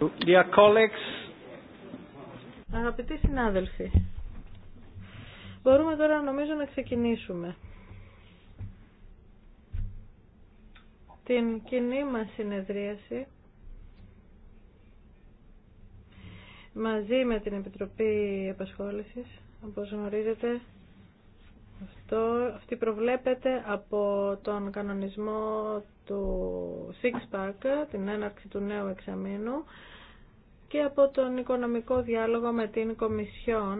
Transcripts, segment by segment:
Dear Αγαπητοί συνάδελφοι, μπορούμε τώρα νομίζω να ξεκινήσουμε την κοινή μας συνεδρίαση μαζί με την Επιτροπή Επασχόλησης, όπως γνωρίζετε, αυτό, αυτή προβλέπεται από τον κανονισμό του Six την έναρξη του νέου εξαμήνου, και από τον οικονομικό διάλογο με την Κομισιόν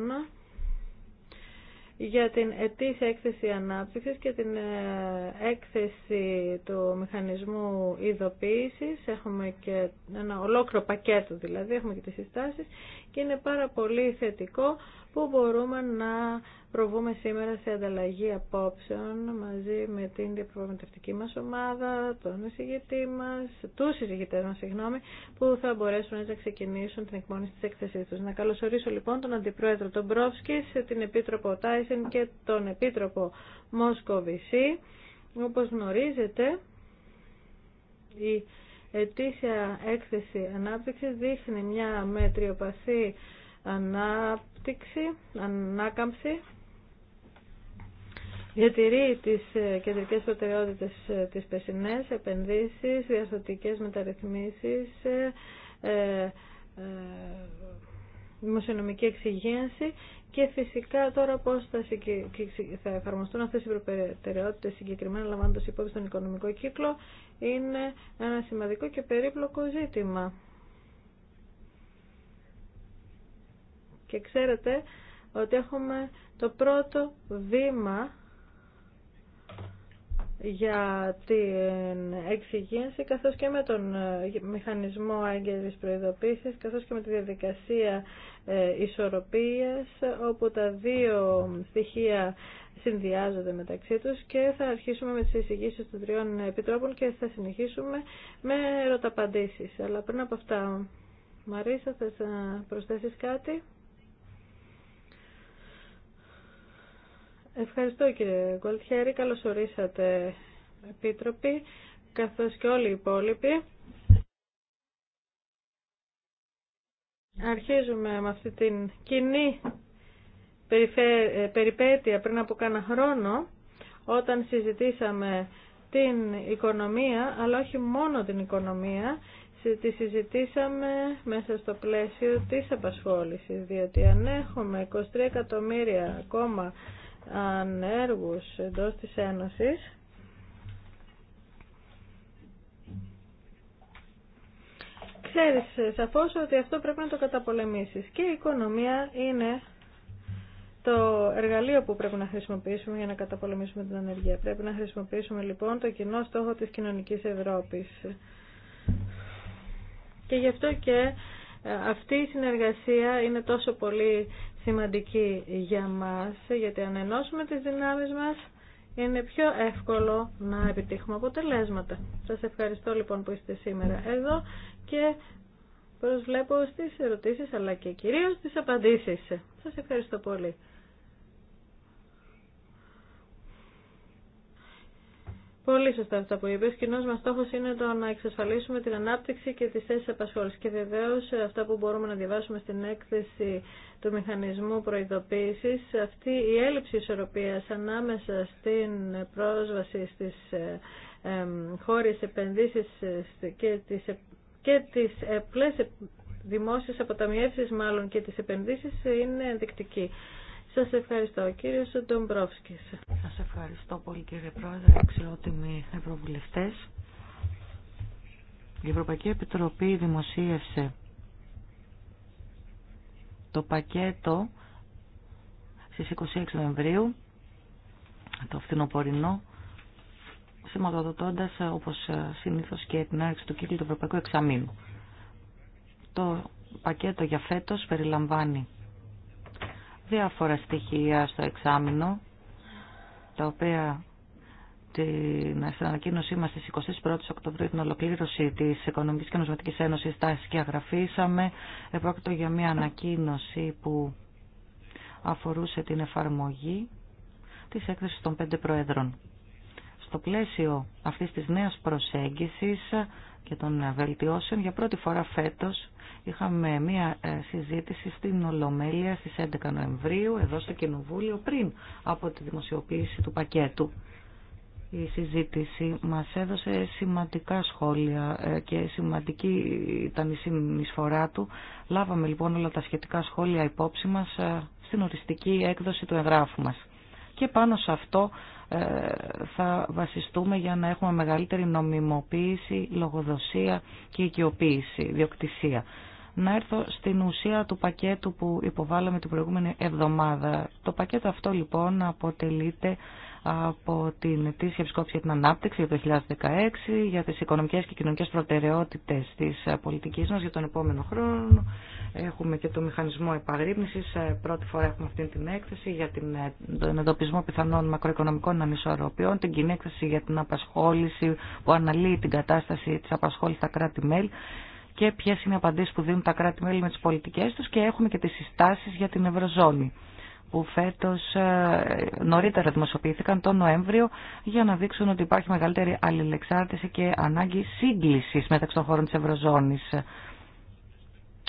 για την ετήσια έκθεση ανάπτυξης και την ε, έκθεση του μηχανισμού ειδοποίησης. Έχουμε και ένα ολόκληρο πακέτο δηλαδή, έχουμε και τις συστάσεις και είναι πάρα πολύ θετικό που μπορούμε να προβούμε σήμερα σε ανταλλαγή απόψεων μαζί με την διαπραγματευτική μας ομάδα, τον εισηγητή μας, τους εισηγητές μας, συγγνώμη, που θα μπορέσουν να ξεκινήσουν την εκμόνηση της έκθεσής τους. Να καλωσορίσω λοιπόν τον Αντιπρόεδρο τον Πρόσκη, την Επίτροπο Τάισεν και τον Επίτροπο Μοσκοβισή. Όπως γνωρίζετε, η ετήσια έκθεση ανάπτυξης δείχνει μια μετριοπαθή ανάπτυξη ανάπτυξη, ανάκαμψη, διατηρεί τις ε, κεντρικές προτεραιότητες ε, της πεσινές επενδύσεις, διαστοτικές μεταρρυθμίσεις, ε, δημοσιονομική εξυγίανση και φυσικά τώρα πώς θα, θα εφαρμοστούν αυτές οι προτεραιότητες συγκεκριμένα λαμβάνοντας υπόψη τον οικονομικό κύκλο είναι ένα σημαντικό και περίπλοκο ζήτημα. Και ξέρετε ότι έχουμε το πρώτο βήμα για την εξηγήνση καθώς και με τον ε, μηχανισμό άγγελης προειδοποίησης καθώς και με τη διαδικασία ε, ισορροπίας όπου τα δύο στοιχεία συνδυάζονται μεταξύ τους και θα αρχίσουμε με τις εισηγήσεις των τριών επιτρόπων και θα συνεχίσουμε με ερωταπαντήσεις. Αλλά πριν από αυτά, Μαρίσα, θες να προσθέσεις κάτι. Ευχαριστώ κύριε Γκολτιέρη. Καλώς ορίσατε επίτροποι, καθώς και όλοι οι υπόλοιποι. Αρχίζουμε με αυτή την κοινή περιπέτεια πριν από κάνα χρόνο, όταν συζητήσαμε την οικονομία, αλλά όχι μόνο την οικονομία, τη συζητήσαμε μέσα στο πλαίσιο της απασχόλησης, διότι αν έχουμε 23 εκατομμύρια ακόμα ανέργους εντός της Ένωσης ξέρεις σαφώς ότι αυτό πρέπει να το καταπολεμήσεις και η οικονομία είναι το εργαλείο που πρέπει να χρησιμοποιήσουμε για να καταπολεμήσουμε την ανεργία. Πρέπει να χρησιμοποιήσουμε λοιπόν το κοινό στόχο της κοινωνικής Ευρώπης. Και γι' αυτό και ε, αυτή η συνεργασία είναι τόσο πολύ σημαντική για μας, γιατί αν ενώσουμε τις δυνάμεις μας, είναι πιο εύκολο να επιτύχουμε αποτελέσματα. Σας ευχαριστώ λοιπόν που είστε σήμερα εδώ και προσβλέπω στις ερωτήσεις αλλά και κυρίως στις απαντήσεις. Σας ευχαριστώ πολύ. Πολύ σωστά αυτά που είπε. Κοινό μα στόχο είναι το να εξασφαλίσουμε την ανάπτυξη και τι θέσει απασχόληση. Και βεβαίω ε, αυτά που μπορούμε να διαβάσουμε στην έκθεση του μηχανισμού προειδοποίηση, αυτή η έλλειψη ισορροπία ανάμεσα στην πρόσβαση ε, ε, στι χώρε επενδύσει και τι και τις δημόσιες αποταμιεύσεις μάλλον και τι επενδύσει, είναι ενδεικτική. Σας ευχαριστώ κύριε Σοντομπρόφσκη. Σας ευχαριστώ πολύ κύριε Πρόεδρε, αξιότιμοι ευρωβουλευτές. Η Ευρωπαϊκή Επιτροπή δημοσίευσε το πακέτο στις 26 Νοεμβρίου, το φθινοπορεινό, σηματοδοτώντας όπως συνήθως και την άρξη του κύκλου του Ευρωπαϊκού Εξαμήνου. Το πακέτο για φέτος περιλαμβάνει διάφορα στοιχεία στο εξάμεινο, τα οποία την, στην ανακοίνωσή μα στις 21 Οκτωβρίου την ολοκλήρωση της οικονομικής και Νοσματικής Ένωση τάση και αγραφήσαμε. Επρόκειτο για μια ανακοίνωση που αφορούσε την εφαρμογή της έκθεσης των πέντε προέδρων. Στο πλαίσιο αυτής της νέας προσέγγισης και των βελτιώσεων. Για πρώτη φορά φέτος είχαμε μία ε, συζήτηση στην Ολομέλεια στις 11 Νοεμβρίου, εδώ στο Κοινοβούλιο, πριν από τη δημοσιοποίηση του πακέτου. Η συζήτηση μας έδωσε σημαντικά σχόλια ε, και σημαντική ήταν η συνεισφορά του. Λάβαμε λοιπόν όλα τα σχετικά σχόλια υπόψη μας ε, στην οριστική έκδοση του εγγράφου μας. Και πάνω σε αυτό ε, θα βασιστούμε για να έχουμε μεγαλύτερη νομιμοποίηση, λογοδοσία και οικειοποίηση, διοκτησία. Να έρθω στην ουσία του πακέτου που υποβάλαμε την προηγούμενη εβδομάδα. Το πακέτο αυτό λοιπόν αποτελείται από την ετήσια επισκόπηση για την ανάπτυξη το 2016, για τις οικονομικές και κοινωνικές προτεραιότητες της πολιτικής μας για τον επόμενο χρόνο. Έχουμε και το μηχανισμό επαγρύπνησης. Ε, πρώτη φορά έχουμε αυτή την έκθεση για την, ε, τον εντοπισμό πιθανών μακροοικονομικών ανισορροπιών, την κοινή έκθεση για την απασχόληση που αναλύει την κατάσταση της απασχόλησης στα κράτη-μέλη και ποιε είναι οι απαντήσει που δίνουν τα κράτη-μέλη με τι πολιτικέ του και έχουμε και τις συστάσει για την Ευρωζώνη που φέτος ε, νωρίτερα δημοσιοποιήθηκαν τον Νοέμβριο για να δείξουν ότι υπάρχει μεγαλύτερη αλληλεξάρτηση και ανάγκη σύγκλησης μεταξύ των χώρων της Ευρωζώνης.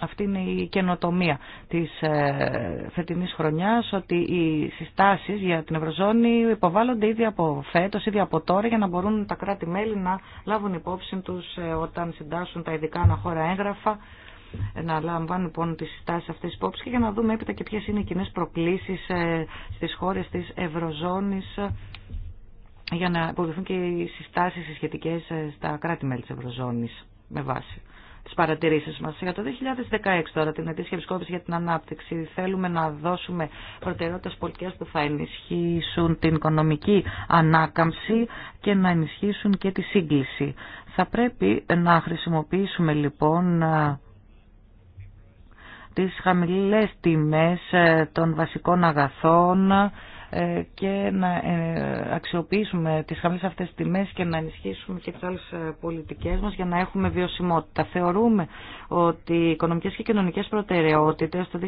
Αυτή είναι η καινοτομία της ε, φετινής χρονιάς, ότι οι συστάσεις για την Ευρωζώνη υποβάλλονται ήδη από φέτος, ήδη από τώρα, για να μπορούν τα κράτη-μέλη να λάβουν υπόψη τους ε, όταν συντάσσουν τα ειδικά αναχώρα έγγραφα να λαμβάνουν λοιπόν τις συστάσεις αυτές υπόψη και για να δούμε έπειτα και ποιες είναι οι κοινέ προκλήσεις ε, στις χώρες της Ευρωζώνης ε, για να υποδοθούν και οι συστάσεις σχετικές ε, στα κράτη-μέλη της Ευρωζώνης με βάση τις παρατηρήσεις μας. Για το 2016 τώρα την ετήσια επισκόπηση για την ανάπτυξη θέλουμε να δώσουμε προτεραιότητε πολιτικές που θα ενισχύσουν την οικονομική ανάκαμψη και να ενισχύσουν και τη σύγκληση. Θα πρέπει να χρησιμοποιήσουμε λοιπόν τις χαμηλές τιμές ε, των βασικών αγαθών ε, και να ε, αξιοποιήσουμε τις χαμηλές αυτές τιμές και να ενισχύσουμε και τις άλλες πολιτικές μας για να έχουμε βιωσιμότητα. Θεωρούμε ότι οι οικονομικές και κοινωνικές προτεραιότητες το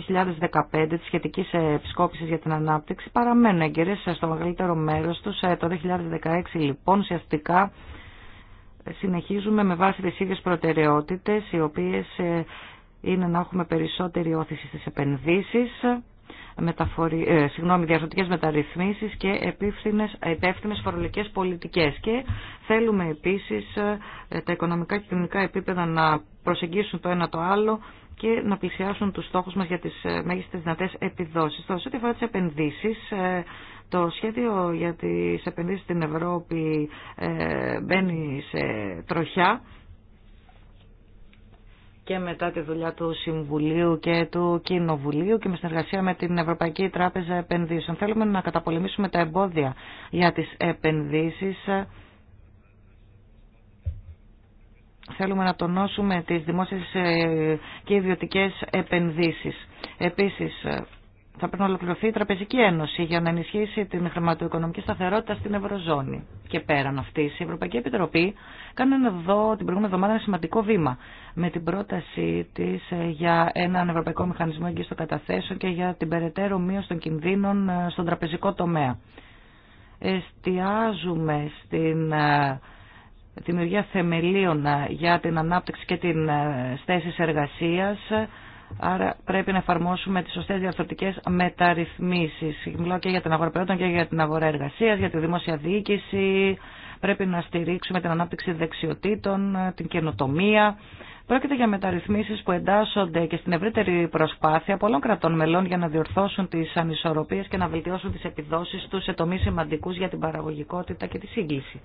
2015 της σχετικής επισκόπησης για την ανάπτυξη παραμένουν εγκαιρές στο μεγαλύτερο μέρος τους. Το 2016 λοιπόν ουσιαστικά συνεχίζουμε με βάση τις ίδιες προτεραιότητες οι οποίες είναι να έχουμε περισσότερη όθηση στις επενδύσεις, μεταφορι... ε, διαρθρωτικές μεταρρυθμίσεις και επίφθηνες, υπεύθυνες φορολογικές πολιτικές. Και θέλουμε επίσης ε, τα οικονομικά και κοινωνικά επίπεδα να προσεγγίσουν το ένα το άλλο και να πλησιάσουν τους στόχους μας για τις ε, μέγιστες δυνατές επιδόσεις. Τώρα, σε ό,τι αφορά τις επενδύσεις, ε, το σχέδιο για τις επενδύσεις στην Ευρώπη μπαίνει σε τροχιά και μετά τη δουλειά του Συμβουλίου και του Κοινοβουλίου και με συνεργασία με την Ευρωπαϊκή Τράπεζα Επενδύσεων. Θέλουμε να καταπολεμήσουμε τα εμπόδια για τις επενδύσεις. Θέλουμε να τονώσουμε τις δημόσιες ε, και ιδιωτικές επενδύσεις. Επίσης, θα πρέπει να ολοκληρωθεί η Τραπεζική Ένωση για να ενισχύσει την χρηματοοικονομική σταθερότητα στην Ευρωζώνη. Και πέραν αυτή, η Ευρωπαϊκή Επιτροπή κάνει εδώ την προηγούμενη εβδομάδα ένα σημαντικό βήμα με την πρότασή τη ε, για έναν Ευρωπαϊκό Μηχανισμό Εγγύηση Καταθέσεων και για την περαιτέρω μείωση των κινδύνων ε, στον τραπεζικό τομέα. Εστιάζουμε στην ε, δημιουργία θεμελίων για την ανάπτυξη και την θέσει εργασία. Άρα πρέπει να εφαρμόσουμε τις σωστές διαρθρωτικές μεταρρυθμίσεις. Μιλάω και για την αγορά προϊόντων και για την αγορά εργασίας, για τη δημόσια διοίκηση. Πρέπει να στηρίξουμε την ανάπτυξη δεξιοτήτων, την καινοτομία. Πρόκειται για μεταρρυθμίσεις που εντάσσονται και στην ευρύτερη προσπάθεια πολλών κρατών μελών για να διορθώσουν τις ανισορροπίες και να βελτιώσουν τις επιδόσεις τους σε τομείς σημαντικούς για την παραγωγικότητα και τη σύγκληση.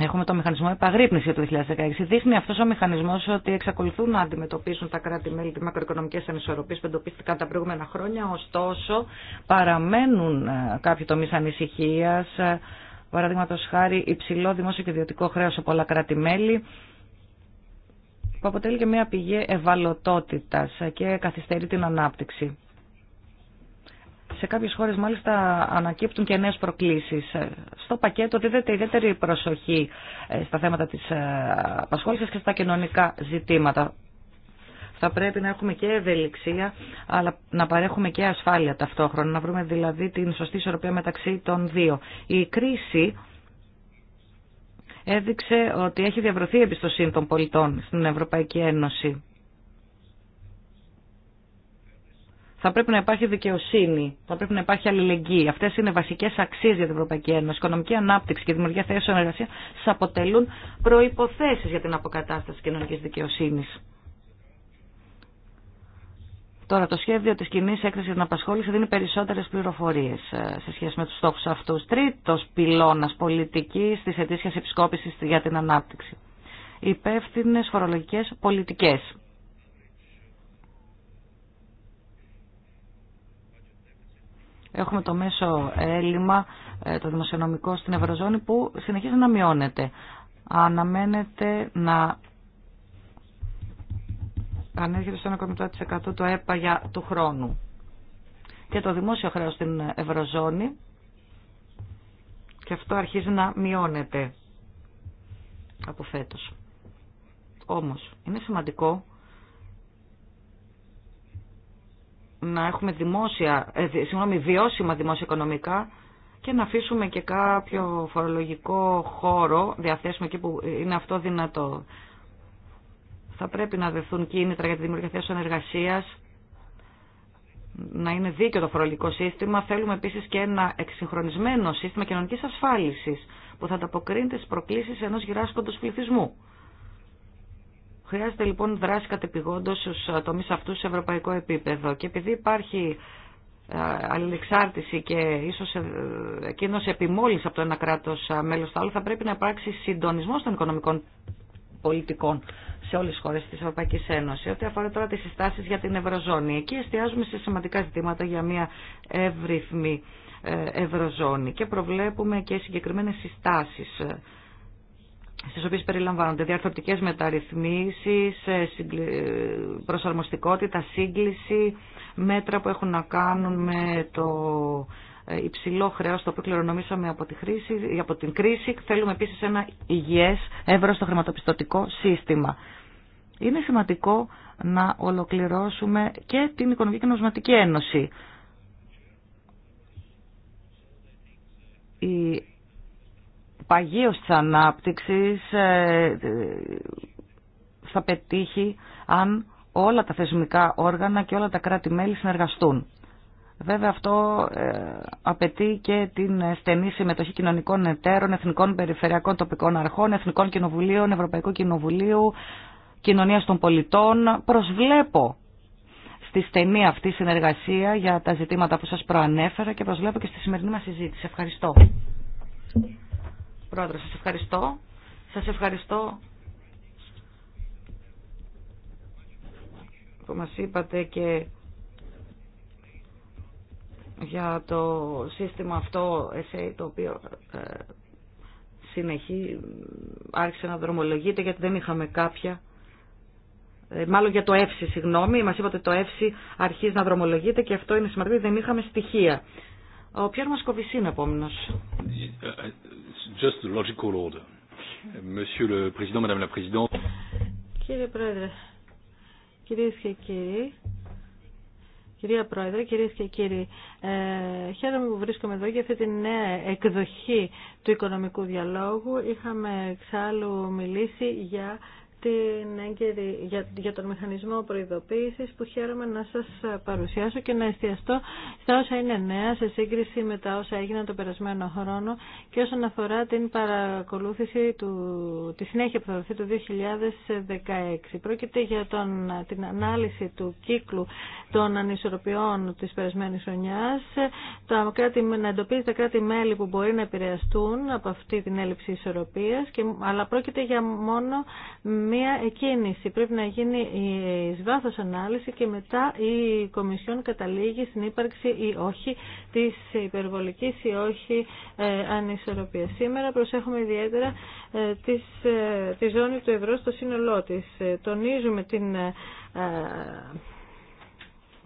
Έχουμε το μηχανισμό επαγρύπνηση του 2016. Δείχνει αυτό ο μηχανισμό ότι εξακολουθούν να αντιμετωπίσουν τα κράτη-μέλη τη μακροοικονομικέ ανισορροπίε που εντοπίστηκαν τα προηγούμενα χρόνια. Ωστόσο, παραμένουν ε, κάποιοι τομεί ανησυχία. Ε, Παραδείγματο χάρη, υψηλό δημόσιο και ιδιωτικό χρέο σε πολλά κράτη-μέλη που αποτελεί και μια πηγή ευαλωτότητα και καθυστερεί την ανάπτυξη σε κάποιες χώρε μάλιστα ανακύπτουν και νέες προκλήσεις. Ε, στο πακέτο δίδεται ιδιαίτερη προσοχή ε, στα θέματα της ε, απασχόληση και στα κοινωνικά ζητήματα. Θα πρέπει να έχουμε και ευελιξία, αλλά να παρέχουμε και ασφάλεια ταυτόχρονα, να βρούμε δηλαδή την σωστή ισορροπία μεταξύ των δύο. Η κρίση έδειξε ότι έχει διαβρωθεί η εμπιστοσύνη των πολιτών στην Ευρωπαϊκή Ένωση. Θα πρέπει να υπάρχει δικαιοσύνη, θα πρέπει να υπάρχει αλληλεγγύη. Αυτέ είναι βασικέ αξίε για την Ευρωπαϊκή Ένωση. Οικονομική ανάπτυξη και δημιουργία θέσεων εργασία αποτελούν προποθέσει για την αποκατάσταση κοινωνική δικαιοσύνη. Τώρα, το σχέδιο τη κοινή έκθεση για την απασχόληση δίνει περισσότερε πληροφορίε ε, σε σχέση με του στόχου αυτού. Τρίτο πυλώνα πολιτική τη ετήσια επισκόπηση για την ανάπτυξη. Υπεύθυνε φορολογικέ πολιτικέ. Έχουμε το μέσο έλλειμμα, ε, το δημοσιονομικό στην Ευρωζώνη που συνεχίζει να μειώνεται. Αναμένεται να ανέρχεται στο 1,7% το ΕΠΑ για του χρόνου. Και το δημόσιο χρέος στην Ευρωζώνη και αυτό αρχίζει να μειώνεται από φέτος. Όμως είναι σημαντικό να έχουμε δημόσια, ε, συγγνώμη, βιώσιμα δημόσια οικονομικά και να αφήσουμε και κάποιο φορολογικό χώρο διαθέσιμο εκεί που είναι αυτό δυνατό. Θα πρέπει να δεθούν κίνητρα για τη δημιουργία θέσεων εργασία, να είναι δίκαιο το φορολογικό σύστημα. Θέλουμε επίση και ένα εξυγχρονισμένο σύστημα κοινωνική ασφάλιση που θα ανταποκρίνεται στι προκλήσει ενό γυράσκοντο πληθυσμού. Χρειάζεται λοιπόν δράση κατεπηγόντω στου τομεί αυτού σε ευρωπαϊκό επίπεδο και επειδή υπάρχει ε, αλληλεξάρτηση και ίσως εκείνο επιμόλυνση από το ένα κράτος ε, μέλος στο άλλο θα πρέπει να υπάρξει συντονισμός των οικονομικών πολιτικών σε όλες τις χώρες της Ευρωπαϊκής Ένωσης. Ό,τι αφορά τώρα τις συστάσεις για την Ευρωζώνη. Εκεί εστιάζουμε σε σημαντικά ζητήματα για μια εύρυθμη ε, Ευρωζώνη και προβλέπουμε και συγκεκριμένες συστάσεις στις οποίες περιλαμβάνονται διαρθρωτικές μεταρρυθμίσεις, ε, προσαρμοστικότητα, σύγκληση, μέτρα που έχουν να κάνουν με το ε, υψηλό χρέος το οποίο κληρονομήσαμε από, τη χρήση, από την κρίση. Θέλουμε επίσης ένα υγιές εύρο στο χρηματοπιστωτικό σύστημα. Είναι σημαντικό να ολοκληρώσουμε και την Οικονομική και Νοσματική Ένωση. Η παγίως της ανάπτυξης ε, ε, θα πετύχει αν όλα τα θεσμικά όργανα και όλα τα κράτη-μέλη συνεργαστούν. Βέβαια αυτό ε, απαιτεί και την στενή συμμετοχή κοινωνικών εταίρων, εθνικών περιφερειακών τοπικών αρχών, εθνικών κοινοβουλίων, Ευρωπαϊκού Κοινοβουλίου, κοινωνίας των πολιτών. Προσβλέπω στη στενή αυτή συνεργασία για τα ζητήματα που σας προανέφερα και προσβλέπω και στη σημερινή μας συζήτηση. Ευχαριστώ. Πρόεδρε, σας ευχαριστώ. Σας ευχαριστώ που μας είπατε και για το σύστημα αυτό SA το οποίο ε, συνεχεί άρχισε να δρομολογείται γιατί δεν είχαμε κάποια ε, μάλλον για το ΕΦΣΙ συγγνώμη μας είπατε το ΕΦΣΙ αρχίζει να δρομολογείται και αυτό είναι σημαντικό δεν είχαμε στοιχεία ο Πιέρ Μασκοβισή είναι επόμενος ε, ε, Κύριε Πρόεδρε, κυρίες και κύριοι, Κυρία Πρόεδρε, κυρίε και κύριοι, ε, χαίρομαι που βρίσκομαι εδώ για αυτή τη νέα εκδοχή του οικονομικού διαλόγου. Είχαμε εξάλλου μιλήσει για την έγκαιρη, για, για τον μηχανισμό προειδοποίησης που χαίρομαι να σας παρουσιάσω και να εστιαστώ στα όσα είναι νέα σε σύγκριση με τα όσα έγιναν το περασμένο χρόνο και όσον αφορά την παρακολούθηση του, τη συνέχεια που θα δοθεί το 2016. Πρόκειται για τον, την ανάλυση του κύκλου των ανισορροπιών της περασμένης χρονιάς, τα κράτη, να εντοπίζει τα κράτη-μέλη που μπορεί να επηρεαστούν από αυτή την έλλειψη ισορροπίας, και, αλλά πρόκειται για μόνο μία εκκίνηση. Πρέπει να γίνει η βάθος ανάλυση και μετά η Κομισιόν καταλήγει στην ύπαρξη ή όχι της υπερβολική ή όχι ε, ανισορροπία. Σήμερα προσέχουμε ιδιαίτερα ε, της, ε, τη ζώνη του ευρώ στο σύνολό της. Τονίζουμε την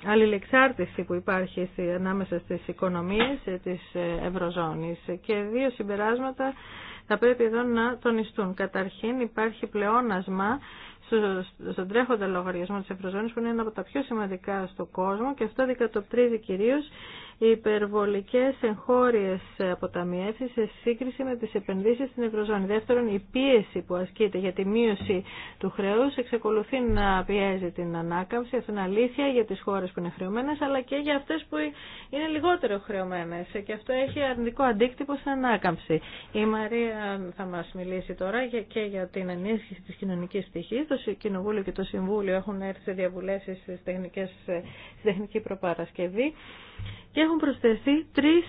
αλληλεξάρτηση που υπάρχει ανάμεσα στις οικονομίες της Ευρωζώνης και δύο συμπεράσματα θα πρέπει εδώ να τονιστούν. Καταρχήν υπάρχει πλεόνασμα στον τρέχοντα λογαριασμό της Ευρωζώνης που είναι ένα από τα πιο σημαντικά στον κόσμο και αυτό δικατοπτρίζει κυρίως οι υπερβολικές εγχώριες αποταμιεύσεις σε σύγκριση με τις επενδύσεις στην Ευρωζώνη. Δεύτερον, η πίεση που ασκείται για τη μείωση του χρέους εξακολουθεί να πιέζει την ανάκαμψη. Αυτό είναι αλήθεια για τις χώρες που είναι χρεωμένες, αλλά και για αυτές που είναι λιγότερο χρεωμένες. Και αυτό έχει αρνητικό αντίκτυπο στην ανάκαμψη. Η Μαρία θα μας μιλήσει τώρα και για την ενίσχυση της κοινωνικής πτυχής. Το Κοινοβούλιο και το Συμβούλιο έχουν έρθει σε διαβουλέ στη τεχνική προπαρασκευή και έχουν προσθεθεί τρεις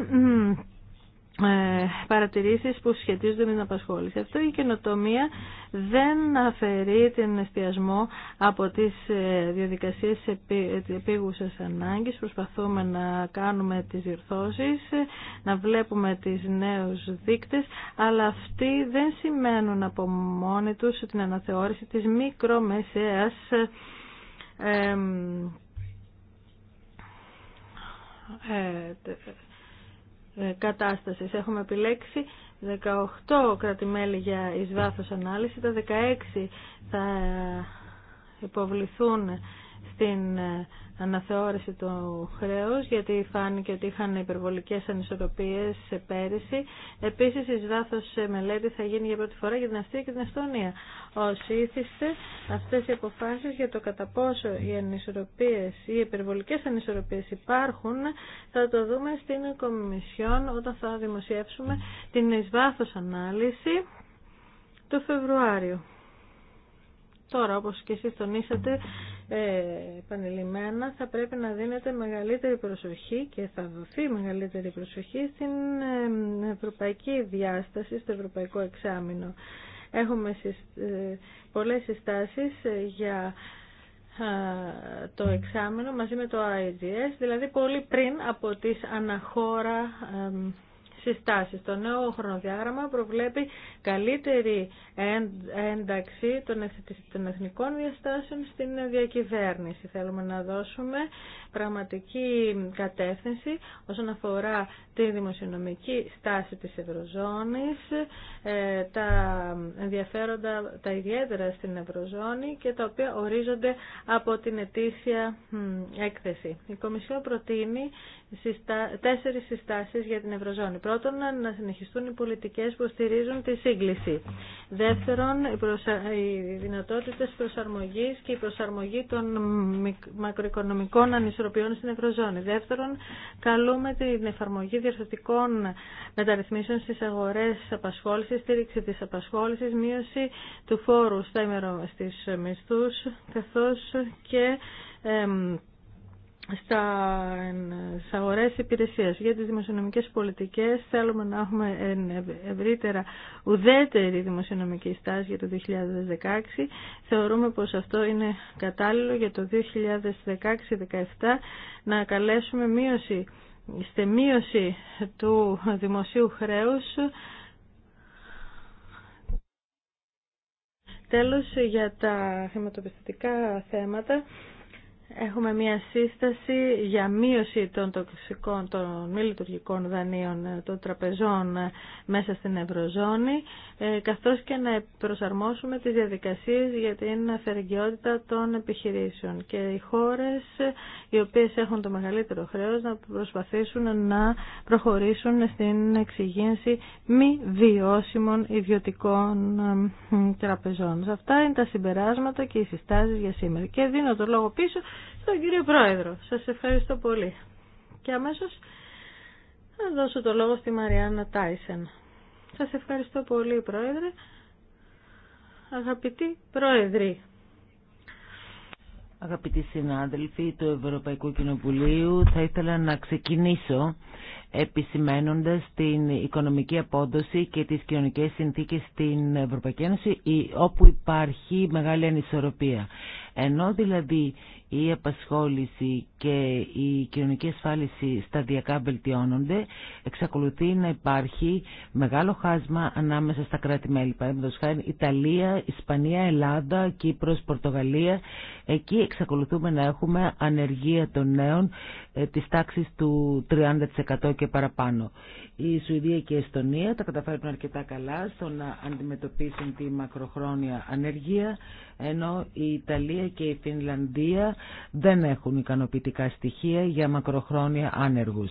ε, ε, παρατηρήσεις που σχετίζονται με την απασχόληση. Αυτό η καινοτομία δεν αφαιρεί την εστιασμό από τις ε, διαδικασίες επίγουσας ανάγκης. Προσπαθούμε να κάνουμε τις διορθώσεις, να βλέπουμε τις νέους δείκτες, αλλά αυτοί δεν σημαίνουν από μόνοι τους την αναθεώρηση της μικρομεσαίας ε, ε, κατάστασης. Έχουμε επιλέξει 18 κρατημέλη για εις βάθος ανάλυση, τα 16 θα ε, υποβληθούν στην ε, αναθεώρηση του χρέους γιατί φάνηκε ότι είχαν υπερβολικές ανισορροπίες σε πέρυσι. Επίσης, η βάθος ε, μελέτη θα γίνει για πρώτη φορά για την Αυστρία και την Εστονία. Όσοι ήθιστε αυτές οι αποφάσεις για το κατά πόσο οι ανισορροπίες ή οι υπερβολικές ανισορροπίες υπάρχουν θα το δούμε στην Κομισιόν όταν θα δημοσιεύσουμε την εις ανάλυση το Φεβρουάριο. Τώρα, όπως και εσείς τονίσατε, ε, επανειλημμένα θα πρέπει να δίνεται μεγαλύτερη προσοχή και θα δοθεί μεγαλύτερη προσοχή στην ευρωπαϊκή διάσταση, στο ευρωπαϊκό εξάμεινο. Έχουμε ε, πολλές συστάσεις ε, για το εξάμεινο μαζί με το IGS, δηλαδή πολύ πριν από τις αναχώρα συστάσεις. Το νέο χρονοδιάγραμμα προβλέπει καλύτερη ένταξη των εθνικών διαστάσεων στην διακυβέρνηση. Θέλουμε να δώσουμε πραγματική κατεύθυνση όσον αφορά τη δημοσιονομική στάση της Ευρωζώνης, ε, τα ενδιαφέροντα, τα ιδιαίτερα στην Ευρωζώνη και τα οποία ορίζονται από την ετήσια έκθεση. Η Κομισιόν προτείνει τέσσερις συστάσεις για την Ευρωζώνη. Πρώτον, να συνεχιστούν οι πολιτικές που στηρίζουν τη σύγκληση. Δεύτερον, οι, προσα... οι δυνατότητες προσαρμογής και η προσαρμογή των μακροοικονομικών ανισορροπιών στην Ευρωζώνη. Δεύτερον, καλούμε την εφαρμογή διαρθωτικών μεταρρυθμίσεων στις αγορές απασχόλησης, στήριξη της απασχόλησης, μείωση του φόρου στα ημερο... στις μισθούς, καθώς και στα αγορές υπηρεσίας για τις δημοσιονομικές πολιτικές θέλουμε να έχουμε ευρύτερα ουδέτερη δημοσιονομική στάση για το 2016 θεωρούμε πως αυτό είναι κατάλληλο για το 2016-2017 να καλέσουμε μείωση στη μείωση του δημοσίου χρέους Τέλος, για τα χρηματοπιστωτικά θέματα, Έχουμε μία σύσταση για μείωση των τοξικών, των μη λειτουργικών δανείων ε, των τραπεζών ε, μέσα στην Ευρωζώνη, ε, καθώς και να προσαρμόσουμε τις διαδικασίες για την αφαιρεγγιότητα των επιχειρήσεων και οι χώρες οι οποίες έχουν το μεγαλύτερο χρέος να προσπαθήσουν να προχωρήσουν στην εξηγήνση μη βιώσιμων ιδιωτικών τραπεζών. Αυτά είναι τα συμπεράσματα και οι συστάσεις για σήμερα. Και δίνω το λόγο πίσω στον κύριο Πρόεδρο. Σας ευχαριστώ πολύ. Και αμέσως θα δώσω το λόγο στη Μαριάννα Τάισεν. Σας ευχαριστώ πολύ Πρόεδρε. Αγαπητοί Πρόεδροι. Αγαπητοί συνάδελφοι του Ευρωπαϊκού Κοινοβουλίου, θα ήθελα να ξεκινήσω επισημένοντας την οικονομική απόδοση και τις κοινωνικές συνθήκες στην Ευρωπαϊκή Ένωση όπου υπάρχει μεγάλη ανισορροπία. Ενώ δηλαδή η απασχόληση και η κοινωνική ασφάλιση σταδιακά βελτιώνονται, εξακολουθεί να υπάρχει μεγάλο χάσμα ανάμεσα στα κράτη-μέλη. Παραδείγματο χάρη Ιταλία, Ισπανία, Ελλάδα, Κύπρος, Πορτογαλία. Εκεί εξακολουθούμε να έχουμε ανεργία των νέων ε, της του 30% και παραπάνω. Η Σουηδία και η Εστονία τα καταφέρουν αρκετά καλά στο να αντιμετωπίσουν τη μακροχρόνια ανεργία ενώ η Ιταλία και η Φινλανδία δεν έχουν ικανοποιητικά στοιχεία για μακροχρόνια άνεργους.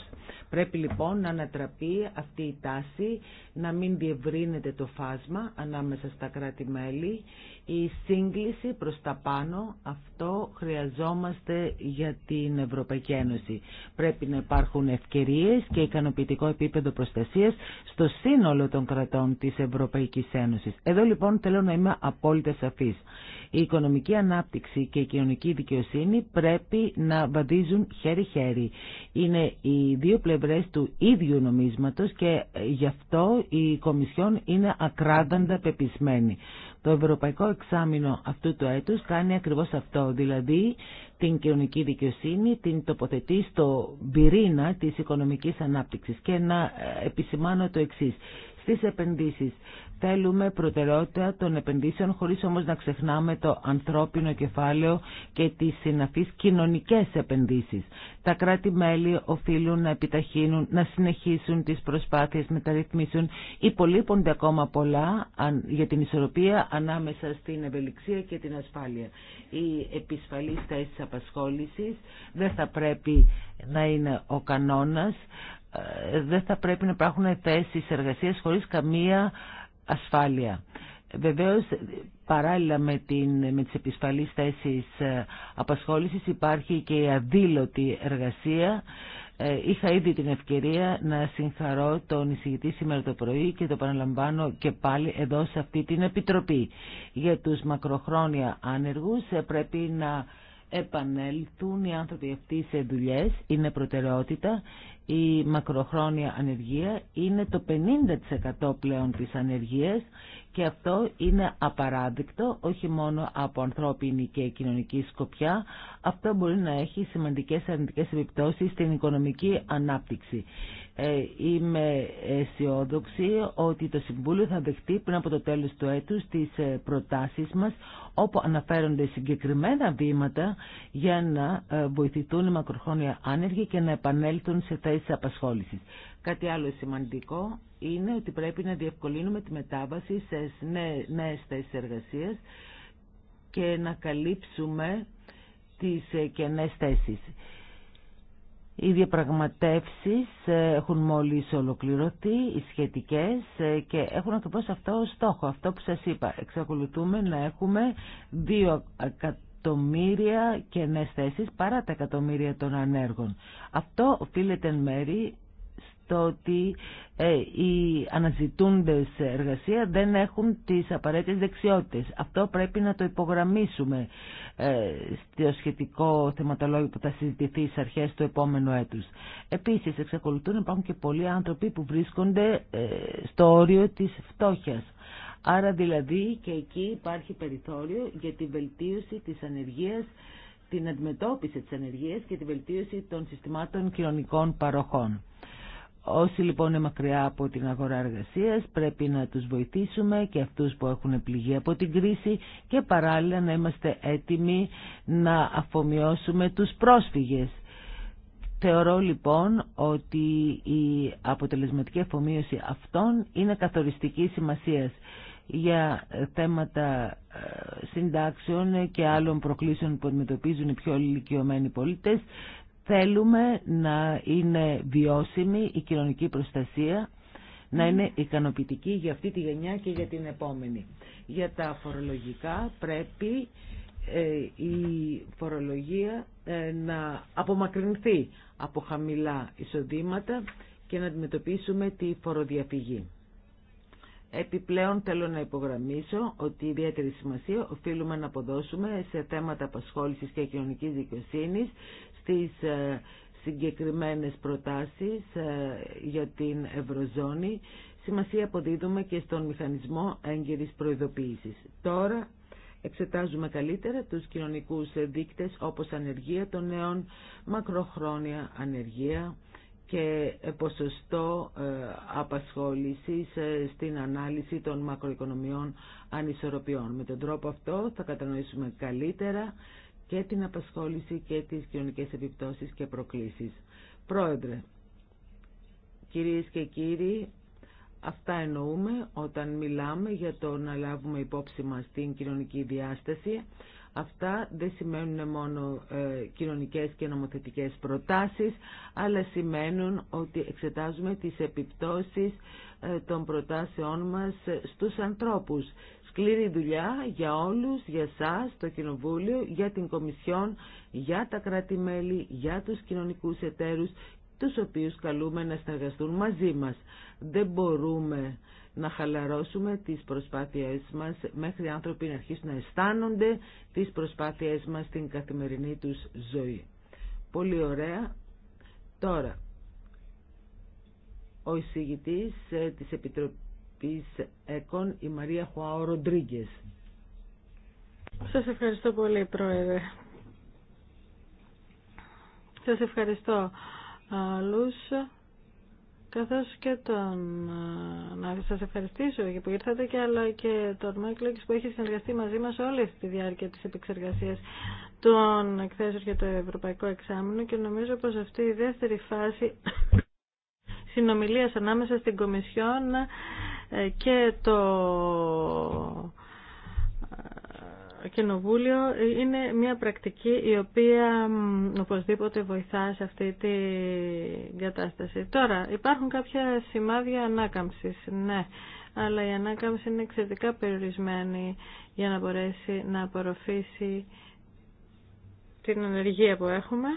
Πρέπει λοιπόν να ανατραπεί αυτή η τάση, να μην διευρύνεται το φάσμα ανάμεσα στα κράτη-μέλη, η σύγκληση προς τα πάνω, αυτό χρειαζόμαστε για την Ευρωπαϊκή Ένωση. Πρέπει να υπάρχουν ευκαιρίες και ικανοποιητικό επίπεδο προστασίας στο σύνολο των κρατών της Ευρωπαϊκής Ένωσης. Εδώ λοιπόν θέλω να είμαι απόλυτα σαφής. Η οικονομική ανάπτυξη και η κοινωνική δικαιοσύνη πρέπει να βαδίζουν χέρι-χέρι. Είναι οι δύο πλευρές του ίδιου νομίσματος και γι' αυτό η Κομισιόν είναι ακράδαντα πεπισμένη. Το Ευρωπαϊκό Εξάμεινο αυτού του έτους κάνει ακριβώς αυτό, δηλαδή την κοινωνική δικαιοσύνη την τοποθετεί στο πυρήνα της οικονομικής ανάπτυξης. Και να ε, επισημάνω το εξής στις επενδύσεις. Θέλουμε προτεραιότητα των επενδύσεων χωρίς όμως να ξεχνάμε το ανθρώπινο κεφάλαιο και τις συναφείς κοινωνικές επενδύσεις. Τα κράτη-μέλη οφείλουν να επιταχύνουν, να συνεχίσουν τις προσπάθειες μεταρρυθμίσεων. Υπολείπονται ακόμα πολλά για την ισορροπία ανάμεσα στην ευελιξία και την ασφάλεια. Η επισφαλής θέσεις απασχόλησης δεν θα πρέπει να είναι ο κανόνας. Ε, δεν θα πρέπει να υπάρχουν θέσει εργασία χωρίς καμία ασφάλεια. Βεβαίως παράλληλα με, την, με τις επισφαλείς θέσεις ε, απασχόλησης υπάρχει και η αδήλωτη εργασία. Ε, είχα ήδη την ευκαιρία να συγχαρώ τον εισηγητή σήμερα το πρωί και το παραλαμβάνω και πάλι εδώ σε αυτή την Επιτροπή. Για τους μακροχρόνια άνεργους πρέπει να επανέλθουν οι άνθρωποι αυτοί σε δουλειές, είναι προτεραιότητα. Η μακροχρόνια ανεργία είναι το 50% πλέον της ανεργίας και αυτό είναι απαράδεικτο όχι μόνο από ανθρώπινη και κοινωνική σκοπιά, αυτό μπορεί να έχει σημαντικές αρνητικές επιπτώσεις στην οικονομική ανάπτυξη. Ε, είμαι αισιόδοξη ότι το Συμβούλιο θα δεχτεί πριν από το τέλος του έτους τις ε, προτάσεις μας όπου αναφέρονται συγκεκριμένα βήματα για να ε, βοηθηθούν οι μακροχρόνια άνεργοι και να επανέλθουν σε θέσεις απασχόλησης. Κάτι άλλο σημαντικό είναι ότι πρέπει να διευκολύνουμε τη μετάβαση σε νέες θέσεις εργασίας και να καλύψουμε τις κενές θέσεις. Οι διαπραγματεύσεις ε, έχουν μόλις ολοκληρωθεί, οι σχετικές ε, και έχουν ακριβώ αυτό ως στόχο, αυτό που σας είπα. Εξακολουθούμε να έχουμε δύο εκατομμύρια κενές θέσεις παρά τα εκατομμύρια των ανέργων. Αυτό οφείλεται εν μέρη το ότι ε, οι αναζητούντες εργασία δεν έχουν τις απαραίτητες δεξιότητες. Αυτό πρέπει να το υπογραμμίσουμε ε, στο σχετικό θεματολόγιο που θα συζητηθεί στις αρχές του επόμενου έτους. Επίσης, εξακολουθούν να υπάρχουν και πολλοί άνθρωποι που βρίσκονται ε, στο όριο της φτώχειας. Άρα δηλαδή και εκεί υπάρχει περιθώριο για τη βελτίωση της ανεργίας την αντιμετώπιση της ανεργίας και τη βελτίωση των συστημάτων κοινωνικών παροχών. Όσοι λοιπόν είναι μακριά από την αγορά εργασίας πρέπει να τους βοηθήσουμε και αυτούς που έχουν πληγεί από την κρίση και παράλληλα να είμαστε έτοιμοι να αφομοιώσουμε τους πρόσφυγες. Θεωρώ λοιπόν ότι η αποτελεσματική αφομοίωση αυτών είναι καθοριστική σημασίας για θέματα ε, συντάξεων και άλλων προκλήσεων που αντιμετωπίζουν οι πιο ηλικιωμένοι πολίτες Θέλουμε να είναι βιώσιμη η κοινωνική προστασία, να είναι ικανοποιητική για αυτή τη γενιά και για την επόμενη. Για τα φορολογικά πρέπει ε, η φορολογία ε, να απομακρυνθεί από χαμηλά εισοδήματα και να αντιμετωπίσουμε τη φοροδιαφυγή. Επιπλέον θέλω να υπογραμμίσω ότι ιδιαίτερη σημασία οφείλουμε να αποδώσουμε σε θέματα απασχόλησης και κοινωνικής δικαιοσύνης στις ε, συγκεκριμένες προτάσεις ε, για την Ευρωζώνη. Σημασία αποδίδουμε και στον μηχανισμό έγκυρης προειδοποίησης. Τώρα εξετάζουμε καλύτερα τους κοινωνικούς δείκτες όπως ανεργία των νέων, μακροχρόνια ανεργία, και ποσοστό ε, απασχόλησης ε, στην ανάλυση των μακροοικονομιών ανισορροπιών. Με τον τρόπο αυτό θα κατανοήσουμε καλύτερα και την απασχόληση και τις κοινωνικές επιπτώσεις και προκλήσεις. Πρόεδρε, κυρίες και κύριοι, αυτά εννοούμε όταν μιλάμε για το να λάβουμε υπόψη μας την κοινωνική διάσταση. Αυτά δεν σημαίνουν μόνο ε, κοινωνικές και νομοθετικές προτάσεις, αλλά σημαίνουν ότι εξετάζουμε τις επιπτώσεις ε, των προτάσεών μας στους ανθρώπους. Σκληρή δουλειά για όλους, για σας, το Κοινοβούλιο, για την Κομισιόν, για τα κράτη-μέλη, για τους κοινωνικούς εταίρους τους οποίους καλούμε να συνεργαστούν μαζί μας. Δεν μπορούμε να χαλαρώσουμε τις προσπάθειές μας μέχρι οι άνθρωποι να αρχίσουν να αισθάνονται τις προσπάθειές μας στην καθημερινή τους ζωή. Πολύ ωραία. Τώρα, ο εισηγητής ε, της Επιτροπής ΕΚΟΝ, η Μαρία Χουάο Ροντρίγκε. Σας ευχαριστώ πολύ, Πρόεδρε. Σας ευχαριστώ άλλους καθώς και τον ε, να σας ευχαριστήσω για που ήρθατε και αλλά και τον Μάικλ που έχει συνεργαστεί μαζί μας όλη τη διάρκεια της επεξεργασίας των εκθέσεων για το Ευρωπαϊκό Εξάμεινο και νομίζω πως αυτή η δεύτερη φάση συνομιλίας ανάμεσα στην Κομισιόν ε, και το Κοινοβούλιο είναι μια πρακτική η οποία οπωσδήποτε βοηθά σε αυτή την κατάσταση. Τώρα, υπάρχουν κάποια σημάδια ανάκαμψης, ναι, αλλά η ανάκαμψη είναι εξαιρετικά περιορισμένη για να μπορέσει να απορροφήσει την ενεργία που έχουμε.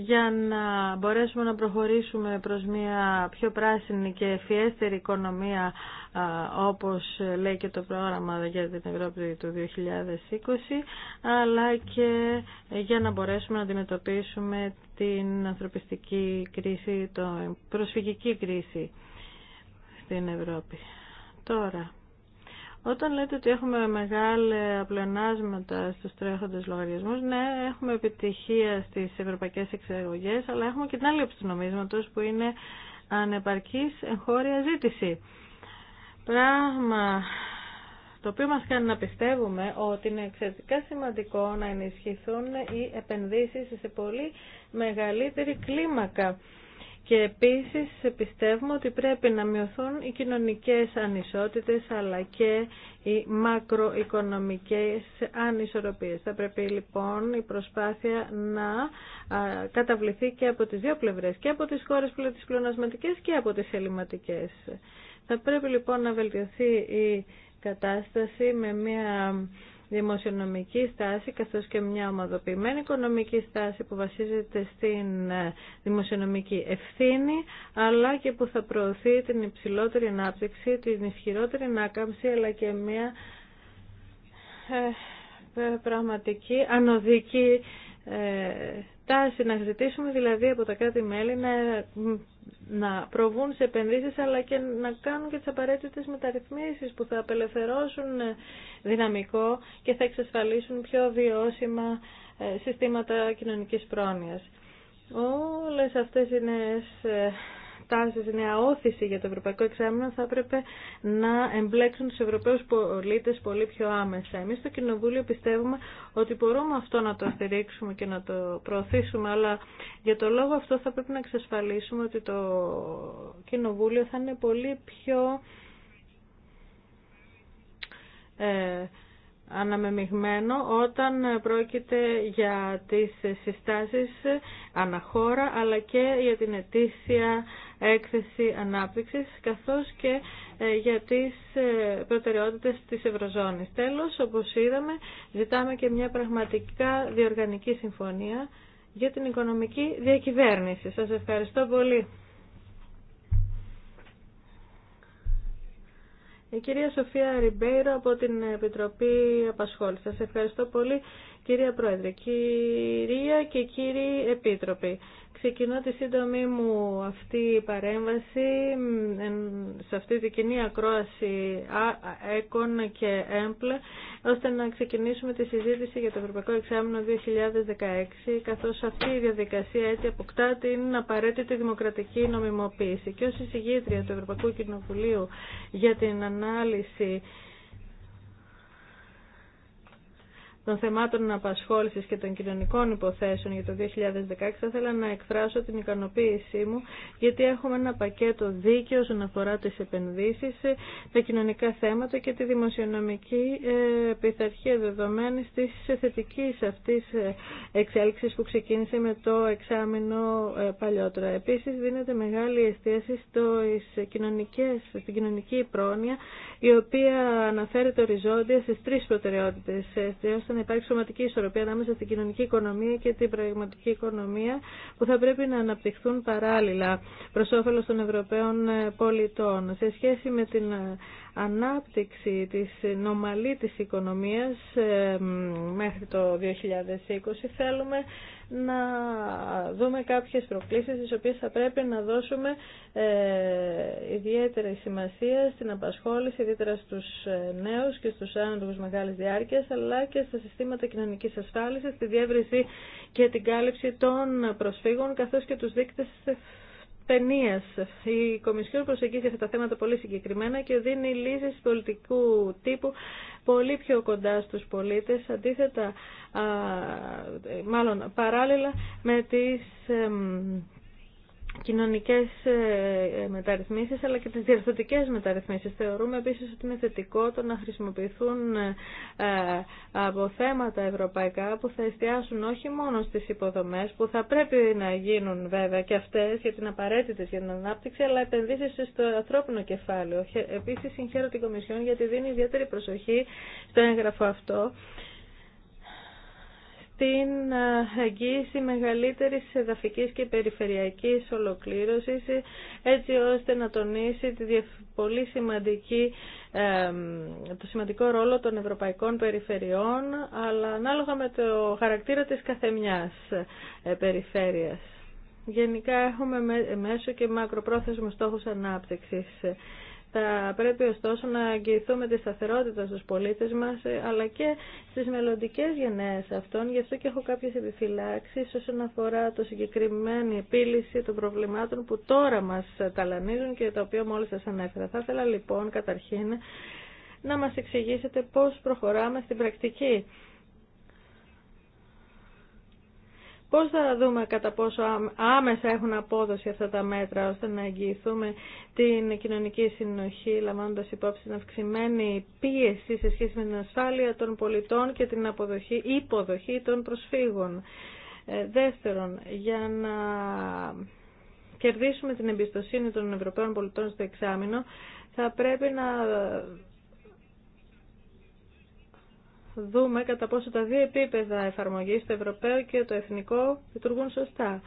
για να μπορέσουμε να προχωρήσουμε προς μια πιο πράσινη και ευφιέστερη οικονομία όπως λέει και το πρόγραμμα για την Ευρώπη του 2020 αλλά και για να μπορέσουμε να αντιμετωπίσουμε την ανθρωπιστική κρίση, την προσφυγική κρίση στην Ευρώπη. Τώρα, όταν λέτε ότι έχουμε μεγάλα πλεονάσματα στους τρέχοντες λογαριασμούς, ναι, έχουμε επιτυχία στις ευρωπαϊκές εξαγωγές, αλλά έχουμε και την άλλη του νομίσματος που είναι ανεπαρκής εγχώρια ζήτηση. Πράγμα το οποίο μας κάνει να πιστεύουμε ότι είναι εξαιρετικά σημαντικό να ενισχυθούν οι επενδύσει σε πολύ μεγαλύτερη κλίμακα και επίσης πιστεύουμε ότι πρέπει να μειωθούν οι κοινωνικές ανισότητες αλλά και οι μακροοικονομικές ανισορροπίες. Θα πρέπει λοιπόν η προσπάθεια να καταβληθεί και από τις δύο πλευρές, και από τις χώρες τις και από τις ελληματικές. Θα πρέπει λοιπόν να βελτιωθεί η κατάσταση με μια δημοσιονομική στάση καθώς και μια ομαδοποιημένη οικονομική στάση που βασίζεται στην ε, δημοσιονομική ευθύνη αλλά και που θα προωθεί την υψηλότερη ανάπτυξη, την ισχυρότερη ανάκαμψη αλλά και μια ε, πραγματική ανωδική ε, τάση να ζητήσουμε δηλαδή από τα κράτη-μέλη να να προβούν σε επενδύσεις αλλά και να κάνουν και τις απαραίτητες μεταρρυθμίσεις που θα απελευθερώσουν δυναμικό και θα εξασφαλίσουν πιο βιώσιμα ε, συστήματα κοινωνικής πρόνοιας. Όλες αυτές είναι προτάσεις, η νέα όθηση για το Ευρωπαϊκό Εξάμεινο θα έπρεπε να εμπλέξουν του Ευρωπαίου πολίτες πολύ πιο άμεσα. Εμείς στο Κοινοβούλιο πιστεύουμε ότι μπορούμε αυτό να το στηρίξουμε και να το προωθήσουμε, αλλά για το λόγο αυτό θα πρέπει να εξασφαλίσουμε ότι το Κοινοβούλιο θα είναι πολύ πιο ε, αναμεμειγμένο όταν πρόκειται για τις συστάσεις αναχώρα αλλά και για την ετήσια έκθεση ανάπτυξης καθώς και ε, για τις ε, προτεραιότητες της Ευρωζώνης. Τέλος, όπως είδαμε, ζητάμε και μια πραγματικά διοργανική συμφωνία για την οικονομική διακυβέρνηση. Σας ευχαριστώ πολύ. Η κυρία Σοφία Ριμπέιρο από την Επιτροπή Απασχόλησης. Σας ευχαριστώ πολύ κυρία Πρόεδρε, κυρία και κύριοι Επίτροποι. Ξεκινώ τη σύντομη μου αυτή η παρέμβαση σε αυτή τη κοινή ακρόαση ΕΚΟΝ και ΕΜΠΛ ώστε να ξεκινήσουμε τη συζήτηση για το Ευρωπαϊκό Εξάμεινο 2016 καθώς αυτή η διαδικασία έτσι αποκτά την απαραίτητη δημοκρατική νομιμοποίηση. Και ως εισηγήτρια του Ευρωπαϊκού Κοινοβουλίου για την ανάλυση των θεμάτων απασχόληση και των κοινωνικών υποθέσεων για το 2016 θα ήθελα να εκφράσω την ικανοποίησή μου γιατί έχουμε ένα πακέτο δίκαιο όσον αφορά τι επενδύσεις, τα κοινωνικά θέματα και τη δημοσιονομική ε, πειθαρχία δεδομένη τη θετική αυτής ε, εξέλιξη που ξεκίνησε με το εξάμεινο ε, παλιότερα. Επίση, δίνεται μεγάλη εστίαση στην κοινωνική πρόνοια η οποία αναφέρεται οριζόντια στις τρεις προτεραιότητε ώστε να υπάρχει σωματική ισορροπία ανάμεσα στην κοινωνική οικονομία και την πραγματική οικονομία που θα πρέπει να αναπτυχθούν παράλληλα προ όφελο των Ευρωπαίων πολιτών. Σε σχέση με την ανάπτυξη της νομαλή της οικονομίας ε, μέχρι το 2020 θέλουμε να δούμε κάποιες προκλήσεις τις οποίες θα πρέπει να δώσουμε ε, ιδιαίτερη σημασία στην απασχόληση, ιδιαίτερα στους ε, νέους και στους άνθρωπους μεγάλης διάρκειας αλλά και στα συστήματα κοινωνικής ασφάλισης, τη διεύρυνση και την κάλυψη των προσφύγων καθώς και τους δείκτες ταινίε. Η Κομισιόν προσεγγίζει αυτά τα θέματα πολύ συγκεκριμένα και δίνει λύσεις πολιτικού τύπου πολύ πιο κοντά στου πολίτες, αντίθετα, μάλλον παράλληλα με τις κοινωνικές ε, ε, μεταρρυθμίσεις αλλά και τις διαρθωτικές μεταρρυθμίσεις. Θεωρούμε επίσης ότι είναι θετικό το να χρησιμοποιηθούν ε, από θέματα ευρωπαϊκά που θα εστιάσουν όχι μόνο στις υποδομές που θα πρέπει να γίνουν βέβαια και αυτές γιατί είναι απαραίτητες για την ανάπτυξη αλλά επενδύσεις στο ανθρώπινο κεφάλαιο. Επίσης συγχαίρω την Κομισιόν γιατί δίνει ιδιαίτερη προσοχή στο έγγραφο αυτό την ε, εγγύηση μεγαλύτερης εδαφικής και περιφερειακής ολοκλήρωσης έτσι ώστε να τονίσει τη πολύ σημαντική, ε, το σημαντικό ρόλο των ευρωπαϊκών περιφερειών αλλά ανάλογα με το χαρακτήρα της καθεμιάς ε, περιφέρειας. Γενικά έχουμε μέσο και μακροπρόθεσμους στόχους ανάπτυξης. Θα πρέπει ωστόσο να αγγιηθούμε τη σταθερότητα στους πολίτες μας, ε, αλλά και στις μελλοντικέ γενναίες αυτών. Γι' αυτό και έχω κάποιες επιφυλάξεις όσον αφορά το συγκεκριμένη επίλυση των προβλημάτων που τώρα μας ταλανίζουν και τα οποία μόλις σας ανέφερα. Θα ήθελα λοιπόν καταρχήν να μας εξηγήσετε πώς προχωράμε στην πρακτική Πώς θα δούμε κατά πόσο άμεσα έχουν απόδοση αυτά τα μέτρα ώστε να εγγυηθούμε την κοινωνική συνοχή λαμβάνοντας υπόψη την αυξημένη πίεση σε σχέση με την ασφάλεια των πολιτών και την αποδοχή, υποδοχή των προσφύγων. Ε, δεύτερον, για να κερδίσουμε την εμπιστοσύνη των Ευρωπαίων πολιτών στο εξάμεινο θα πρέπει να δούμε κατά πόσο τα δύο επίπεδα εφαρμογής, το ευρωπαίο και το εθνικό, λειτουργούν σωστά.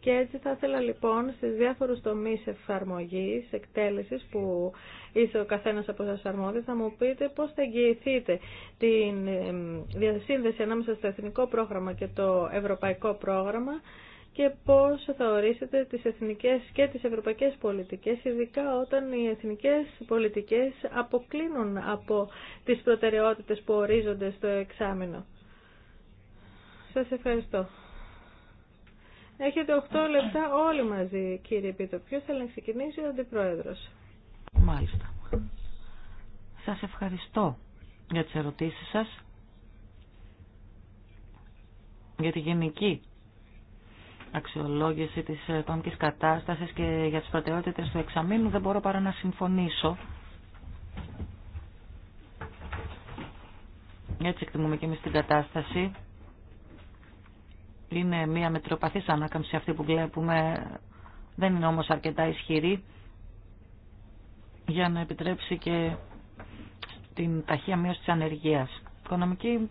Και έτσι θα ήθελα λοιπόν στις διάφορους τομείς εφαρμογής, εκτέλεσης που είσαι ο καθένας από σας αρμόδιος, θα μου πείτε πώς θα εγγυηθείτε τη ε, διασύνδεση ανάμεσα στο εθνικό πρόγραμμα και το ευρωπαϊκό πρόγραμμα και πώς θα ορίσετε τις εθνικές και τις ευρωπαϊκές πολιτικές, ειδικά όταν οι εθνικές πολιτικές αποκλίνουν από τις προτεραιότητες που ορίζονται στο εξάμεινο. Σας ευχαριστώ. Έχετε 8 λεπτά όλοι μαζί, κύριε Πίτο. Ποιος θέλει να ξεκινήσει, ο Αντιπρόεδρος. Μάλιστα. Σας ευχαριστώ για τις ερωτήσεις σας, για τη γενική αξιολόγηση της οικονομικής κατάστασης και για τις προτεραιότητες του εξαμήνου δεν μπορώ παρά να συμφωνήσω. Έτσι εκτιμούμε και εμείς την κατάσταση. Είναι μια μετροπαθής ανάκαμψη αυτή που βλέπουμε, δεν είναι όμως αρκετά ισχυρή για να επιτρέψει και την ταχεία μείωση της ανεργίας. Οικονομική,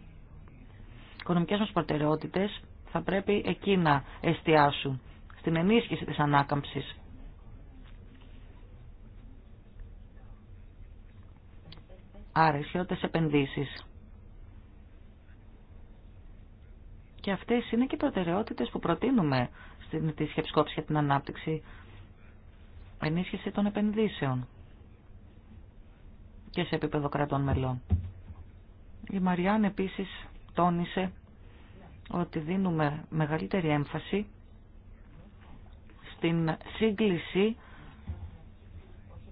οικονομικές μας προτεραιότητες θα πρέπει εκεί να εστιάσουν, στην ενίσχυση της ανάκαμψης. Άρα, επενδύσεις. Και αυτές είναι και οι προτεραιότητες που προτείνουμε στην τη για την ανάπτυξη ενίσχυση των επενδύσεων και σε επίπεδο κρατών μελών. Η Μαριάν επίσης τόνισε ότι δίνουμε μεγαλύτερη έμφαση στην σύγκληση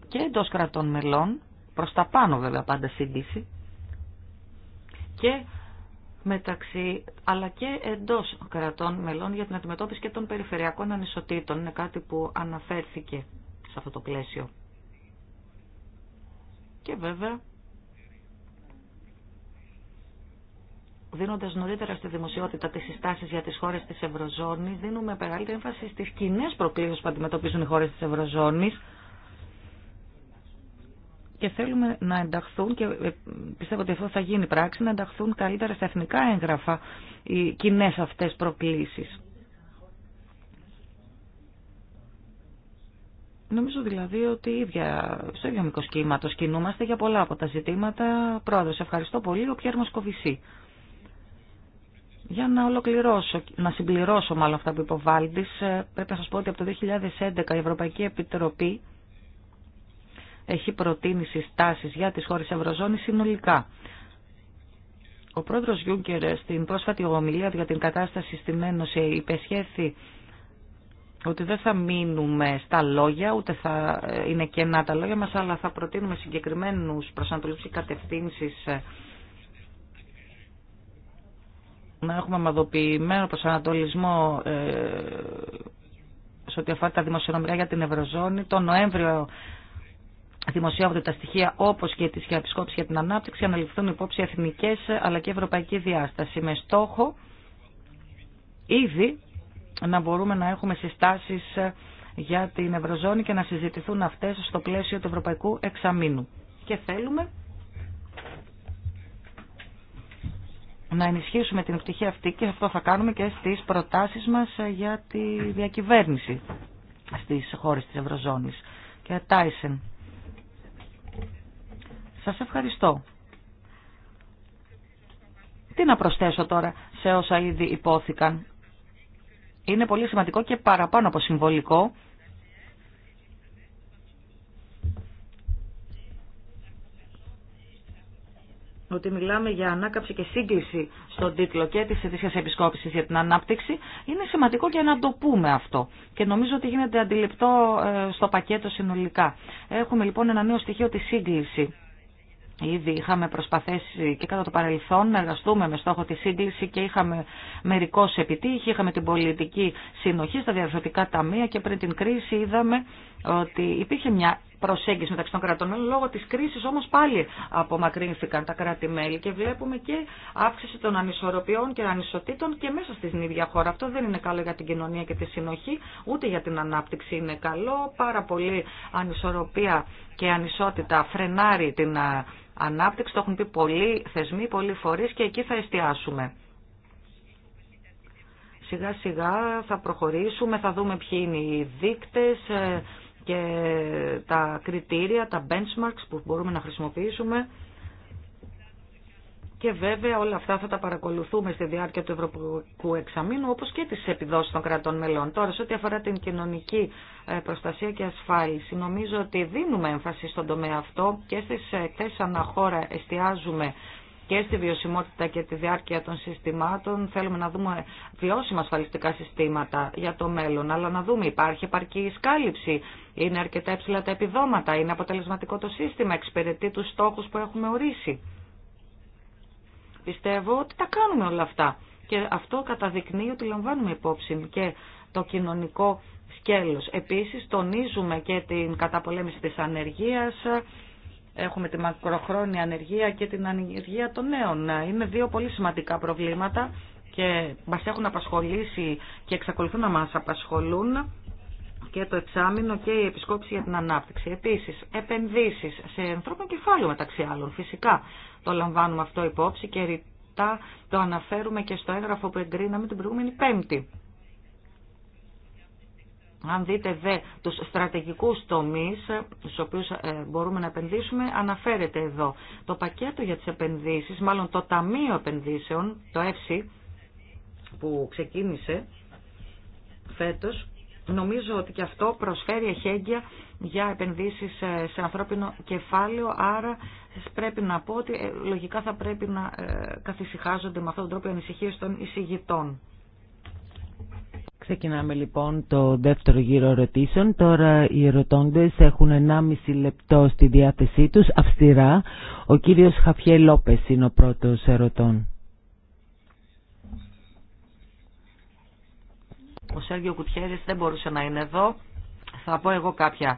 και εντό κρατών μελών, προς τα πάνω βέβαια πάντα σύγκληση, και μεταξύ, αλλά και εντός κρατών μελών για την αντιμετώπιση και των περιφερειακών ανισοτήτων. Είναι κάτι που αναφέρθηκε σε αυτό το πλαίσιο. Και βέβαια δίνοντα νωρίτερα στη δημοσιότητα τι συστάσει για τι χώρε τη Ευρωζώνη, δίνουμε μεγαλύτερη έμφαση στι κοινέ προκλήσει που αντιμετωπίζουν οι χώρε τη Ευρωζώνη και θέλουμε να ενταχθούν, και ε, πιστεύω ότι αυτό θα γίνει πράξη, να ενταχθούν καλύτερα στα εθνικά έγγραφα οι κοινέ αυτέ προκλήσει. Νομίζω δηλαδή ότι ίδια, στο ίδιο μικρό σχήματο κινούμαστε για πολλά από τα ζητήματα. Πρόεδρο, ευχαριστώ πολύ. Ο Πιέρ Μοσκοβισή. Για να ολοκληρώσω, να συμπληρώσω μάλλον αυτά που είπε ο ε, πρέπει να σας πω ότι από το 2011 η Ευρωπαϊκή Επιτροπή έχει προτείνει συστάσεις για τις χώρες Ευρωζώνης συνολικά. Ο πρόεδρος Γιούγκερ ε, στην πρόσφατη ομιλία για την κατάσταση στην Ένωση υπεσχέθη ότι δεν θα μείνουμε στα λόγια, ούτε θα ε, είναι κενά τα λόγια μας, αλλά θα προτείνουμε συγκεκριμένους προσανατολικούς και κατευθύνσεις να έχουμε μαδοποιημένο προσανατολισμό ε, σε ό,τι αφορά τα δημοσιονομικά για την Ευρωζώνη. Το Νοέμβριο δημοσιεύονται τα στοιχεία όπως και τις επισκόπηση για την ανάπτυξη, αναλυφθούν υπόψη εθνικές αλλά και ευρωπαϊκή διάσταση με στόχο ήδη να μπορούμε να έχουμε συστάσεις για την Ευρωζώνη και να συζητηθούν αυτές στο πλαίσιο του Ευρωπαϊκού Εξαμήνου. Και θέλουμε να ενισχύσουμε την επιτυχία αυτή και αυτό θα κάνουμε και στις προτάσεις μας ε, για τη διακυβέρνηση στις χώρες της Ευρωζώνης. Και Τάισεν, σας ευχαριστώ. Τι να προσθέσω τώρα σε όσα ήδη υπόθηκαν. Είναι πολύ σημαντικό και παραπάνω από συμβολικό ότι μιλάμε για ανάκαψη και σύγκληση στον τίτλο και της Ετήσιας Επισκόπησης για την Ανάπτυξη, είναι σημαντικό και να το πούμε αυτό. Και νομίζω ότι γίνεται αντιληπτό ε, στο πακέτο συνολικά. Έχουμε λοιπόν ένα νέο στοιχείο τη σύγκληση. Ήδη είχαμε προσπαθήσει και κατά το παρελθόν να εργαστούμε με στόχο τη σύγκληση και είχαμε μερικώ επιτύχει. Είχαμε την πολιτική συνοχή στα διαδροτικά ταμεία και πριν την κρίση είδαμε ότι υπήρχε μια προσέγγιση μεταξύ των κρατών Λόγω τη κρίση όμω πάλι απομακρύνθηκαν τα κράτη-μέλη και βλέπουμε και αύξηση των ανισορροπιών και ανισοτήτων και μέσα στην ίδια χώρα. Αυτό δεν είναι καλό για την κοινωνία και τη συνοχή, ούτε για την ανάπτυξη είναι καλό. Πάρα πολύ ανισορροπία και ανισότητα φρενάρει την ε, ανάπτυξη. Το έχουν πει πολλοί θεσμοί, πολλοί φορεί και εκεί θα εστιάσουμε σιγά σιγά θα προχωρήσουμε, θα δούμε ποιοι είναι οι δείκτες, ε, και τα κριτήρια, τα benchmarks που μπορούμε να χρησιμοποιήσουμε και βέβαια όλα αυτά θα τα παρακολουθούμε στη διάρκεια του Ευρωπαϊκού Εξαμήνου όπως και τις επιδόσεις των κρατών μελών. Τώρα σε ό,τι αφορά την κοινωνική ε, προστασία και ασφάλιση νομίζω ότι δίνουμε έμφαση στον τομέα αυτό και στις ε, εκθέσεις αναχώρα εστιάζουμε και στη βιωσιμότητα και τη διάρκεια των συστημάτων. Θέλουμε να δούμε βιώσιμα ασφαλιστικά συστήματα για το μέλλον, αλλά να δούμε υπάρχει επαρκή σκάλυψη, είναι αρκετά υψηλά τα επιδόματα, είναι αποτελεσματικό το σύστημα, εξυπηρετεί τους στόχους που έχουμε ορίσει. Πιστεύω ότι τα κάνουμε όλα αυτά και αυτό καταδεικνύει ότι λαμβάνουμε υπόψη και το κοινωνικό σκέλος. Επίσης τονίζουμε και την καταπολέμηση της ανεργίας, Έχουμε τη μακροχρόνια ανεργία και την ανεργία των νέων. Είναι δύο πολύ σημαντικά προβλήματα και μας έχουν απασχολήσει και εξακολουθούν να μας απασχολούν και το εξάμεινο και η επισκόπηση για την ανάπτυξη. Επίσης, επενδύσεις σε ανθρώπινο κεφάλαιο μεταξύ άλλων. Φυσικά το λαμβάνουμε αυτό υπόψη και ρητά το αναφέρουμε και στο έγγραφο που εγκρίναμε την προηγούμενη Πέμπτη. Αν δείτε δε τους στρατηγικούς τομείς στους οποίους ε, μπορούμε να επενδύσουμε, αναφέρεται εδώ. Το πακέτο για τις επενδύσεις, μάλλον το Ταμείο Επενδύσεων, το ΕΦΣΥ, που ξεκίνησε φέτος, νομίζω ότι και αυτό προσφέρει εχέγγυα για επενδύσεις ε, σε ανθρώπινο κεφάλαιο, άρα πρέπει να πω ότι ε, λογικά θα πρέπει να καθησυχάζονται με αυτόν τον τρόπο οι ανησυχίες των εισηγητών. Ξεκινάμε λοιπόν το δεύτερο γύρο ερωτήσεων. Τώρα οι ερωτώντες έχουν 1,5 λεπτό στη διάθεσή τους, αυστηρά. Ο κύριος Χαφιέ Λόπες είναι ο πρώτος ερωτών. Ο Σέργιο Κουτιέρης δεν μπορούσε να είναι εδώ. Θα πω εγώ κάποια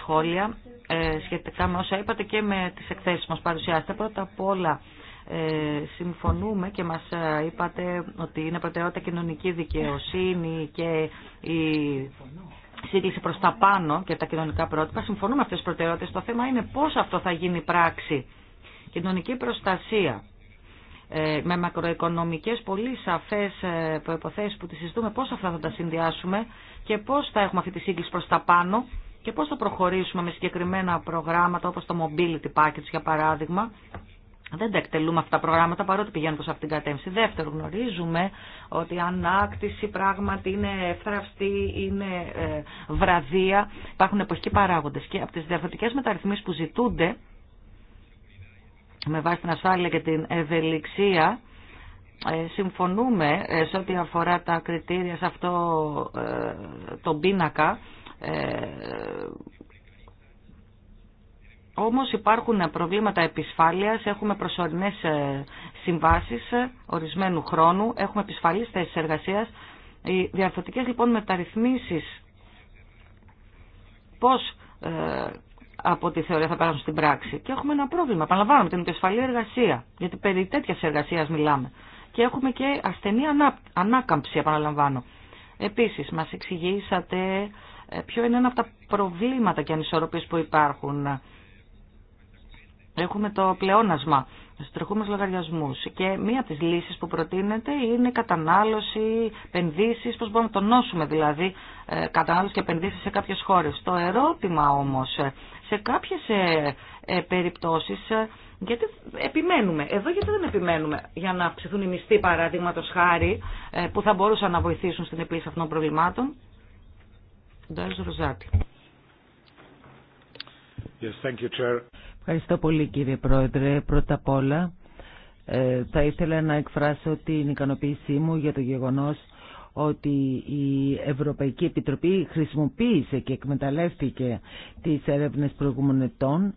σχόλια ε, σχετικά με όσα είπατε και με τις εκθέσεις που μας παρουσιάσετε. Πρώτα απ' όλα ε, συμφωνούμε και μας ε, είπατε ότι είναι προτεραιότητα κοινωνική δικαιοσύνη και η σύγκληση προς τα πάνω και τα κοινωνικά πρότυπα. Συμφωνούμε αυτές τις προτεραιότητες. Το θέμα είναι πώς αυτό θα γίνει πράξη. Κοινωνική προστασία ε, με μακροοικονομικές πολύ σαφές προϋποθέσεις που τις συζητούμε, πώς αυτά θα τα συνδυάσουμε και πώς θα έχουμε αυτή τη σύγκληση προς τα πάνω και πώς θα προχωρήσουμε με συγκεκριμένα προγράμματα όπως το Mobility Package για παράδειγμα δεν τα εκτελούμε αυτά τα προγράμματα παρότι πηγαίνουν προς αυτήν την κατεύθυνση. Δεύτερο, γνωρίζουμε ότι η ανάκτηση πράγματι είναι ευθραυστή, είναι ε, βραδία, υπάρχουν εποχικοί παράγοντες και από τις διαφορετικές μεταρρυθμίσεις που ζητούνται με βάση την ασφάλεια και την ευελιξία ε, συμφωνούμε ε, σε ό,τι αφορά τα κριτήρια σε αυτό τον πίνακα όμως υπάρχουν προβλήματα επισφάλειας, έχουμε προσωρινές ε, συμβάσεις ε, ορισμένου χρόνου, έχουμε επισφαλείς θέσεις εργασίας. Οι διαρθωτικές λοιπόν μεταρρυθμίσεις πώς ε, από τη θεωρία θα περάσουν στην πράξη. Και έχουμε ένα πρόβλημα, επαναλαμβάνουμε, την επισφαλή εργασία, γιατί περί τέτοια εργασία μιλάμε. Και έχουμε και ασθενή ανά, ανάκαμψη, επαναλαμβάνω. Επίσης, μας εξηγήσατε ποιο είναι ένα από τα προβλήματα και ανισορροπίες που υπάρχουν έχουμε το πλεόνασμα στους τρεχούμενους λογαριασμούς και μία από τις λύσεις που προτείνεται είναι η κατανάλωση, επενδύσεις, πώς μπορούμε να τονώσουμε δηλαδή ε, κατανάλωση και επενδύσεις σε κάποιες χώρες. Το ερώτημα όμως, ε, σε κάποιες ε, περιπτώσεις, γιατί επιμένουμε, εδώ γιατί δεν επιμένουμε για να αυξηθούν οι μισθοί παραδείγματο χάρη που θα μπορούσαν να βοηθήσουν στην επίλυση αυτών των προβλημάτων. Yes, thank you, Chair. Ευχαριστώ πολύ κύριε Πρόεδρε. Πρώτα απ' όλα ε, θα ήθελα να εκφράσω την ικανοποίησή μου για το γεγονός ότι η Ευρωπαϊκή Επιτροπή χρησιμοποίησε και εκμεταλλεύτηκε τις έρευνες προηγούμενων ετών.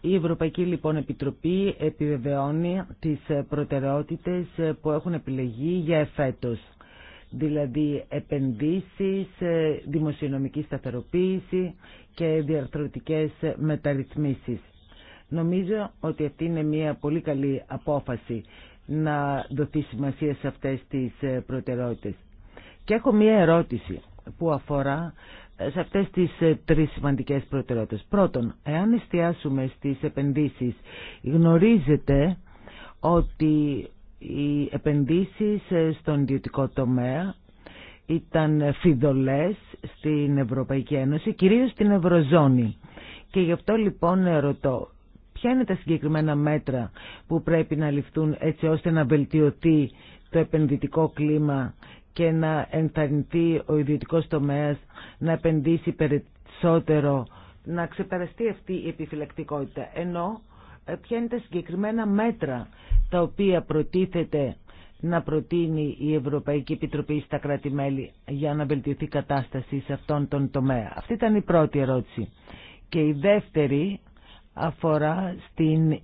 Η Ευρωπαϊκή λοιπόν Επιτροπή επιβεβαιώνει τις προτεραιότητες που έχουν επιλεγεί για εφέτος δηλαδή επενδύσεις, ε, δημοσιονομική σταθεροποίηση και διαρθρωτικές μεταρρυθμίσεις. Νομίζω ότι αυτή είναι μια πολύ καλή απόφαση να δοθεί σημασία σε αυτές τις ε, προτεραιότητες. Και έχω μια ερώτηση που αφορά ε, σε αυτές τις τρεις σημαντικές προτεραιότητες. Πρώτον, εάν εστιάσουμε στις επενδύσεις, γνωρίζετε ότι οι επενδύσεις ε, στον ιδιωτικό τομέα ήταν φιδωλές στην Ευρωπαϊκή Ένωση, κυρίως στην Ευρωζώνη. Και γι' αυτό λοιπόν ρωτώ, ποια είναι τα συγκεκριμένα μέτρα που πρέπει να ληφθούν έτσι ώστε να βελτιωθεί το επενδυτικό κλίμα και να ενθαρρυνθεί ο ιδιωτικός τομέας να επενδύσει περισσότερο, να ξεπεραστεί αυτή η επιφυλακτικότητα. Ενώ ε, ποια είναι τα συγκεκριμένα μέτρα τα οποία προτίθεται να προτείνει η Ευρωπαϊκή Επιτροπή στα κράτη-μέλη για να βελτιωθεί η κατάσταση σε αυτόν τον τομέα. Αυτή ήταν η πρώτη ερώτηση. Και η δεύτερη αφορά στην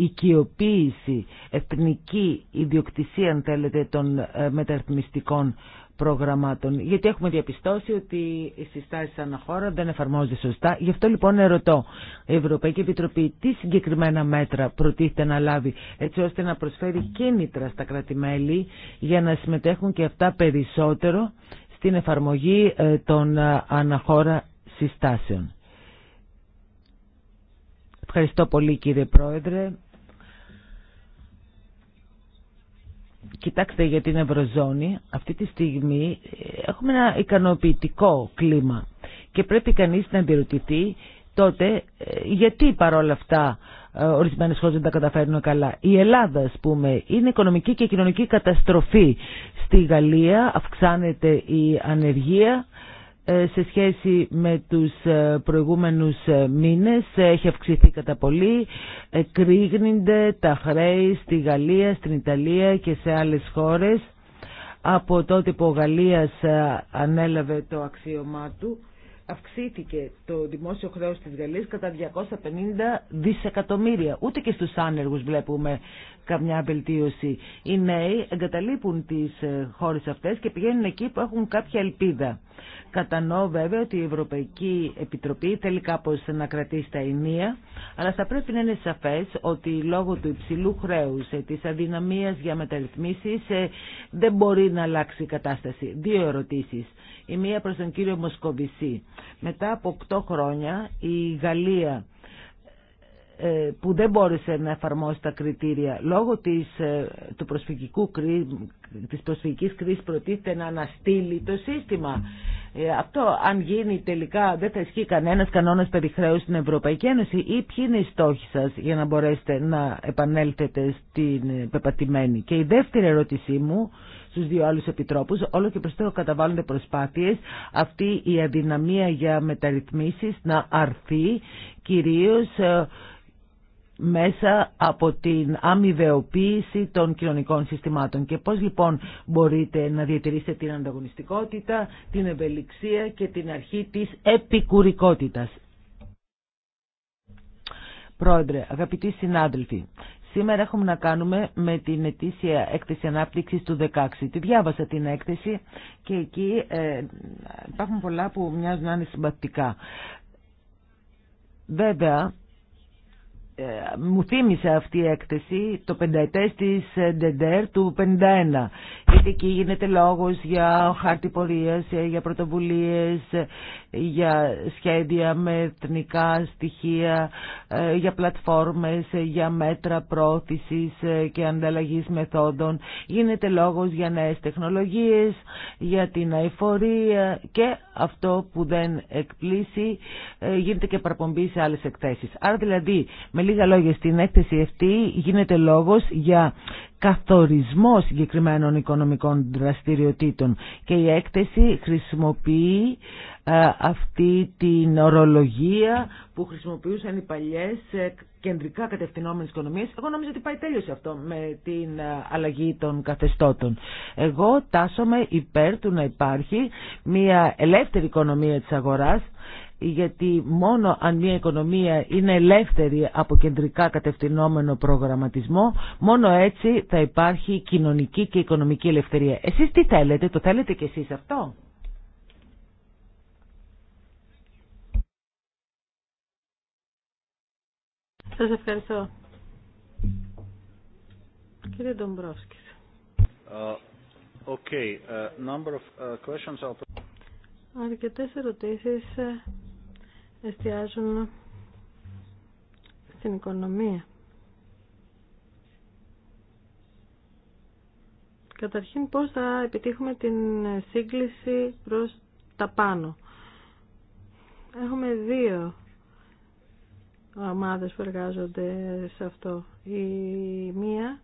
οικειοποίηση, εθνική ιδιοκτησία αν θέλετε των ε, μεταρρυθμιστικών προγραμμάτων. Γιατί έχουμε διαπιστώσει ότι οι συστάσεις αναχώρα χώρα δεν εφαρμόζονται σωστά. Γι' αυτό λοιπόν ερωτώ η Ευρωπαϊκή Επιτροπή τι συγκεκριμένα μέτρα προτίθεται να λάβει έτσι ώστε να προσφέρει κίνητρα στα κρατη για να συμμετέχουν και αυτά περισσότερο στην εφαρμογή ε, των ε, αναχώρα συστάσεων. Ευχαριστώ πολύ κύριε Πρόεδρε. Κοιτάξτε για την Ευρωζώνη, αυτή τη στιγμή ε, έχουμε ένα ικανοποιητικό κλίμα και πρέπει κανείς να αντιρωτηθεί τότε ε, γιατί παρόλα αυτά ε, ορισμένες χώρες δεν τα καταφέρνουν καλά. Η Ελλάδα, ας πούμε, είναι οικονομική και κοινωνική καταστροφή. Στη Γαλλία αυξάνεται η ανεργία, ε, σε σχέση με τους ε, προηγούμενους ε, μήνες έχει αυξηθεί κατά πολύ. Κρύγνονται τα χρέη στη Γαλλία, στην Ιταλία και σε άλλες χώρες από τότε που ο Γαλλίας ανέλαβε το αξίωμά του αυξήθηκε το δημόσιο χρέος της Γαλλίας κατά 250 δισεκατομμύρια. Ούτε και στους άνεργους βλέπουμε καμιά βελτίωση. Οι νέοι εγκαταλείπουν τις ε, χώρες αυτές και πηγαίνουν εκεί που έχουν κάποια ελπίδα. Κατανοώ βέβαια ότι η Ευρωπαϊκή Επιτροπή θέλει κάπως να κρατήσει τα ενία, αλλά θα πρέπει να είναι σαφές ότι λόγω του υψηλού χρέους, ε, της αδυναμίας για μεταρρυθμίσεις, ε, δεν μπορεί να αλλάξει η κατάσταση. Δύο ερωτήσεις. Η μία προς τον κύριο Μοσκοβισή. Μετά από 8 χρόνια η Γαλλία ε, που δεν μπόρεσε να εφαρμόσει τα κριτήρια λόγω της, ε, του προσφυγικού, της προσφυγικής κρίσης προτίθεται να αναστείλει το σύστημα. Ε, αυτό αν γίνει τελικά δεν θα ισχύει κανένας κανόνας περιχρέου στην Ευρωπαϊκή Ένωση ή ποιοι είναι οι στόχοι σας για να μπορέσετε να επανέλθετε στην πεπατημένη. Και η δεύτερη ερώτησή μου στους δύο άλλους επιτρόπους. Όλο και περισσότερο καταβάλλονται προσπάθειες αυτή η αδυναμία για μεταρρυθμίσεις να αρθεί κυρίως ε, μέσα από την αμοιβεοποίηση των κοινωνικών συστημάτων. Και πώς λοιπόν μπορείτε να διατηρήσετε την ανταγωνιστικότητα, την ευελιξία και την αρχή της επικουρικότητας. Πρόεδρε, αγαπητοί συνάδελφοι, Σήμερα έχουμε να κάνουμε με την ετήσια έκθεση ανάπτυξης του 16. Τη διάβασα την έκθεση και εκεί ε, υπάρχουν πολλά που μοιάζουν να είναι συμπαθητικά. Βέβαια, ε, μου θύμισε αυτή η έκθεση το πενταετές της ε, Ντεντέρ του 51 γιατί εκεί γίνεται λόγος για χάρτη πορείας, ε, για πρωτοβουλίες, για σχέδια με εθνικά στοιχεία, για πλατφόρμες, για μέτρα πρόθεση και ανταλλαγής μεθόδων. Γίνεται λόγος για νέες τεχνολογίες, για την αηφορία και αυτό που δεν εκπλήσει γίνεται και παραπομπή σε άλλες εκθέσει. Άρα δηλαδή λίγα λόγια, στην έκθεση αυτή γίνεται λόγος για καθορισμό συγκεκριμένων οικονομικών δραστηριοτήτων και η έκθεση χρησιμοποιεί ε, αυτή την ορολογία που χρησιμοποιούσαν οι παλιές ε, κεντρικά κατευθυνόμενες οικονομίες. Εγώ νομίζω ότι πάει τέλειος αυτό με την ε, αλλαγή των καθεστώτων. Εγώ τάσομαι υπέρ του να υπάρχει μια ελεύθερη οικονομία της αγοράς γιατί μόνο αν μια οικονομία είναι ελεύθερη από κεντρικά κατευθυνόμενο προγραμματισμό, μόνο έτσι θα υπάρχει κοινωνική και οικονομική ελευθερία. Εσείς τι θέλετε, το θέλετε κι εσείς αυτό. Σας ευχαριστώ. Κύριε Ντομπρόσκης. Uh, okay. Uh, number of uh, questions Αρκετές ερωτήσεις ε, εστιάζουν στην οικονομία. Καταρχήν πώς θα επιτύχουμε την σύγκληση προς τα πάνω. Έχουμε δύο ομάδες που εργάζονται σε αυτό. Η μία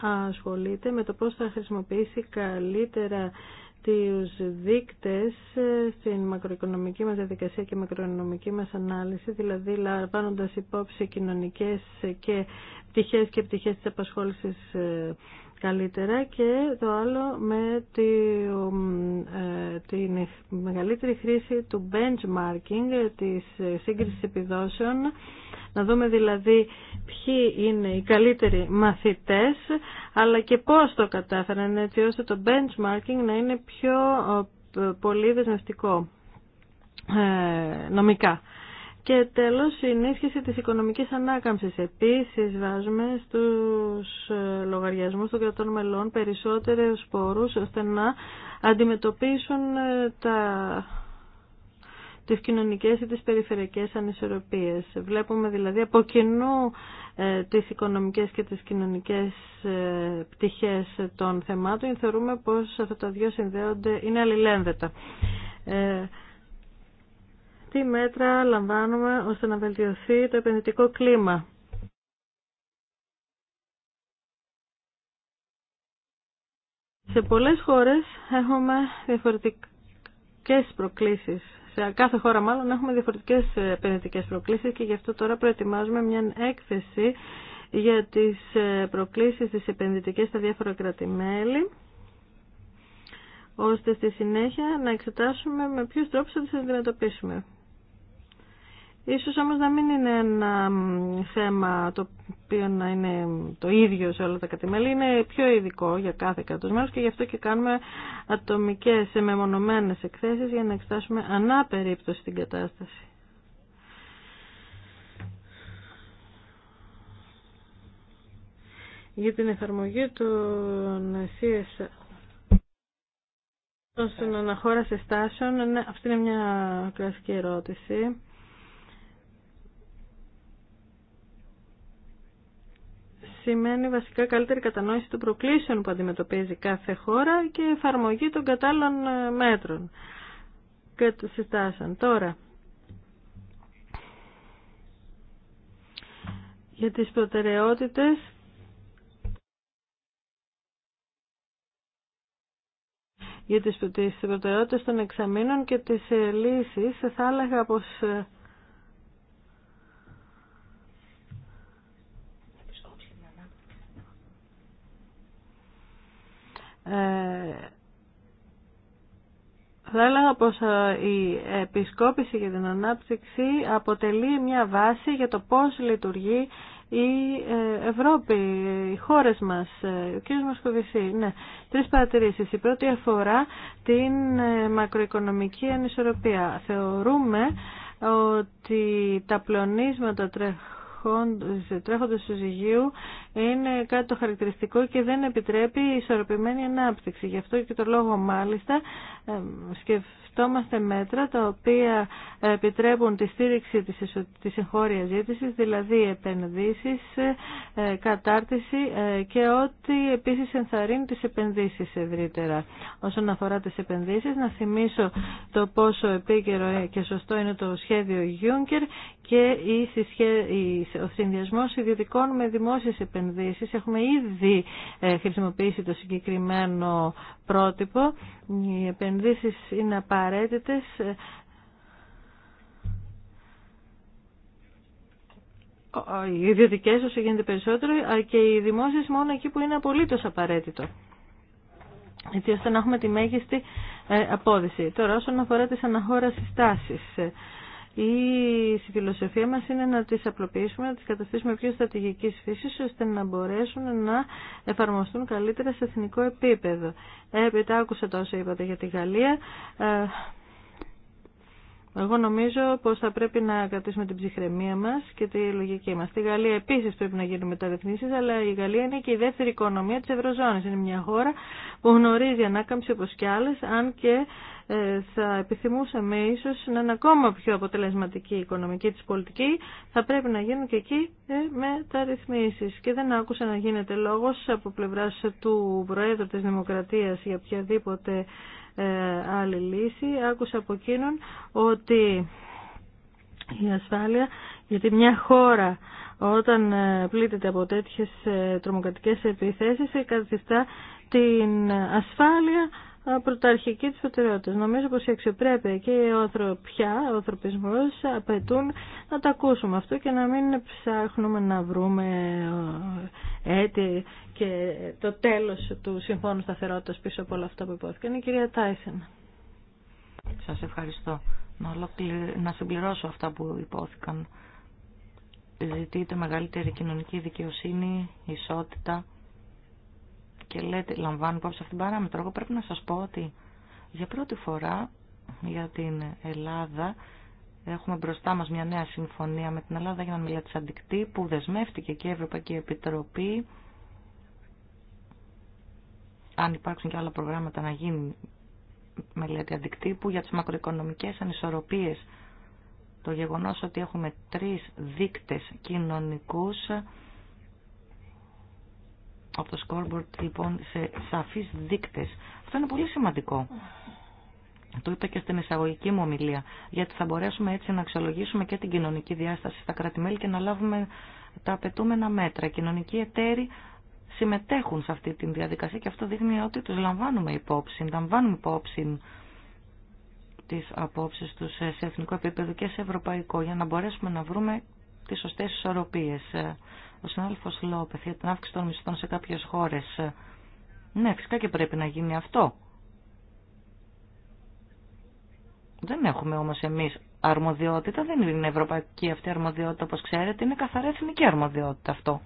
ασχολείται με το πώς θα χρησιμοποιήσει καλύτερα τους δείκτες ε, στην μακροοικονομική μας διαδικασία και μακροοικονομική μας ανάλυση, δηλαδή λαμβάνοντας υπόψη κοινωνικές και πτυχές και πτυχές της απασχόλησης ε, καλύτερα και το άλλο με τη, ε, την μεγαλύτερη χρήση του benchmarking, ε, της ε, σύγκρισης επιδόσεων, να δούμε δηλαδή ποιοι είναι οι καλύτεροι μαθητές, αλλά και πώς το κατάφεραν έτσι ώστε το benchmarking να είναι πιο πολύ δεσμευτικό νομικά. Και τέλος η ενίσχυση της οικονομικής ανάκαμψης. Επίσης βάζουμε στους ε, λογαριασμούς των κρατών μελών περισσότερους πόρους ώστε να αντιμετωπίσουν ε, τα τις κοινωνικές ή τις περιφερειακές ανισορροπίες. Βλέπουμε δηλαδή από κοινού ε, τις οικονομικές και τις κοινωνικές πτυχές των θεμάτων. Θεωρούμε πως αυτά τα δύο συνδέονται, είναι αλληλένδετα τι μέτρα λαμβάνουμε ώστε να βελτιωθεί το επενδυτικό κλίμα. Σε πολλές χώρες έχουμε διαφορετικές προκλήσεις. Σε κάθε χώρα μάλλον έχουμε διαφορετικές επενδυτικές προκλήσεις και γι' αυτό τώρα προετοιμάζουμε μια έκθεση για τις προκλήσεις της επενδυτικές στα διάφορα μέλη ώστε στη συνέχεια να εξετάσουμε με ποιους τρόπους θα τις αντιμετωπίσουμε. Ίσως όμως να μην είναι ένα θέμα το οποίο να είναι το ίδιο σε όλα τα κατημέλη, είναι πιο ειδικό για κάθε κράτος και γι' αυτό και κάνουμε ατομικές μεμονωμένες εκθέσεις για να εξετάσουμε ανά περίπτωση την κατάσταση. Για την εφαρμογή των CSR στον αναχώρα συστάσεων, ναι, αυτή είναι μια κλασική ερώτηση. σημαίνει βασικά καλύτερη κατανόηση των προκλήσεων που αντιμετωπίζει κάθε χώρα και εφαρμογή των κατάλληλων ε, μέτρων και συστάσεων. Τώρα, για τις προτεραιότητες για τις προτεραιότητες των εξαμήνων και τις ε, λύσεις θα έλεγα πως ε, Ε, θα έλεγα πως ε, η επισκόπηση για την ανάπτυξη αποτελεί μια βάση για το πώς λειτουργεί η ε, Ευρώπη, οι χώρες μας, ο κ. Μασκοβησή. Ναι, τρεις παρατηρήσεις. Η πρώτη αφορά την μακροοικονομική ανισορροπία. Θεωρούμε ότι τα πλονίσματα τρέχοντας του συζυγίου είναι κάτι το χαρακτηριστικό και δεν επιτρέπει ισορροπημένη ανάπτυξη. Γι' αυτό και το λόγο μάλιστα σκεφτόμαστε μέτρα τα οποία επιτρέπουν τη στήριξη της εγχώριας ζήτησης, δηλαδή επενδύσεις, ε, κατάρτιση ε, και ό,τι επίσης ενθαρρύνει τις επενδύσεις ευρύτερα. Όσον αφορά τις επενδύσεις, να θυμίσω το πόσο επίκαιρο και σωστό είναι το σχέδιο Juncker και ο συνδυασμός ιδιωτικών με δημόσιες επενδύσεις επενδύσεις. Έχουμε ήδη ε, χρησιμοποιήσει το συγκεκριμένο πρότυπο. Οι επενδύσεις είναι απαραίτητες. Ε, οι ιδιωτικέ όσο γίνεται περισσότερο ε, και οι δημόσιε μόνο εκεί που είναι απολύτω απαραίτητο. Έτσι ώστε να έχουμε τη μέγιστη απόδειση. Τώρα όσον αφορά τις αναχώρα συστάσεις. Η φιλοσοφία μας είναι να τις απλοποιήσουμε, να τις καταστήσουμε πιο στρατηγικής φύσης, ώστε να μπορέσουν να εφαρμοστούν καλύτερα σε εθνικό επίπεδο. Έπειτα άκουσα τόσο είπατε για τη Γαλλία. Ε, εγώ νομίζω πω θα πρέπει να κρατήσουμε την ψυχραιμία μα και τη λογική μα. Στη Γαλλία επίση πρέπει να γίνουν μεταρρυθμίσει, αλλά η Γαλλία είναι και η δεύτερη οικονομία τη Ευρωζώνης. Είναι μια χώρα που γνωρίζει ανάκαμψη όπω κι άλλε, αν και ε, θα επιθυμούσαμε ίσω να είναι ακόμα πιο αποτελεσματική η οικονομική τη πολιτική, θα πρέπει να γίνουν και εκεί ε, μεταρρυθμίσει. Και δεν άκουσα να γίνεται λόγο από πλευρά του Προέδρου τη Δημοκρατία για οποιαδήποτε ε, άλλη λύση. Άκουσα από εκείνον ότι η ασφάλεια, γιατί μια χώρα όταν ε, πλήττεται από τέτοιες ε, τρομοκρατικές επιθέσεις καθιστά την ασφάλεια πρωταρχική της προτεραιότητας. Νομίζω πως η αξιοπρέπεια και η πια ο ανθρωπισμός απαιτούν να τα ακούσουμε αυτό και να μην ψάχνουμε να βρούμε έτη και το τέλος του Συμφώνου Σταθερότητας πίσω από όλα αυτά που υπόθηκαν είναι η κυρία Τάισεν. Σας ευχαριστώ. Να, να συμπληρώσω αυτά που υπόθηκαν. Ζητείτε μεγαλύτερη κοινωνική δικαιοσύνη, ισότητα και λέτε, λαμβάνω υπόψη αυτήν την παράμετρο. Εγώ πρέπει να σας πω ότι για πρώτη φορά για την Ελλάδα Έχουμε μπροστά μας μια νέα συμφωνία με την Ελλάδα για να μιλά της που Δεσμεύτηκε και η Ευρωπαϊκή Επιτροπή αν υπάρξουν και άλλα προγράμματα να γίνει μελέτη αντικτύπου για τις μακροοικονομικές ανισορροπίες. Το γεγονός ότι έχουμε τρεις δείκτες κοινωνικούς από το scoreboard λοιπόν σε σαφείς δείκτες. Αυτό είναι πολύ σημαντικό. Το είπα και στην εισαγωγική μου ομιλία, γιατί θα μπορέσουμε έτσι να αξιολογήσουμε και την κοινωνική διάσταση στα κράτη-μέλη και να λάβουμε τα απαιτούμενα μέτρα. Οι κοινωνικοί συμμετέχουν σε αυτή τη διαδικασία και αυτό δείχνει ότι τους λαμβάνουμε υπόψη, λαμβάνουμε υπόψη τις απόψεις τους σε εθνικό επίπεδο και σε ευρωπαϊκό για να μπορέσουμε να βρούμε τις σωστές ισορροπίες. Ο συνάδελφος Λόπεθ για την αύξηση των μισθών σε κάποιες χώρες. Ναι, φυσικά και πρέπει να γίνει αυτό. Δεν έχουμε όμως εμείς αρμοδιότητα, δεν είναι ευρωπαϊκή αυτή αρμοδιότητα όπως ξέρετε, είναι καθαρά εθνική αρμοδιότητα αυτό.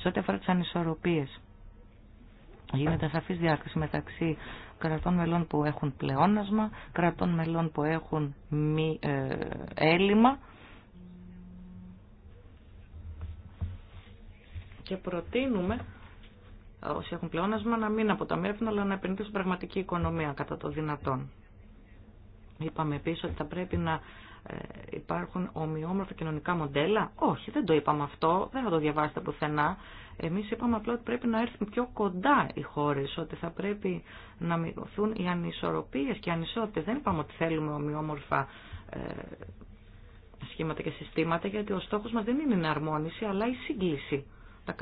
Σε ό,τι αφορά τι ανισορροπίε, γίνεται σαφή διάκριση μεταξύ κρατών μελών που έχουν πλεόνασμα, κρατών μελών που έχουν ε, έλλειμμα. Και προτείνουμε όσοι έχουν πλεόνασμα να μην αποταμιεύουν αλλά να επενδύσουν πραγματική οικονομία κατά το δυνατόν. Είπαμε επίσης ότι θα πρέπει να ε, υπάρχουν ομοιόμορφα κοινωνικά μοντέλα. Όχι, δεν το είπαμε αυτό, δεν θα το διαβάσετε πουθενά. Εμείς είπαμε απλά ότι πρέπει να έρθουν πιο κοντά οι χώρες, ότι θα πρέπει να μειωθούν οι ανισορροπίες και οι ανισότητες. Δεν είπαμε ότι θέλουμε ομοιόμορφα ε, σχήματα και συστήματα, γιατί ο στόχος μας δεν είναι η αρμόνιση, αλλά η σύγκληση. Τα,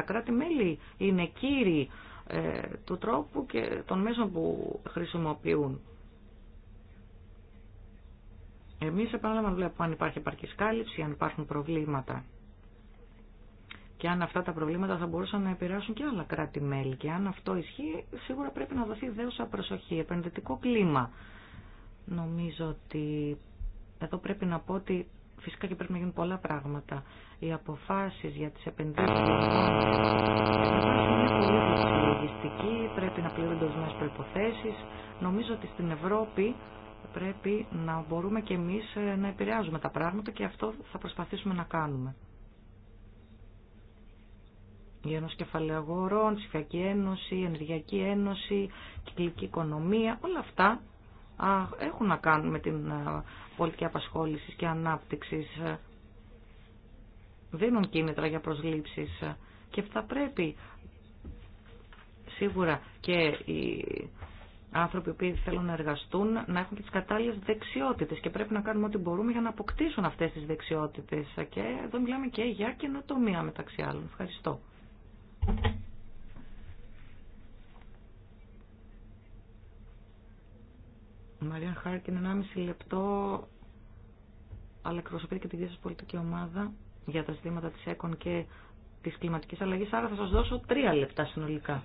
κράτη, τα, μελη είναι κύριοι ε, του τρόπου και των μέσων που χρησιμοποιούν. Εμείς επαναλαμβάνω βλέπουμε αν υπάρχει επαρκής κάλυψη, αν υπάρχουν προβλήματα και αν αυτά τα προβλήματα θα μπορούσαν να επηρεάσουν και άλλα κράτη-μέλη και αν αυτό ισχύει σίγουρα πρέπει να δοθεί δέουσα προσοχή, επενδυτικό κλίμα. Νομίζω ότι εδώ πρέπει να πω ότι φυσικά και πρέπει να γίνουν πολλά πράγματα. Οι αποφάσεις για τις επενδύσεις είναι πολύ πρέπει να πληρούνται ορισμένε προϋποθέσεις. Νομίζω ότι στην Ευρώπη πρέπει να μπορούμε και εμείς ε, να επηρεάζουμε τα πράγματα και αυτό θα προσπαθήσουμε να κάνουμε. Η Ένωση Κεφαλαιογορών, Ψηφιακή Ένωση, Ενεργειακή Ένωση, Κυκλική Οικονομία, όλα αυτά έχουν να κάνουν με την ε, πολιτική απασχόληση και ανάπτυξη. Ε, δίνουν κίνητρα για προσλήψεις και θα πρέπει σίγουρα και οι άνθρωποι που θέλουν να εργαστούν να έχουν και τι κατάλληλε δεξιότητε. και πρέπει να κάνουμε ό,τι μπορούμε για να αποκτήσουν αυτέ τι δεξιότητε. Και εδώ μιλάμε και για καινοτομία μεταξύ άλλων. Ευχαριστώ. Μαρία Χάρκιν, 1,5 λεπτό, αλλά εκπροσωπείτε και τη δική σα πολιτική ομάδα για τα ζητήματα τη ΕΚΟΝ και τη κλιματική αλλαγή. άρα θα σα δώσω τρία λεπτά συνολικά.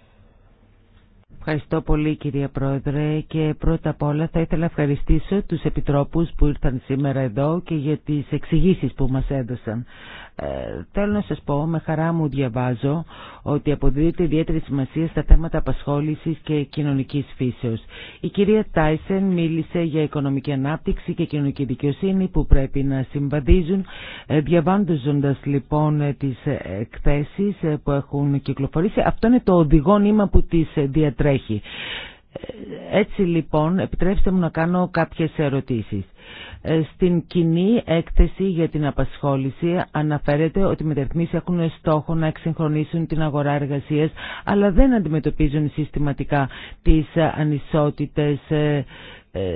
Ευχαριστώ πολύ κυρία Πρόεδρε και πρώτα απ' όλα θα ήθελα να ευχαριστήσω τους επιτρόπους που ήρθαν σήμερα εδώ και για τις εξηγήσει που μας έδωσαν. Ε, θέλω να σας πω, με χαρά μου διαβάζω, ότι αποδίδεται ιδιαίτερη σημασία στα θέματα απασχόλησης και κοινωνικής φύσεως. Η κυρία Τάισεν μίλησε για οικονομική ανάπτυξη και κοινωνική δικαιοσύνη που πρέπει να συμβαδίζουν. Ε, Διαβάζοντας λοιπόν ε, τις εκθέσεις που έχουν κυκλοφορήσει, αυτό είναι το οδηγό νήμα που τις διατρέχει. Έτσι λοιπόν, επιτρέψτε μου να κάνω κάποιες ερωτήσεις. Ε, στην κοινή έκθεση για την απασχόληση αναφέρεται ότι οι μεταρρυθμίσεις έχουν στόχο να εξυγχρονίσουν την αγορά εργασίας, αλλά δεν αντιμετωπίζουν συστηματικά τις ανισότητες ε, ε,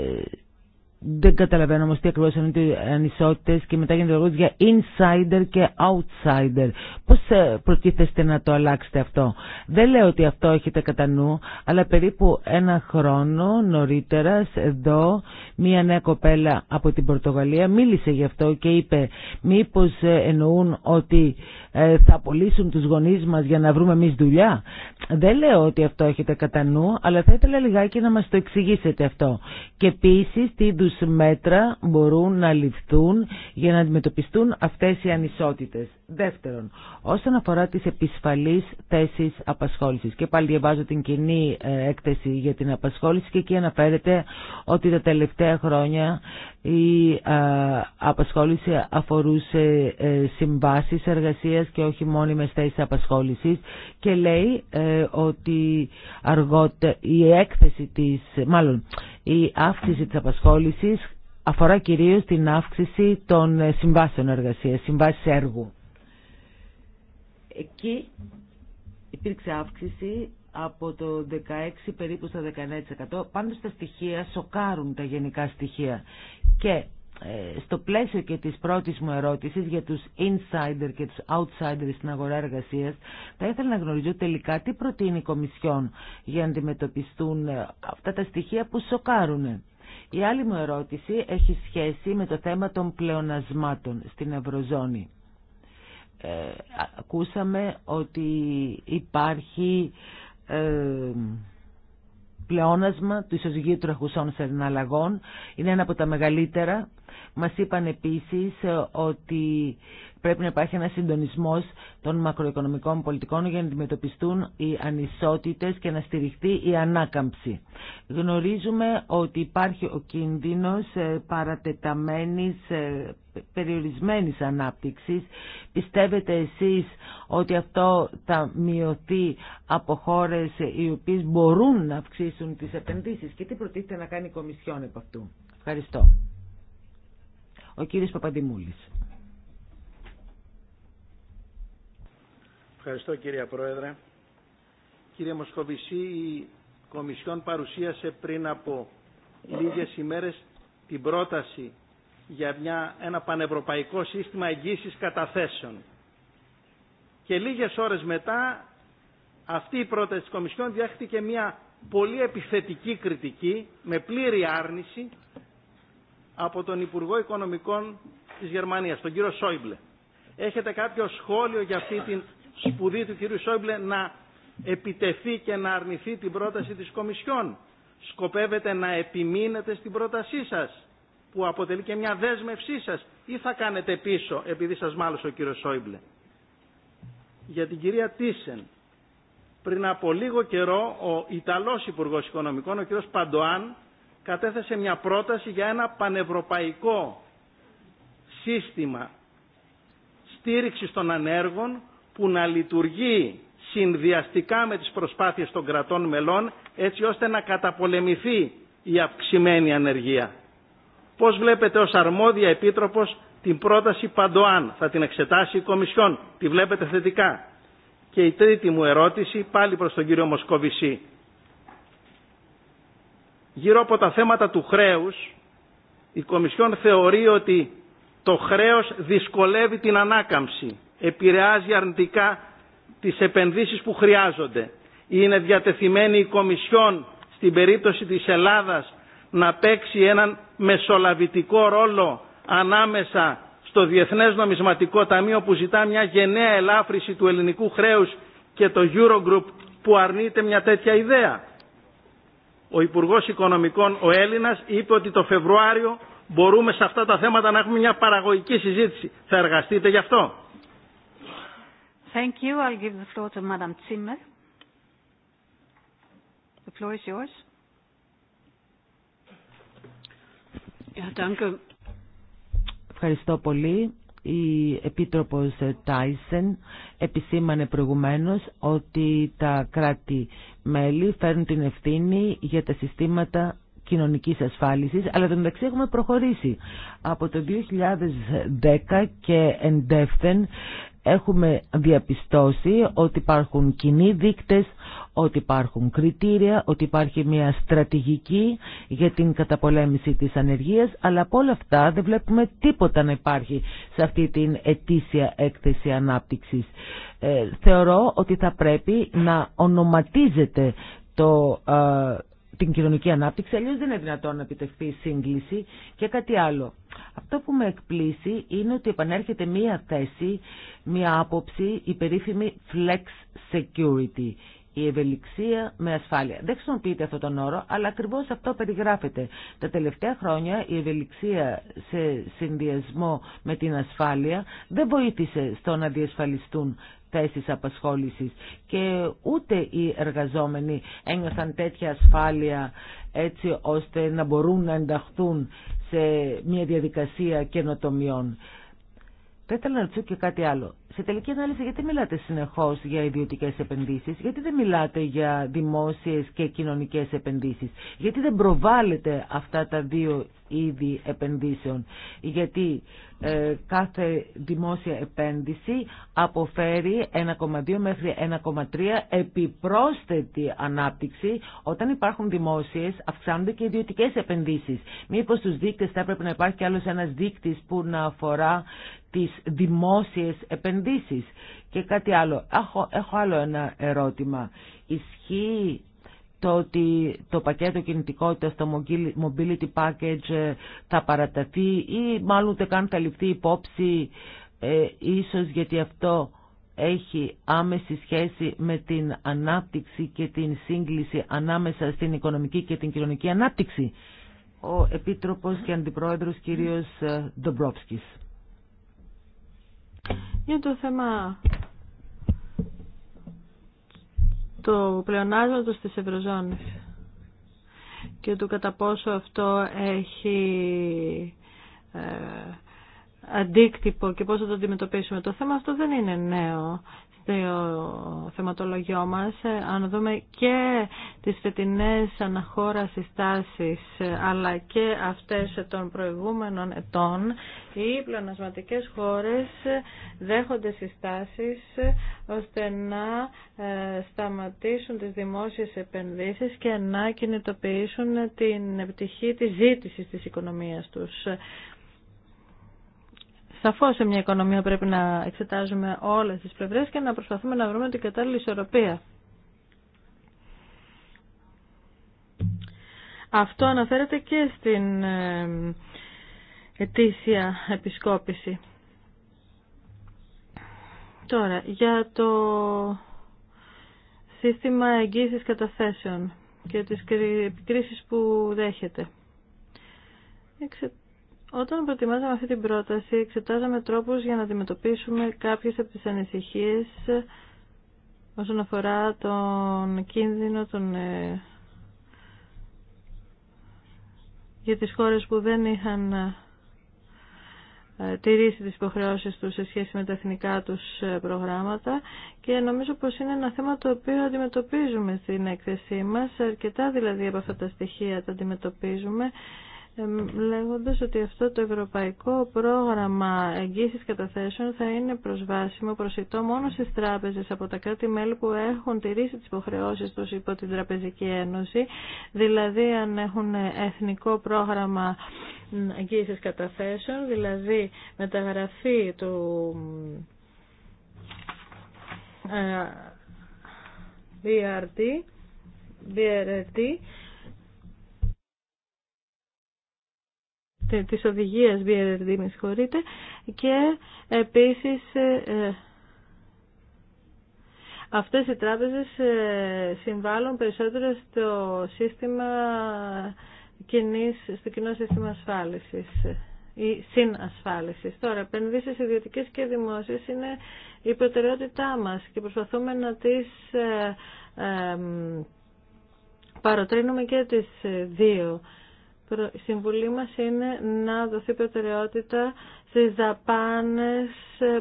δεν καταλαβαίνω όμω τι ακριβώ είναι οι ανισότητε και μετά γίνεται λόγο για insider και outsider. Πώ ε, προτίθεστε να το αλλάξετε αυτό. Δεν λέω ότι αυτό έχετε κατά νου, αλλά περίπου ένα χρόνο νωρίτερα εδώ μία νέα κοπέλα από την Πορτογαλία μίλησε γι' αυτό και είπε μήπω ε, εννοούν ότι ε, θα απολύσουν τους γονείς μας για να βρούμε εμεί δουλειά. Δεν λέω ότι αυτό έχετε κατά νου, αλλά θα ήθελα λιγάκι να μας το εξηγήσετε αυτό. Και επίση τι είδου μέτρα μπορούν να ληφθούν για να αντιμετωπιστούν αυτές οι ανισότητες. Δεύτερον, όσον αφορά τις επισφαλείς θέσεις απασχόλησης. Και πάλι διαβάζω την κοινή ε, έκθεση για την απασχόληση και εκεί αναφέρεται ότι τα τελευταία χρόνια η ε, απασχόληση αφορούσε ε, συμβάσεις εργασίας και όχι μόνιμες θέσεις απασχόλησης και λέει ε, ότι αργότε, η έκθεση της, μάλλον η αύξηση της απασχόλησης αφορά κυρίως την αύξηση των συμβάσεων εργασίας, συμβάσεις έργου. Εκεί υπήρξε αύξηση από το 16% περίπου στο 19%. Πάντως τα στοιχεία σοκάρουν τα γενικά στοιχεία. Και ε, στο πλαίσιο και της πρώτης μου ερώτησης για τους insider και τους outsider στην αγορά εργασίας θα ήθελα να γνωρίζω τελικά τι προτείνει η Κομισιόν για να αντιμετωπιστούν ε, αυτά τα στοιχεία που σοκάρουν. Η άλλη μου ερώτηση έχει σχέση με το θέμα των πλεονασμάτων στην Ευρωζώνη. Ε, ακούσαμε ότι υπάρχει ε, πλεόνασμα του ισοζυγίου τραχουσών σε είναι ένα από τα μεγαλύτερα. Μας είπαν επίσης ε, ότι πρέπει να υπάρχει ένα συντονισμό των μακροοικονομικών πολιτικών για να αντιμετωπιστούν οι ανισότητε και να στηριχτεί η ανάκαμψη. Γνωρίζουμε ότι υπάρχει ο κίνδυνο ε, παρατεταμένη ε, περιορισμένης ανάπτυξης. Πιστεύετε εσείς ότι αυτό θα μειωθεί από χώρε οι οποίε μπορούν να αυξήσουν τις επενδύσεις και τι προτίθεται να κάνει η Κομισιόν από αυτού. Ευχαριστώ. Ο κύριος Παπαντιμούλης. Ευχαριστώ κύριε Πρόεδρε. Κύριε Μοσχοβησή, η Κομισιόν παρουσίασε πριν από λίγες ημέρες την πρόταση για μια, ένα πανευρωπαϊκό σύστημα εγγύησης καταθέσεων. Και λίγες ώρες μετά αυτή η πρόταση της Κομισιόν διάχθηκε μια πολύ επιθετική κριτική με πλήρη άρνηση από τον Υπουργό Οικονομικών της Γερμανίας, τον κύριο Σόιμπλε. Έχετε κάποιο σχόλιο για αυτή την σπουδή του κ. Σόιμπλε να επιτεθεί και να αρνηθεί την πρόταση της Κομισιόν. Σκοπεύετε να επιμείνετε στην πρότασή σας, που αποτελεί και μια δέσμευσή σας, ή θα κάνετε πίσω, επειδή σας μάλωσε ο κ. Σόιμπλε. Για την κυρία Τίσεν, πριν από λίγο καιρό ο Ιταλός Υπουργό Οικονομικών, ο κ. Παντοάν, κατέθεσε μια πρόταση για ένα πανευρωπαϊκό σύστημα στήριξης των ανέργων που να λειτουργεί συνδυαστικά με τις προσπάθειες των κρατών μελών έτσι ώστε να καταπολεμηθεί η αυξημένη ανεργία. Πώς βλέπετε ως αρμόδια επίτροπος την πρόταση Παντοάν, θα την εξετάσει η Κομισιόν, τη βλέπετε θετικά. Και η τρίτη μου ερώτηση πάλι προς τον κύριο Μοσκοβισή. Γύρω από τα θέματα του χρέους, η Κομισιόν θεωρεί ότι το χρέος δυσκολεύει την ανάκαμψη επηρεάζει αρνητικά τις επενδύσεις που χρειάζονται. Είναι διατεθειμένη η Κομισιόν στην περίπτωση της Ελλάδας να παίξει έναν μεσολαβητικό ρόλο ανάμεσα στο Διεθνές Νομισματικό Ταμείο που ζητά μια γενναία ελάφρυση του ελληνικού χρέους και το Eurogroup που αρνείται μια τέτοια ιδέα. Ο Υπουργός Οικονομικών, ο Έλληνας, είπε ότι το Φεβρουάριο μπορούμε σε αυτά τα θέματα να έχουμε μια παραγωγική συζήτηση. Θα εργαστείτε γι' αυτό. Thank you. I'll give the floor to Madam Zimmer. The floor is yours. Yeah, Ευχαριστώ πολύ. Η Επίτροπος Τάισεν επισήμανε προηγουμένως ότι τα κράτη-μέλη φέρνουν την ευθύνη για τα συστήματα κοινωνικής ασφάλισης, αλλά το μεταξύ έχουμε προχωρήσει. Από το 2010 και εντεύθεν έχουμε διαπιστώσει ότι υπάρχουν κοινοί δείκτες, ότι υπάρχουν κριτήρια, ότι υπάρχει μια στρατηγική για την καταπολέμηση της ανεργίας, αλλά από όλα αυτά δεν βλέπουμε τίποτα να υπάρχει σε αυτή την ετήσια έκθεση ανάπτυξης. Ε, θεωρώ ότι θα πρέπει να ονοματίζεται το ε, την κοινωνική ανάπτυξη, αλλιώς δεν είναι δυνατόν να επιτευχθεί σύγκληση και κάτι άλλο. Αυτό που με εκπλήσει είναι ότι επανέρχεται μία θέση, μία άποψη, η περίφημη flex security, η ευελιξία με ασφάλεια. Δεν χρησιμοποιείται αυτόν τον όρο, αλλά ακριβώ αυτό περιγράφεται. Τα τελευταία χρόνια η ευελιξία σε συνδυασμό με την ασφάλεια δεν βοήθησε στο να διασφαλιστούν θέσεις απασχόλησης και ούτε οι εργαζόμενοι ένιωσαν τέτοια ασφάλεια έτσι ώστε να μπορούν να ενταχθούν σε μια διαδικασία καινοτομιών. Θα ήθελα να ρωτήσω και κάτι άλλο σε τελική ανάλυση γιατί μιλάτε συνεχώς για ιδιωτικές επενδύσεις, γιατί δεν μιλάτε για δημόσιες και κοινωνικές επενδύσεις, γιατί δεν προβάλλετε αυτά τα δύο είδη επενδύσεων, γιατί ε, κάθε δημόσια επένδυση αποφέρει 1,2 μέχρι 1,3 επιπρόσθετη ανάπτυξη. Όταν υπάρχουν δημόσιες αυξάνονται και ιδιωτικές επενδύσεις. Μήπως στους δείκτες θα έπρεπε να υπάρχει κι άλλος ένας δείκτης που να αφορά τις δημόσιες επενδύσεις και κάτι άλλο. Έχω, έχω άλλο ένα ερώτημα. Ισχύει το ότι το πακέτο κινητικότητας, το mobility package ε, θα παραταθεί ή μάλλον ούτε καν θα ληφθεί υπόψη ε, ίσως γιατί αυτό έχει άμεση σχέση με την ανάπτυξη και την σύγκληση ανάμεσα στην οικονομική και την κοινωνική ανάπτυξη. Ο Επίτροπος και Αντιπρόεδρος κύριος ε, Ντομπρόφσκης. Για το θέμα το πλεονάσματο της Ευρωζώνης και του κατά πόσο αυτό έχει ε, αντίκτυπο και πώς θα το αντιμετωπίσουμε. Το θέμα αυτό δεν είναι νέο στο θεματολογιό μας, ε, αν δούμε και τις φετινές αναχώρα συστάσεις, ε, αλλά και αυτές των προηγούμενων ετών, οι πλανασματικές χώρες ε, δέχονται συστάσεις ώστε να σταματήσουν τις δημόσιες επενδύσεις και να κινητοποιήσουν την επιτυχή της ζήτησης της οικονομίας τους. Σαφώ σε μια οικονομία πρέπει να εξετάζουμε όλες τις πλευρέ και να προσπαθούμε να βρούμε την κατάλληλη ισορροπία. Αυτό αναφέρεται και στην ε, ετήσια επισκόπηση. Τώρα, για το σύστημα εγγύησης καταθέσεων και τις επικρίσεις που δέχεται. Όταν προετοιμάζαμε αυτή την πρόταση, εξετάζαμε τρόπους για να αντιμετωπίσουμε κάποιες από τις ανησυχίες ε, όσον αφορά τον κίνδυνο των, ε, για τις χώρες που δεν είχαν ε, τηρήσει τις υποχρεώσεις τους σε σχέση με τα εθνικά τους προγράμματα και νομίζω πως είναι ένα θέμα το οποίο αντιμετωπίζουμε στην έκθεσή μας αρκετά δηλαδή από αυτά τα στοιχεία τα αντιμετωπίζουμε λέγοντας ότι αυτό το ευρωπαϊκό πρόγραμμα εγγύησης καταθέσεων θα είναι προσβάσιμο προσιτό μόνο στις τράπεζες από τα κράτη-μέλη που έχουν τηρήσει τις υποχρεώσεις τους υπό την Τραπεζική Ένωση, δηλαδή αν έχουν εθνικό πρόγραμμα εγγύησης καταθέσεων, δηλαδή μεταγραφή του BRT, ε, BRT της οδηγίας BRD, με συγχωρείτε, και επίσης ε, ε, αυτές οι τράπεζες ε, συμβάλλουν περισσότερο στο σύστημα κοινής, στο κοινό σύστημα ασφάλισης ή συνασφάλισης. Τώρα, επενδύσεις ιδιωτικές και δημόσιες είναι η προτεραιότητά μας και προσπαθούμε να τις παροτρύνουμε και τις δύο. Η συμβουλή μας είναι να δοθεί προτεραιότητα στις δαπάνες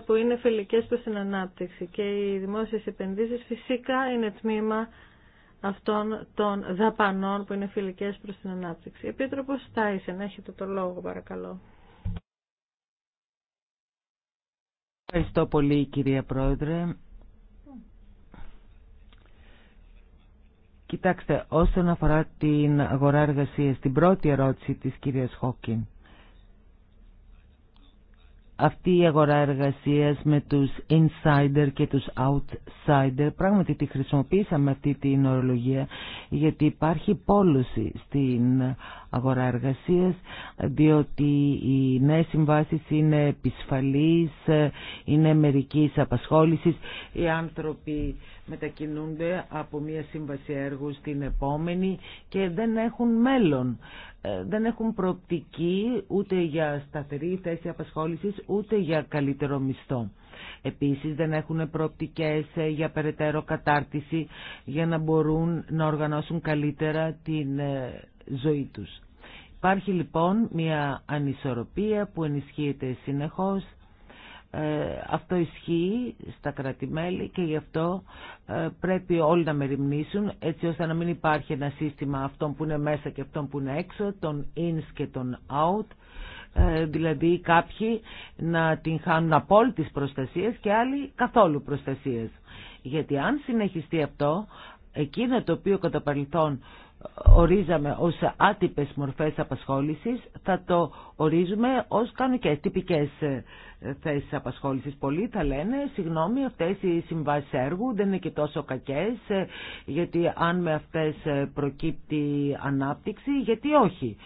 που είναι φιλικές προς την ανάπτυξη και οι δημόσιες επενδύσεις φυσικά είναι τμήμα αυτών των δαπανών που είναι φιλικές προς την ανάπτυξη. Επίτροπος Στάισεν, έχετε το λόγο παρακαλώ. Ευχαριστώ πολύ κυρία Πρόεδρε. Κοιτάξτε, όσον αφορά την αγορά εργασία, την πρώτη ερώτηση της κυρίας Χόκκιν. Αυτή η αγορά εργασία με τους insider και τους outsider, πράγματι τη χρησιμοποίησαμε αυτή την ορολογία, γιατί υπάρχει πόλωση στην αγορά εργασία, διότι οι νέες συμβάσεις είναι επισφαλείς, είναι μερικής απασχόλησης. Οι άνθρωποι μετακινούνται από μία σύμβαση έργου στην επόμενη και δεν έχουν μέλλον. Ε, δεν έχουν προοπτική ούτε για σταθερή θέση απασχόλησης ούτε για καλύτερο μισθό. Επίσης δεν έχουν προοπτικές για περαιτέρω κατάρτιση για να μπορούν να οργανώσουν καλύτερα την ε, ζωή τους. Υπάρχει λοιπόν μια ανισορροπία που ενισχύεται συνεχώς. Ε, αυτό ισχύει στα κρατημέλη και γι' αυτό ε, πρέπει όλοι να μεριμνήσουν έτσι ώστε να μην υπάρχει ένα σύστημα αυτών που είναι μέσα και αυτών που είναι έξω, των ins και των out, ε, δηλαδή κάποιοι να την χάνουν απόλυτης προστασίας και άλλοι καθόλου προστασίας. Γιατί αν συνεχιστεί αυτό, εκείνο το οποίο κατά παρελθόν ορίζαμε ως άτυπες μορφές απασχόλησης, θα το ορίζουμε ως και τυπικές ε, θέσεις απασχόλησης. Πολλοί θα λένε, συγγνώμη, αυτές οι συμβάσεις έργου δεν είναι και τόσο κακές, ε, γιατί αν με αυτές ε, προκύπτει ανάπτυξη, γιατί όχι.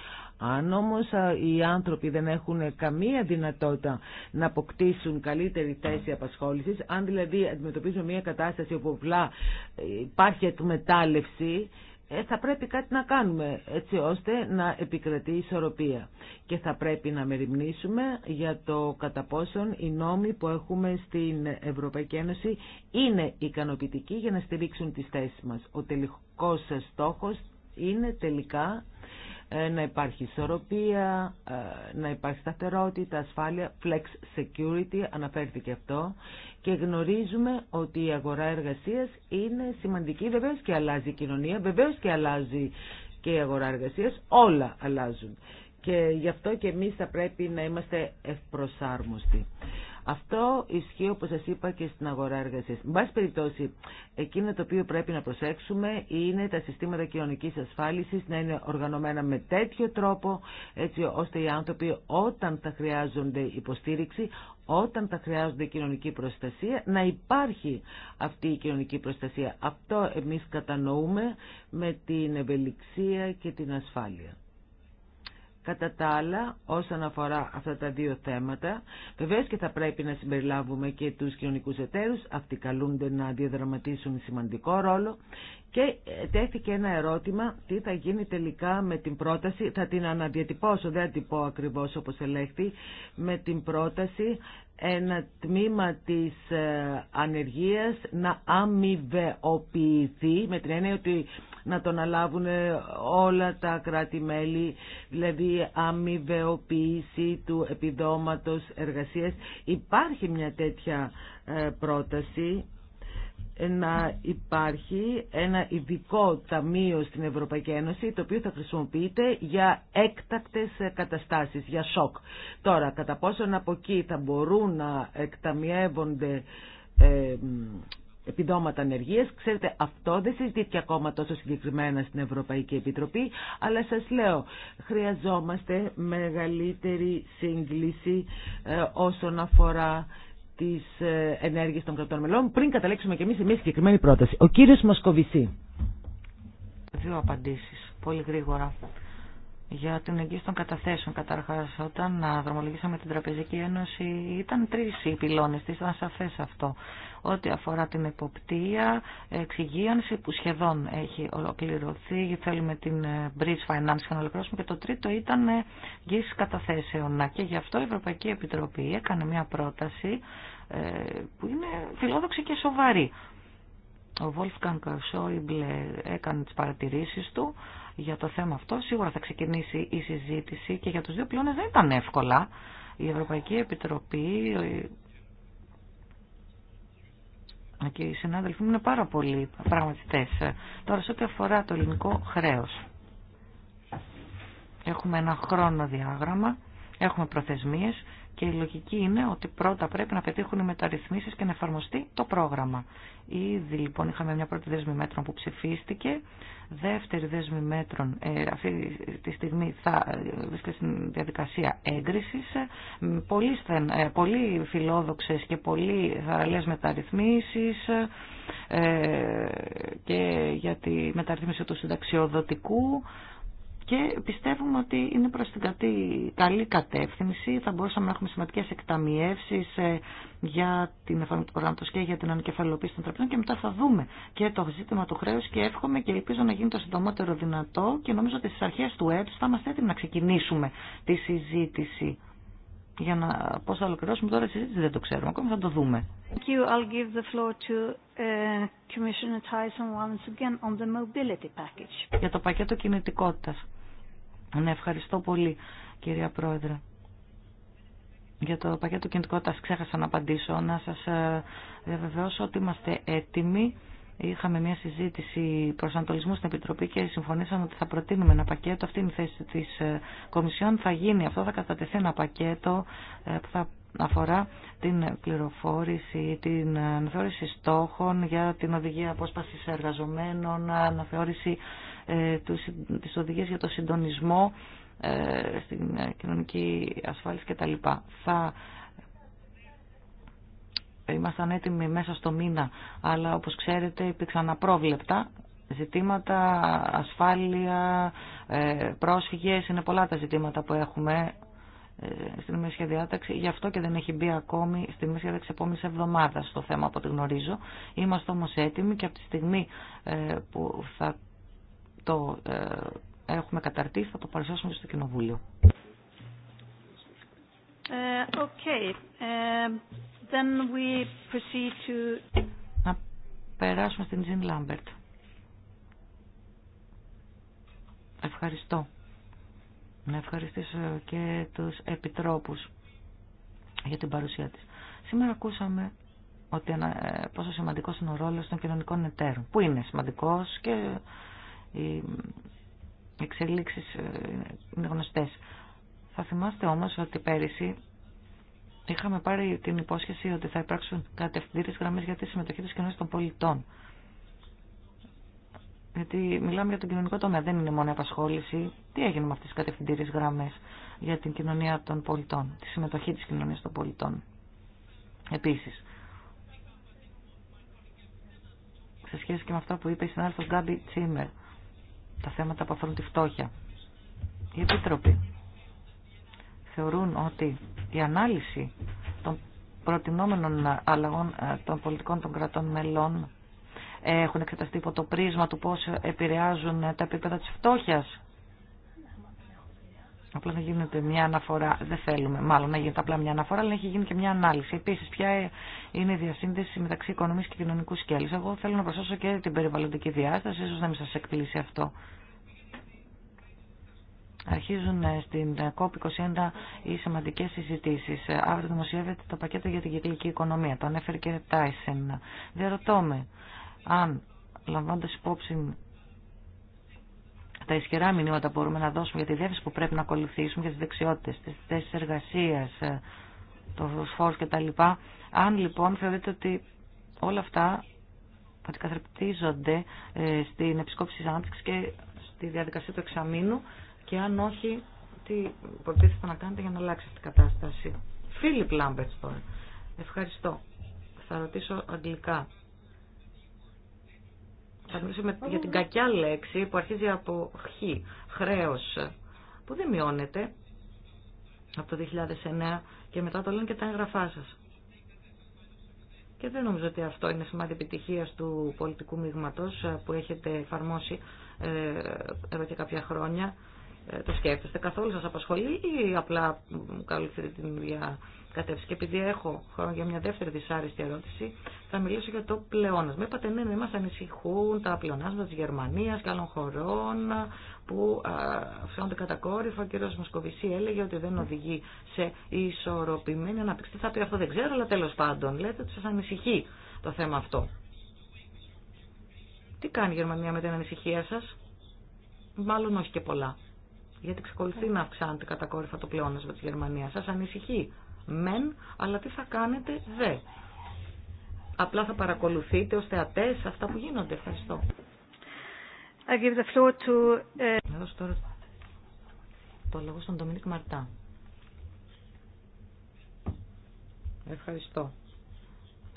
Αν όμως οι άνθρωποι δεν έχουν καμία δυνατότητα να αποκτήσουν καλύτερη θέση απασχόλησης, αν δηλαδή αντιμετωπίζουμε μια κατάσταση όπου βλά υπάρχει εκμετάλλευση, ε, θα πρέπει κάτι να κάνουμε έτσι ώστε να επικρατεί ισορροπία και θα πρέπει να μεριμνήσουμε για το κατά πόσον οι νόμοι που έχουμε στην Ευρωπαϊκή Ένωση είναι ικανοποιητικοί για να στηρίξουν τις θέσεις μας. Ο τελικός στόχος είναι τελικά ε, να υπάρχει ισορροπία, ε, να υπάρχει σταθερότητα, ασφάλεια, flex security, αναφέρθηκε αυτό και γνωρίζουμε ότι η αγορά εργασίας είναι σημαντική, βεβαίως και αλλάζει η κοινωνία, βεβαίως και αλλάζει και η αγορά εργασίας, όλα αλλάζουν. Και γι' αυτό και εμείς θα πρέπει να είμαστε ευπροσάρμοστοι. Αυτό ισχύει όπως σας είπα και στην αγορά εργασίας. Με πάση περιπτώσει, εκείνο το οποίο πρέπει να προσέξουμε είναι τα συστήματα κοινωνικής ασφάλισης να είναι οργανωμένα με τέτοιο τρόπο έτσι ώστε οι άνθρωποι όταν θα χρειάζονται υποστήριξη, όταν θα χρειάζονται κοινωνική προστασία, να υπάρχει αυτή η κοινωνική προστασία. Αυτό εμείς κατανοούμε με την ευελιξία και την ασφάλεια. Κατά τα άλλα, όσον αφορά αυτά τα δύο θέματα, βεβαίως και θα πρέπει να συμπεριλάβουμε και τους κοινωνικού εταίρους, αυτοί καλούνται να διαδραματίσουν σημαντικό ρόλο και ε, τέθηκε ένα ερώτημα τι θα γίνει τελικά με την πρόταση, θα την αναδιατυπώσω, δεν την πω ακριβώς όπως ελέγχθη, με την πρόταση ένα τμήμα της ε, ανεργίας να αμοιβεοποιηθεί με την έννοια ότι να τον αλάβουν ε, όλα τα κράτη-μέλη, δηλαδή αμοιβεοποίηση του επιδόματος εργασίας. Υπάρχει μια τέτοια ε, πρόταση να υπάρχει ένα ειδικό ταμείο στην Ευρωπαϊκή Ένωση το οποίο θα χρησιμοποιείται για έκτακτες καταστάσεις, για σοκ. Τώρα, κατά πόσον από εκεί θα μπορούν να εκταμιεύονται επιδόματα ανεργία. Ξέρετε, αυτό δεν συζητήθηκε ακόμα τόσο συγκεκριμένα στην Ευρωπαϊκή Επιτροπή, αλλά σας λέω, χρειαζόμαστε μεγαλύτερη σύγκληση ε, όσον αφορά Τη ε, ενέργεια των κρατών μελών πριν καταλήξουμε και εμεί σε μια συγκεκριμένη πρόταση. Ο κύριο Μοσκοβισή. Δύο απαντήσεις, πολύ γρήγορα για την εγγύηση των καταθέσεων καταρχάς. Όταν δρομολογήσαμε την Τραπεζική Ένωση ήταν τρει οι πυλώνε τη, ήταν σαφέ αυτό. Ό,τι αφορά την εποπτεία, εξυγίανση που σχεδόν έχει ολοκληρωθεί, θέλουμε την ε, Bridge Finance να ολοκληρώσουμε και το τρίτο ήταν ε, εγγύηση καταθέσεων. Και γι' αυτό η Ευρωπαϊκή Επιτροπή έκανε μια πρόταση ε, που είναι φιλόδοξη και σοβαρή. Ο Wolfgang Schäuble έκανε τις παρατηρήσεις του, για το θέμα αυτό. Σίγουρα θα ξεκινήσει η συζήτηση και για τους δύο πλώνες δεν ήταν εύκολα. Η Ευρωπαϊκή Επιτροπή ε, και οι συνάδελφοί μου είναι πάρα πολλοί πραγματιστές. Τώρα σε ό,τι αφορά το ελληνικό χρέος. Έχουμε ένα χρόνο διάγραμμα, έχουμε προθεσμίες και η λογική είναι ότι πρώτα πρέπει να πετύχουν οι μεταρρυθμίσεις και να εφαρμοστεί το πρόγραμμα. Ήδη λοιπόν είχαμε μια πρώτη δέσμη μέτρων που ψηφίστηκε δεύτερη δέσμη μέτρων ε, αυτή τη στιγμή θα ε, βρίσκεται στην διαδικασία έγκρισης. Πολύ, στεν, ε, πολύ φιλόδοξες και πολύ θαραλές μεταρρυθμίσεις και για τη μεταρρύθμιση του συνταξιοδοτικού και πιστεύουμε ότι είναι προς την καλή κατεύθυνση. Θα μπορούσαμε να έχουμε σημαντικές εκταμιεύσεις ε, για την εφαρμογή του προγράμματος και για την ανακεφαλαιοποίηση των τραπεζών και μετά θα δούμε και το ζήτημα του χρέους και εύχομαι και ελπίζω να γίνει το συντομότερο δυνατό και νομίζω ότι στις αρχές του έτους θα είμαστε έτοιμοι να ξεκινήσουμε τη συζήτηση. Για να πώ θα ολοκληρώσουμε τώρα τη συζήτηση δεν το ξέρουμε, ακόμα θα το δούμε. Tyson again on the Για το πακέτο κινητικότητας. Ναι, ευχαριστώ πολύ κυρία Πρόεδρε. Για το πακέτο κινητικότητα ξέχασα να απαντήσω. Να σας ε, διαβεβαιώσω ότι είμαστε έτοιμοι. Είχαμε μια συζήτηση προσανατολισμού στην Επιτροπή και συμφωνήσαμε ότι θα προτείνουμε ένα πακέτο. Αυτή είναι η θέση τη ε, Κομισιόν. Θα γίνει αυτό, θα κατατεθεί ένα πακέτο ε, που θα αφορά την πληροφόρηση, την αναθεώρηση στόχων για την οδηγία απόσπασης εργαζομένων, αναθεώρηση ε, της οδηγίας για το συντονισμό ε, στην κοινωνική ασφάλιση κτλ. Θα ήμασταν έτοιμοι μέσα στο μήνα, αλλά όπως ξέρετε υπήρξαν απρόβλεπτα ζητήματα, ασφάλεια, ε, πρόσφυγες, είναι πολλά τα ζητήματα που έχουμε στην ημερήσια διάταξη. Γι' αυτό και δεν έχει μπει ακόμη στην ημερήσια διάταξη επόμενη εβδομάδα στο θέμα από ό,τι γνωρίζω. Είμαστε όμω έτοιμοι και από τη στιγμή ε, που θα το ε, έχουμε καταρτήσει θα το παρουσιάσουμε στο Κοινοβούλιο. Ε, okay. then we proceed to... Να περάσουμε στην Τζιν Λάμπερτ. Ευχαριστώ. Να ευχαριστήσω και τους επιτρόπους για την παρουσία της. Σήμερα ακούσαμε ότι ε, πόσο σημαντικός είναι ο ρόλος των κοινωνικών εταίρων, που είναι σημαντικός και οι εξελίξεις ε, είναι γνωστές. Θα θυμάστε όμως ότι πέρυσι είχαμε πάρει την υπόσχεση ότι θα υπάρξουν κατευθυντήρες γραμμές για τη συμμετοχή της κοινωνίας των πολιτών γιατί μιλάμε για τον κοινωνικό τομέα, δεν είναι μόνο η απασχόληση. Τι έγινε με αυτέ τι κατευθυντήριε γραμμέ για την κοινωνία των πολιτών, τη συμμετοχή τη κοινωνία των πολιτών. Επίση, σε σχέση και με αυτό που είπε η συνάδελφο Γκάμπι Τσίμερ, τα θέματα που αφορούν τη φτώχεια. Οι επίτροποι θεωρούν ότι η ανάλυση των προτινόμενων αλλαγών ε, των πολιτικών των κρατών μελών έχουν εξεταστεί υπό το πρίσμα του πώς επηρεάζουν τα επίπεδα της φτώχειας. Απλά να γίνεται μια αναφορά, δεν θέλουμε μάλλον να γίνεται απλά μια αναφορά, αλλά έχει γίνει και μια ανάλυση. Επίση, ποια είναι η διασύνδεση μεταξύ οικονομική και κοινωνικού σκέλου. Εγώ θέλω να προσθέσω και την περιβαλλοντική διάσταση, ίσω να μην σα εκπλήσει αυτό. Αρχίζουν ε, στην COP21 οι σημαντικέ συζητήσει. Ε, αύριο δημοσιεύεται το πακέτο για την κυκλική οικονομία. Το ανέφερε και Τάισεν. Διαρωτώ με, αν λαμβάνοντας υπόψη τα ισχυρά μηνύματα που μπορούμε να δώσουμε για τη διεύθυνση που πρέπει να ακολουθήσουμε, για τις δεξιότητες, τις θέσεις εργασίας, ε, το τα κτλ. Αν λοιπόν θεωρείτε ότι όλα αυτά ότι ε, στην επισκόπηση της ανάπτυξης και στη διαδικασία του εξαμήνου και αν όχι, τι υποτίθεται να κάνετε για να αλλάξει την κατάσταση. Φίλιπ Λάμπερτς τώρα. Ευχαριστώ. Θα ρωτήσω αγγλικά θα μιλήσω με, για την κακιά λέξη που αρχίζει από χ, χρέος, που δεν μειώνεται από το 2009 και μετά το λένε και τα έγγραφά σας. Και δεν νομίζω ότι αυτό είναι σημάδι επιτυχία του πολιτικού μείγματο ε, που έχετε εφαρμόσει ε, εδώ και κάποια χρόνια. Ε, το σκέφτεστε καθόλου, σας απασχολεί ή απλά καλύψετε την ίδια κατεύθυνση. Και επειδή έχω χρόνο για μια δεύτερη δυσάρεστη ερώτηση, θα μιλήσω για το πλεόνασμα. Είπατε ναι, ναι, μα ανησυχούν τα πλεονάσματα τη Γερμανία και άλλων χωρών που αυξάνονται κατακόρυφα. Ο κ. Μοσκοβισή έλεγε ότι δεν οδηγεί σε ισορροπημένη ανάπτυξη. Τι θα πει αυτό δεν ξέρω, αλλά τέλο πάντων λέτε ότι σα ανησυχεί το θέμα αυτό. Τι κάνει η Γερμανία με την ανησυχία σα, Μάλλον όχι και πολλά. Γιατί εξακολουθεί να αυξάνεται κατακόρυφα το πλεόνασμα τη Γερμανία. Σα ανησυχεί μεν, αλλά τι θα κάνετε δε. Απλά θα παρακολουθείτε ως θεατές αυτά που γίνονται. Ευχαριστώ. I give the floor to... Ε, Να δώσω τώρα το λόγο στον Ντομινίκ Μαρτά. Ευχαριστώ.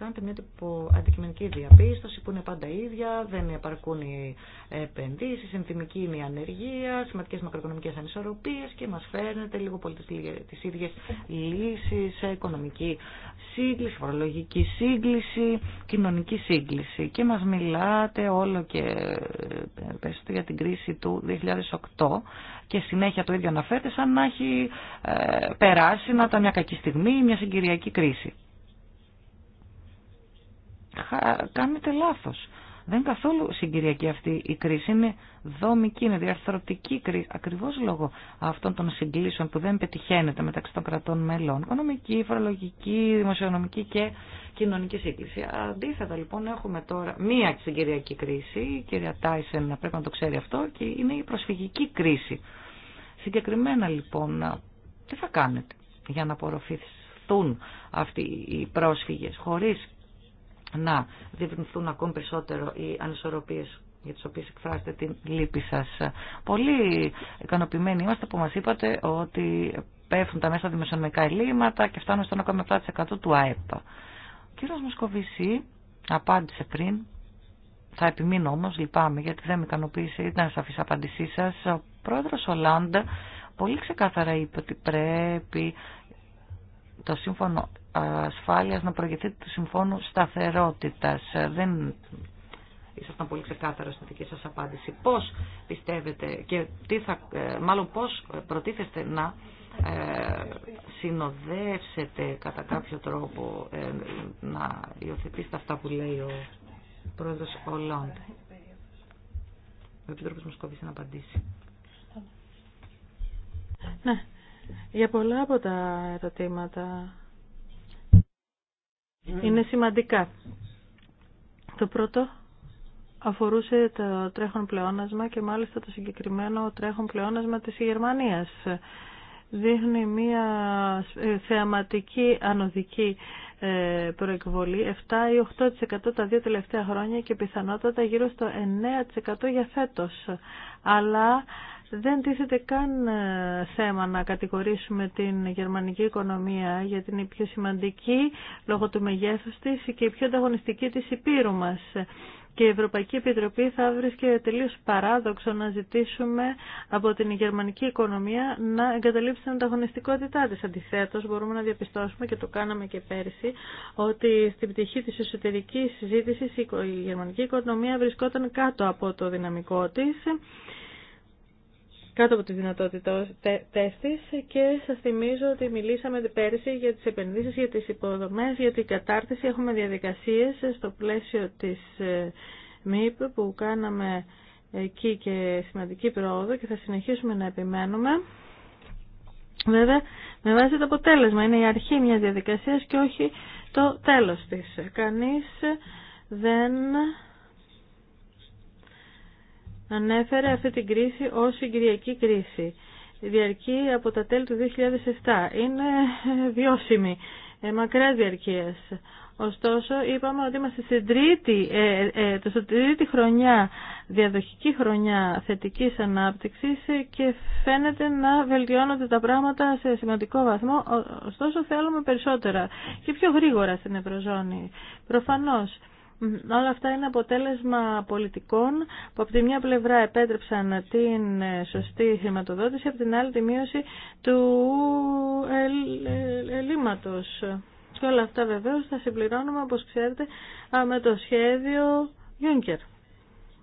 Κάνετε μια τυπο αντικειμενική διαπίστωση που είναι πάντα ίδια, δεν επαρκούν οι επενδύσει, ενθυμική είναι η ανεργία, σημαντικέ μακροοικονομικέ ανισορροπίε και μα φέρνετε λίγο πολύ τι ίδιε λύσει σε οικονομική σύγκληση, φορολογική σύγκληση, κοινωνική σύγκληση. Και μα μιλάτε όλο και ε, περισσότερο για την κρίση του 2008 και συνέχεια το ίδιο αναφέρεται σαν να έχει ε, περάσει να ήταν μια κακή στιγμή, μια συγκυριακή κρίση κάνετε λάθος. Δεν είναι καθόλου συγκυριακή αυτή η κρίση, είναι δομική, είναι διαρθρωτική κρίση, ακριβώς λόγω αυτών των συγκλήσεων που δεν πετυχαίνεται μεταξύ των κρατών μελών, οικονομική, φορολογική, δημοσιονομική και κοινωνική σύγκληση. Αντίθετα λοιπόν έχουμε τώρα μία συγκυριακή κρίση, η κυρία Τάισεν πρέπει να το ξέρει αυτό, και είναι η προσφυγική κρίση. Συγκεκριμένα λοιπόν, τι θα κάνετε για να απορροφηθούν αυτοί οι πρόσφυγες χωρίς να διευρυνθούν ακόμη περισσότερο οι ανισορροπίες για τις οποίες εκφράζετε την λύπη σας. Πολύ ικανοποιημένοι είμαστε που μας είπατε ότι πέφτουν τα μέσα δημοσιονομικά ελλείμματα και φτάνουν στο 1,7% του ΑΕΠ. Ο κύριος Μοσκοβίση απάντησε πριν, θα επιμείνω όμως, λυπάμαι γιατί δεν με ικανοποίησε, ήταν σαφής απάντησή σας. Ο πρόεδρος Ολάντα πολύ ξεκάθαρα είπε ότι πρέπει το σύμφωνο ασφάλειας να προηγηθείτε του συμφώνου σταθερότητας. Δεν ήσασταν πολύ ξεκάθαρο στην δική σας απάντηση. Πώς πιστεύετε και τι θα, ε, μάλλον πώς προτίθεστε να ε, συνοδεύσετε κατά κάποιο τρόπο ε, να υιοθετήσετε αυτά που λέει ο πρόεδρος Ολόντ. Ο μου Μοσκοβής να απαντήσει. Ναι. Για πολλά από τα ερωτήματα Mm. είναι σημαντικά. Το πρώτο αφορούσε το τρέχον πλεόνασμα και μάλιστα το συγκεκριμένο τρέχον πλεόνασμα της Γερμανίας. Δείχνει μία ε, θεαματική ανωδική ε, προεκβολή 7 ή 8% τα δύο τελευταία χρόνια και πιθανότατα γύρω στο 9% για φέτος. Αλλά δεν τίθεται καν ε, θέμα να κατηγορήσουμε την γερμανική οικονομία για την πιο σημαντική λόγω του μεγέθους της και η πιο ανταγωνιστική της υπήρου μας. Και η Ευρωπαϊκή Επιτροπή θα βρίσκεται τελείω παράδοξο να ζητήσουμε από την γερμανική οικονομία να εγκαταλείψει την ανταγωνιστικότητά τη. Αντιθέτω, μπορούμε να διαπιστώσουμε και το κάναμε και πέρσι ότι στην πτυχή τη εσωτερική συζήτηση η γερμανική οικονομία βρισκόταν κάτω από το δυναμικό τη κάτω από τη δυνατότητα της και σας θυμίζω ότι μιλήσαμε πέρσι για τις επενδύσεις, για τις υποδομές, για την κατάρτιση. Έχουμε διαδικασίες στο πλαίσιο της ε, ΜΥΠ που κάναμε εκεί και σημαντική πρόοδο και θα συνεχίσουμε να επιμένουμε. Βέβαια, με βάση το αποτέλεσμα. Είναι η αρχή μιας διαδικασίας και όχι το τέλος της. Κανείς δεν ανέφερε αυτή την κρίση ως κυριακή κρίση. Διαρκεί από τα τέλη του 2007. Είναι βιώσιμη, ε, μακρά διαρκείας. Ωστόσο, είπαμε ότι είμαστε στην τρίτη, ε, ε, τρίτη χρονιά, διαδοχική χρονιά θετικής ανάπτυξης και φαίνεται να βελτιώνονται τα πράγματα σε σημαντικό βαθμό. Ωστόσο, θέλουμε περισσότερα και πιο γρήγορα στην Ευρωζώνη. Προφανώς, Όλα αυτά είναι αποτέλεσμα πολιτικών που από τη μια πλευρά επέτρεψαν την ε, σωστή χρηματοδότηση, από την άλλη τη μείωση του ε, ελλείμματος. Και όλα αυτά βεβαίως θα συμπληρώνουμε, όπως ξέρετε, με το σχέδιο Juncker.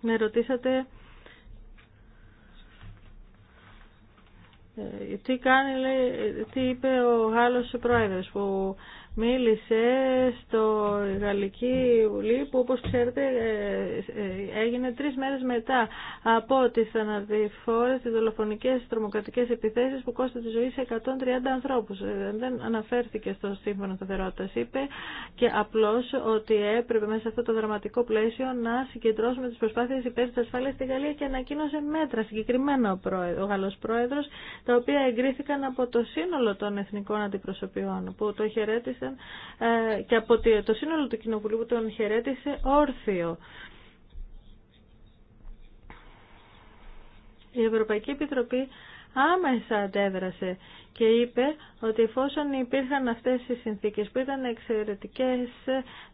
Με ρωτήσατε ε, τι, κάνει, τι είπε ο Γάλλος πρόεδρος που μίλησε στο Γαλλική Βουλή που όπως ξέρετε ε, ε, έγινε τρεις μέρες μετά από τις αναδιφόρες, τις δολοφονικές τρομοκρατικές επιθέσεις που κόστησε τη ζωή σε 130 ανθρώπους. Ε, δεν αναφέρθηκε στο σύμφωνο σταθερότητα. Είπε και απλώς ότι έπρεπε μέσα σε αυτό το δραματικό πλαίσιο να συγκεντρώσουμε τις προσπάθειες υπέρ της ασφάλειας στη Γαλλία και ανακοίνωσε μέτρα συγκεκριμένα ο Γαλλός Πρόεδρος τα οποία εγκρίθηκαν από το σύνολο των εθνικών αντιπροσωπιών που το χαιρέτησε ε, και από το σύνολο του Κοινοβουλίου που τον χαιρέτησε όρθιο. Η Ευρωπαϊκή Επιτροπή άμεσα αντέδρασε και είπε ότι εφόσον υπήρχαν αυτές οι συνθήκες που ήταν εξαιρετικές,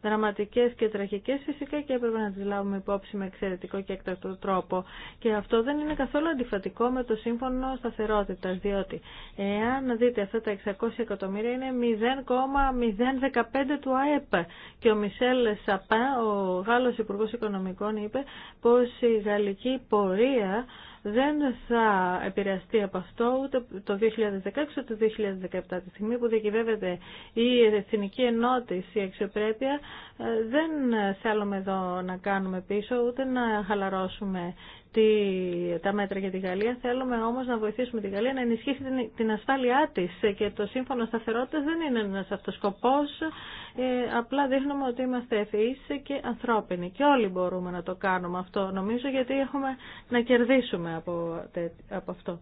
δραματικές και τραγικές, φυσικά και έπρεπε να τις λάβουμε υπόψη με εξαιρετικό και εκτακτό τρόπο. Και αυτό δεν είναι καθόλου αντιφατικό με το Σύμφωνο Σταθερότητας, διότι εάν δείτε αυτά τα 600 εκατομμύρια είναι 0,015 του ΑΕΠ. Και ο Μισελ Σαπά, ο Γάλλος Υπουργός Οικονομικών, είπε πως η γαλλική πορεία δεν θα επηρεαστεί από αυτό ούτε το 2016 ούτε το 2017. Τη στιγμή που διακυβεύεται η εθνική ενότηση, η αξιοπρέπεια, ε, δεν θέλουμε εδώ να κάνουμε πίσω ούτε να χαλαρώσουμε τα μέτρα για τη Γαλλία. Θέλουμε όμω να βοηθήσουμε τη Γαλλία να ενισχύσει την, ασφάλειά τη. και το σύμφωνο σταθερότητα δεν είναι ένα αυτόσκοπό. Ε, απλά δείχνουμε ότι είμαστε ευφυεί και ανθρώπινοι και όλοι μπορούμε να το κάνουμε αυτό νομίζω γιατί έχουμε να κερδίσουμε από, αυτό.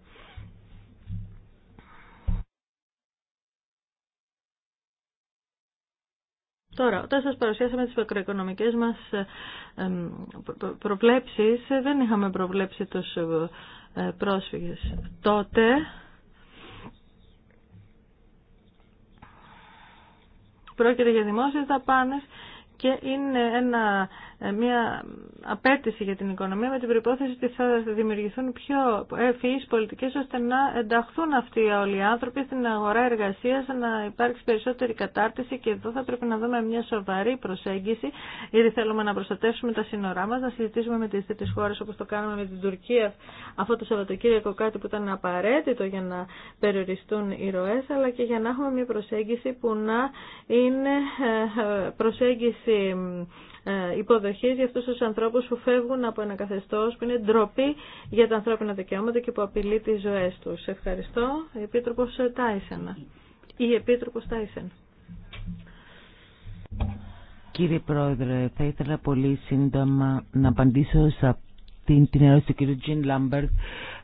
Τώρα, όταν σας παρουσιάσαμε τις μακροοικονομικές μας ε, προβλέψεις, ε, δεν είχαμε προβλέψει τους ε, πρόσφυγες. Τότε, πρόκειται για δημόσιες δαπάνες και είναι ένα ε, μια απέτηση για την οικονομία με την προϋπόθεση ότι θα δημιουργηθούν πιο ευφυείς πολιτικές ώστε να ενταχθούν αυτοί όλοι οι άνθρωποι στην αγορά εργασίας, να υπάρξει περισσότερη κατάρτιση και εδώ θα πρέπει να δούμε μια σοβαρή προσέγγιση γιατί θέλουμε να προστατεύσουμε τα σύνορά μας, να συζητήσουμε με τις τρίτες χώρες όπως το κάναμε με την Τουρκία αυτό το Σαββατοκύριακο κάτι που ήταν απαραίτητο για να περιοριστούν οι ροές αλλά και για να έχουμε μια προσέγγιση που να είναι ε, ε, προσέγγιση ε, υποδοχή για αυτού του ανθρώπου που φεύγουν από ένα καθεστώ που είναι ντροπή για τα ανθρώπινα δικαιώματα και που απειλεί τι ζωέ του. Ευχαριστώ. Επίτροπο Επίτροπος Τάισεν. Η Επίτροπος Τάισεν. Κύριε Πρόεδρε, θα ήθελα πολύ σύντομα να απαντήσω σε την, την ερώτηση του κ. Τζιν Λάμπερτ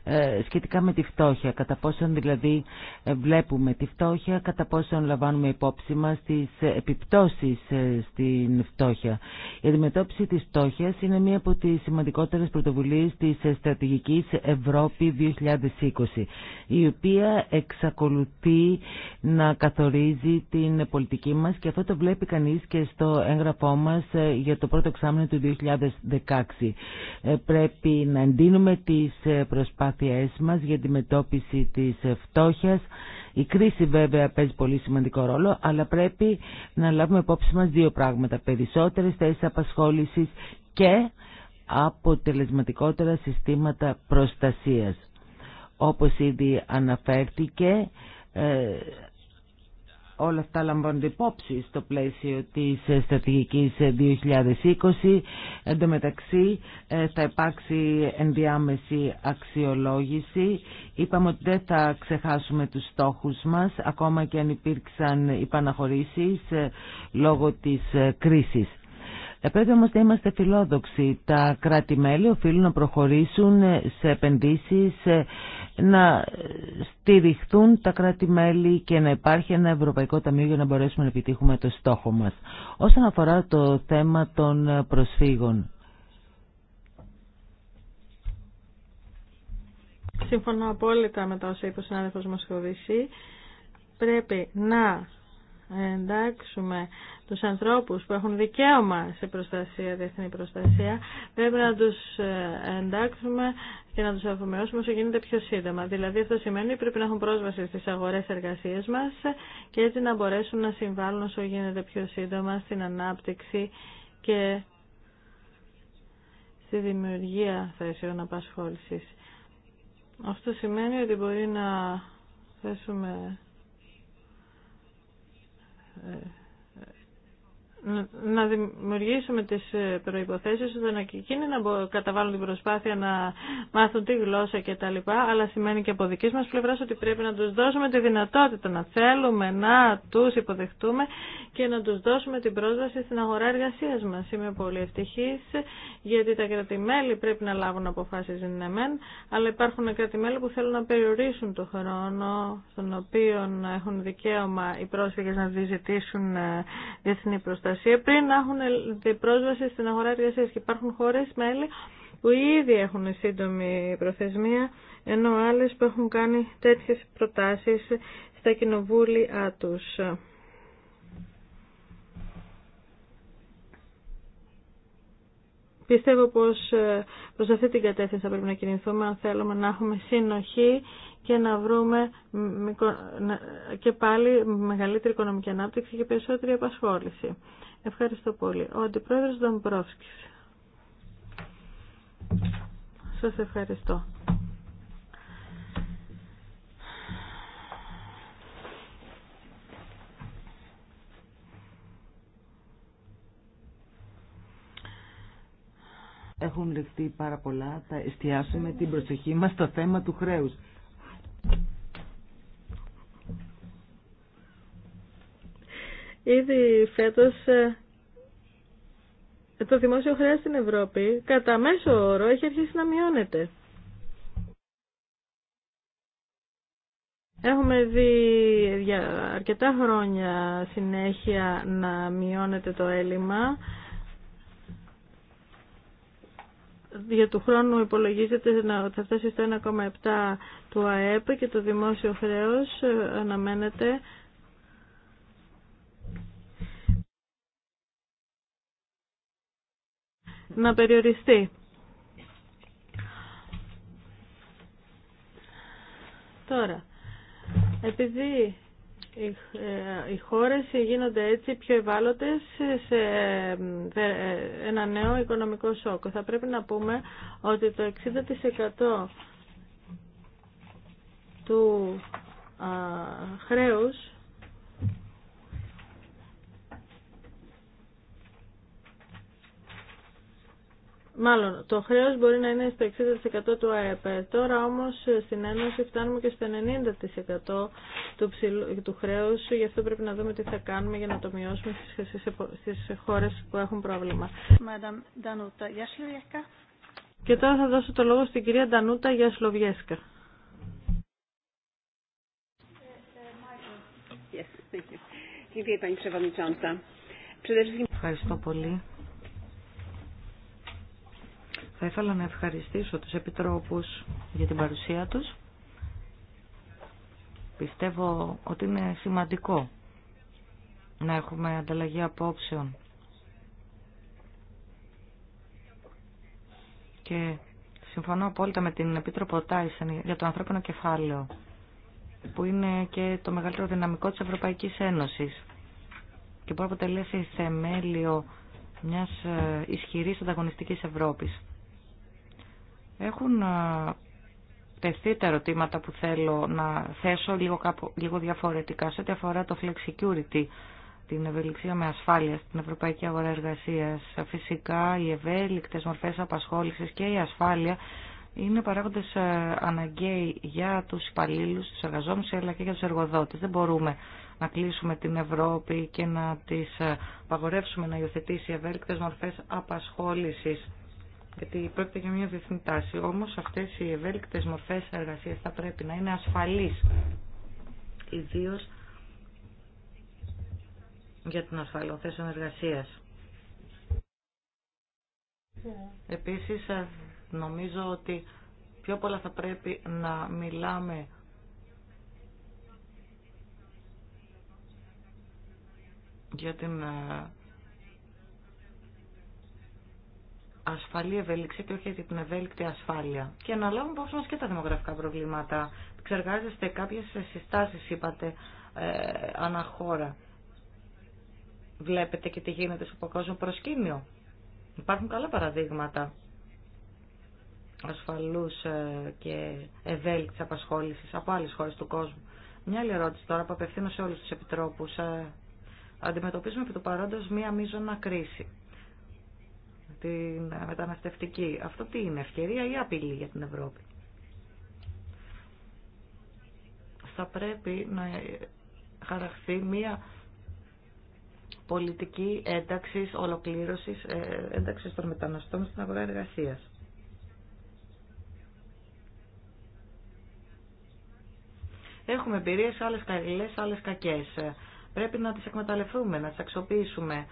ε, σχετικά με τη φτώχεια, κατά πόσον δηλαδή ε, βλέπουμε τη φτώχεια, κατά πόσον λαμβάνουμε υπόψη μας τις ε, επιπτώσεις στην φτώχεια. Η αντιμετώπιση της φτώχειας είναι μία από τις σημαντικότερες πρωτοβουλίες της στρατηγικής Ευρώπη 2020, η οποία εξακολουθεί να καθορίζει την πολιτική μας και αυτό το βλέπει κανείς και στο έγγραφό μας για το πρώτο εξάμεινο του 2016. Πρέπει να εντείνουμε τις προσπάθειες προσπάθειές μας για τη μετώπιση της φτώχειας. Η κρίση βέβαια παίζει πολύ σημαντικό ρόλο, αλλά πρέπει να λάβουμε υπόψη μας δύο πράγματα. Περισσότερες θέσεις απασχόλησης και αποτελεσματικότερα συστήματα προστασίας. Όπως ήδη αναφέρθηκε, ε, όλα αυτά λαμβάνονται υπόψη στο πλαίσιο της ε, στρατηγικής 2020. Ε, Εν τω μεταξύ ε, θα υπάρξει ενδιάμεση αξιολόγηση. Είπαμε ότι δεν θα ξεχάσουμε τους στόχους μας, ακόμα και αν υπήρξαν υπαναχωρήσεις λόγω της κρίσης. Πρέπει όμως να είμαστε φιλόδοξοι. Τα κράτη-μέλη οφείλουν να προχωρήσουν σε επενδύσεις, να στηριχθούν τα κράτη-μέλη και να υπάρχει ένα Ευρωπαϊκό Ταμείο για να μπορέσουμε να επιτύχουμε το στόχο μας. Όσον αφορά το θέμα των προσφύγων. Συμφωνώ απόλυτα με τα όσα είπε ο συνάδελφος Μοσχοβησή. Πρέπει να εντάξουμε τους ανθρώπους που έχουν δικαίωμα σε προστασία, διεθνή προστασία, πρέπει να τους ε, εντάξουμε και να τους αφομοιώσουμε όσο γίνεται πιο σύντομα. Δηλαδή αυτό σημαίνει ότι πρέπει να έχουν πρόσβαση στις αγορές εργασίες μας και έτσι να μπορέσουν να συμβάλλουν όσο γίνεται πιο σύντομα στην ανάπτυξη και στη δημιουργία θέσεων απασχόλησης. Αυτό σημαίνει ότι μπορεί να θέσουμε ε, να δημιουργήσουμε τις ε, προϋποθέσεις ώστε να εκείνοι να καταβάλουν την προσπάθεια να μάθουν τη γλώσσα και τα λοιπά, αλλά σημαίνει και από δική μας πλευράς ότι πρέπει να τους δώσουμε τη δυνατότητα να θέλουμε να τους υποδεχτούμε και να τους δώσουμε την πρόσβαση στην αγορά εργασία μας. Είμαι πολύ ευτυχής γιατί τα κρατημέλη πρέπει να λάβουν αποφάσεις ναι μεν, αλλά υπάρχουν κρατημέλη που θέλουν να περιορίσουν το χρόνο στον οποίο έχουν δικαίωμα οι πρόσφυγες να διζητήσουν ε, διεθνή προστασία προστασία πριν να έχουν πρόσβαση στην αγορά εργασία. Και υπάρχουν χώρε μέλη που ήδη έχουν σύντομη προθεσμία, ενώ άλλε που έχουν κάνει τέτοιε προτάσει στα κοινοβούλια του. Πιστεύω πως ε, προς αυτή την κατεύθυνση θα πρέπει να κινηθούμε αν θέλουμε να έχουμε συνοχή και να βρούμε και πάλι μεγαλύτερη οικονομική ανάπτυξη και περισσότερη απασχόληση. Ευχαριστώ πολύ. Ο Αντιπρόεδρος Δομπρόφσκης. Σας ευχαριστώ. Έχουν λεφτεί πάρα πολλά. Θα εστιάσουμε την προσοχή μας στο θέμα του χρέους. Ήδη φέτος ε, το δημόσιο χρέο στην Ευρώπη κατά μέσο όρο έχει αρχίσει να μειώνεται. Έχουμε δει για αρκετά χρόνια συνέχεια να μειώνεται το έλλειμμα. Για του χρόνου υπολογίζεται ότι θα φτάσει στο 1,7 του ΑΕΠ και το δημόσιο χρέος ε, αναμένεται να περιοριστεί. Τώρα, επειδή ε, οι χώρες γίνονται έτσι πιο ευάλωτες σε ε, ένα νέο οικονομικό σοκ. Θα πρέπει να πούμε ότι το 60% του χρέους Μάλλον, το χρέος μπορεί να είναι στο 60% του ΑΕΠ. Τώρα όμως στην Ένωση φτάνουμε και στο 90% του, ψηλού, του χρέους, γι' αυτό πρέπει να δούμε τι θα κάνουμε για να το μειώσουμε στις, στις χώρες που έχουν πρόβλημα. Και τώρα θα δώσω το λόγο στην κυρία Ντανούτα για Σλοβιέσκα. Ευχαριστώ πολύ. Θα ήθελα να ευχαριστήσω τους επιτρόπους για την παρουσία τους. Πιστεύω ότι είναι σημαντικό να έχουμε ανταλλαγή απόψεων και συμφωνώ απόλυτα με την Επίτροπο Τάισεν για το ανθρώπινο κεφάλαιο που είναι και το μεγαλύτερο δυναμικό της Ευρωπαϊκής Ένωσης και που αποτελέσει θεμέλιο μιας ε, ισχυρής ανταγωνιστικής Ευρώπης. Έχουν τεθεί τα ερωτήματα που θέλω να θέσω λίγο, κάπου, λίγο διαφορετικά σε ό,τι αφορά το flex security, την ευελιξία με ασφάλεια στην Ευρωπαϊκή Αγορά Εργασίας. Φυσικά οι ευέλικτες μορφές απασχόλησης και η ασφάλεια είναι παράγοντες ε, αναγκαίοι για τους υπαλλήλους, τους εργαζόμενους αλλά και για τους εργοδότες. Δεν μπορούμε να κλείσουμε την Ευρώπη και να τις ε, απαγορεύσουμε να υιοθετήσει ευέλικτες μορφές απασχόλησης γιατί πρόκειται για μια διεθνή τάση. Όμως αυτές οι ευέλικτες μορφές εργασίας θα πρέπει να είναι ασφαλείς, ιδίω για την ασφαλόθεση θέση εργασία. εργασίας. Επίσης, νομίζω ότι πιο πολλά θα πρέπει να μιλάμε για την ε, ασφαλή ευέλικτη και όχι την ευέλικτη ασφάλεια. Και να λάβουμε υπόψη μα και τα δημογραφικά προβλήματα. Ξεργάζεστε κάποιε συστάσει, είπατε, ε, αναχώρα. Βλέπετε και τι γίνεται στο παγκόσμιο προσκήνιο. Υπάρχουν καλά παραδείγματα ασφαλούς ε, και ευέλικτης απασχόλησης από άλλες χώρες του κόσμου. Μια άλλη ερώτηση τώρα που απευθύνω σε όλους τους επιτρόπους. Ε, αντιμετωπίζουμε επί του παρόντος μία μείζωνα κρίση την μεταναστευτική. Αυτό τι είναι, ευκαιρία ή απειλή για την Ευρώπη. Θα πρέπει να χαραχθεί μία πολιτική ένταξης, ολοκλήρωσης, ε, ένταξη των μεταναστών στην αγορά εργασία. Έχουμε εμπειρίες άλλες καλές, άλλες κακές. Ε, πρέπει να τις εκμεταλλευτούμε, να τις αξιοποιήσουμε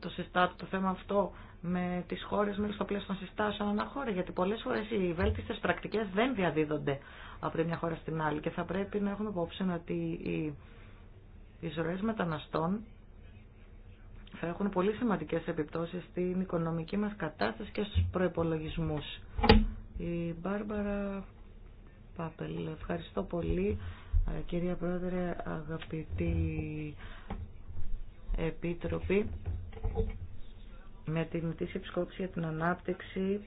το συστάτω το θέμα αυτό με τι χώρε μέσα στο πλαίσιο των συστάσεων χώρα γιατί πολλέ φορέ οι βέλτιστες πρακτικέ δεν διαδίδονται από τη μια χώρα στην άλλη και θα πρέπει να έχουμε υπόψη ότι οι ζωέ μεταναστών θα έχουν πολύ σημαντικέ επιπτώσει στην οικονομική μα κατάσταση και στου προπολογισμού. Η Μπάρμπαρα Πάπελ, ευχαριστώ πολύ. Ε, κυρία Πρόεδρε, αγαπητοί επίτροπη με την Μητής Επισκόπηση για την Ανάπτυξη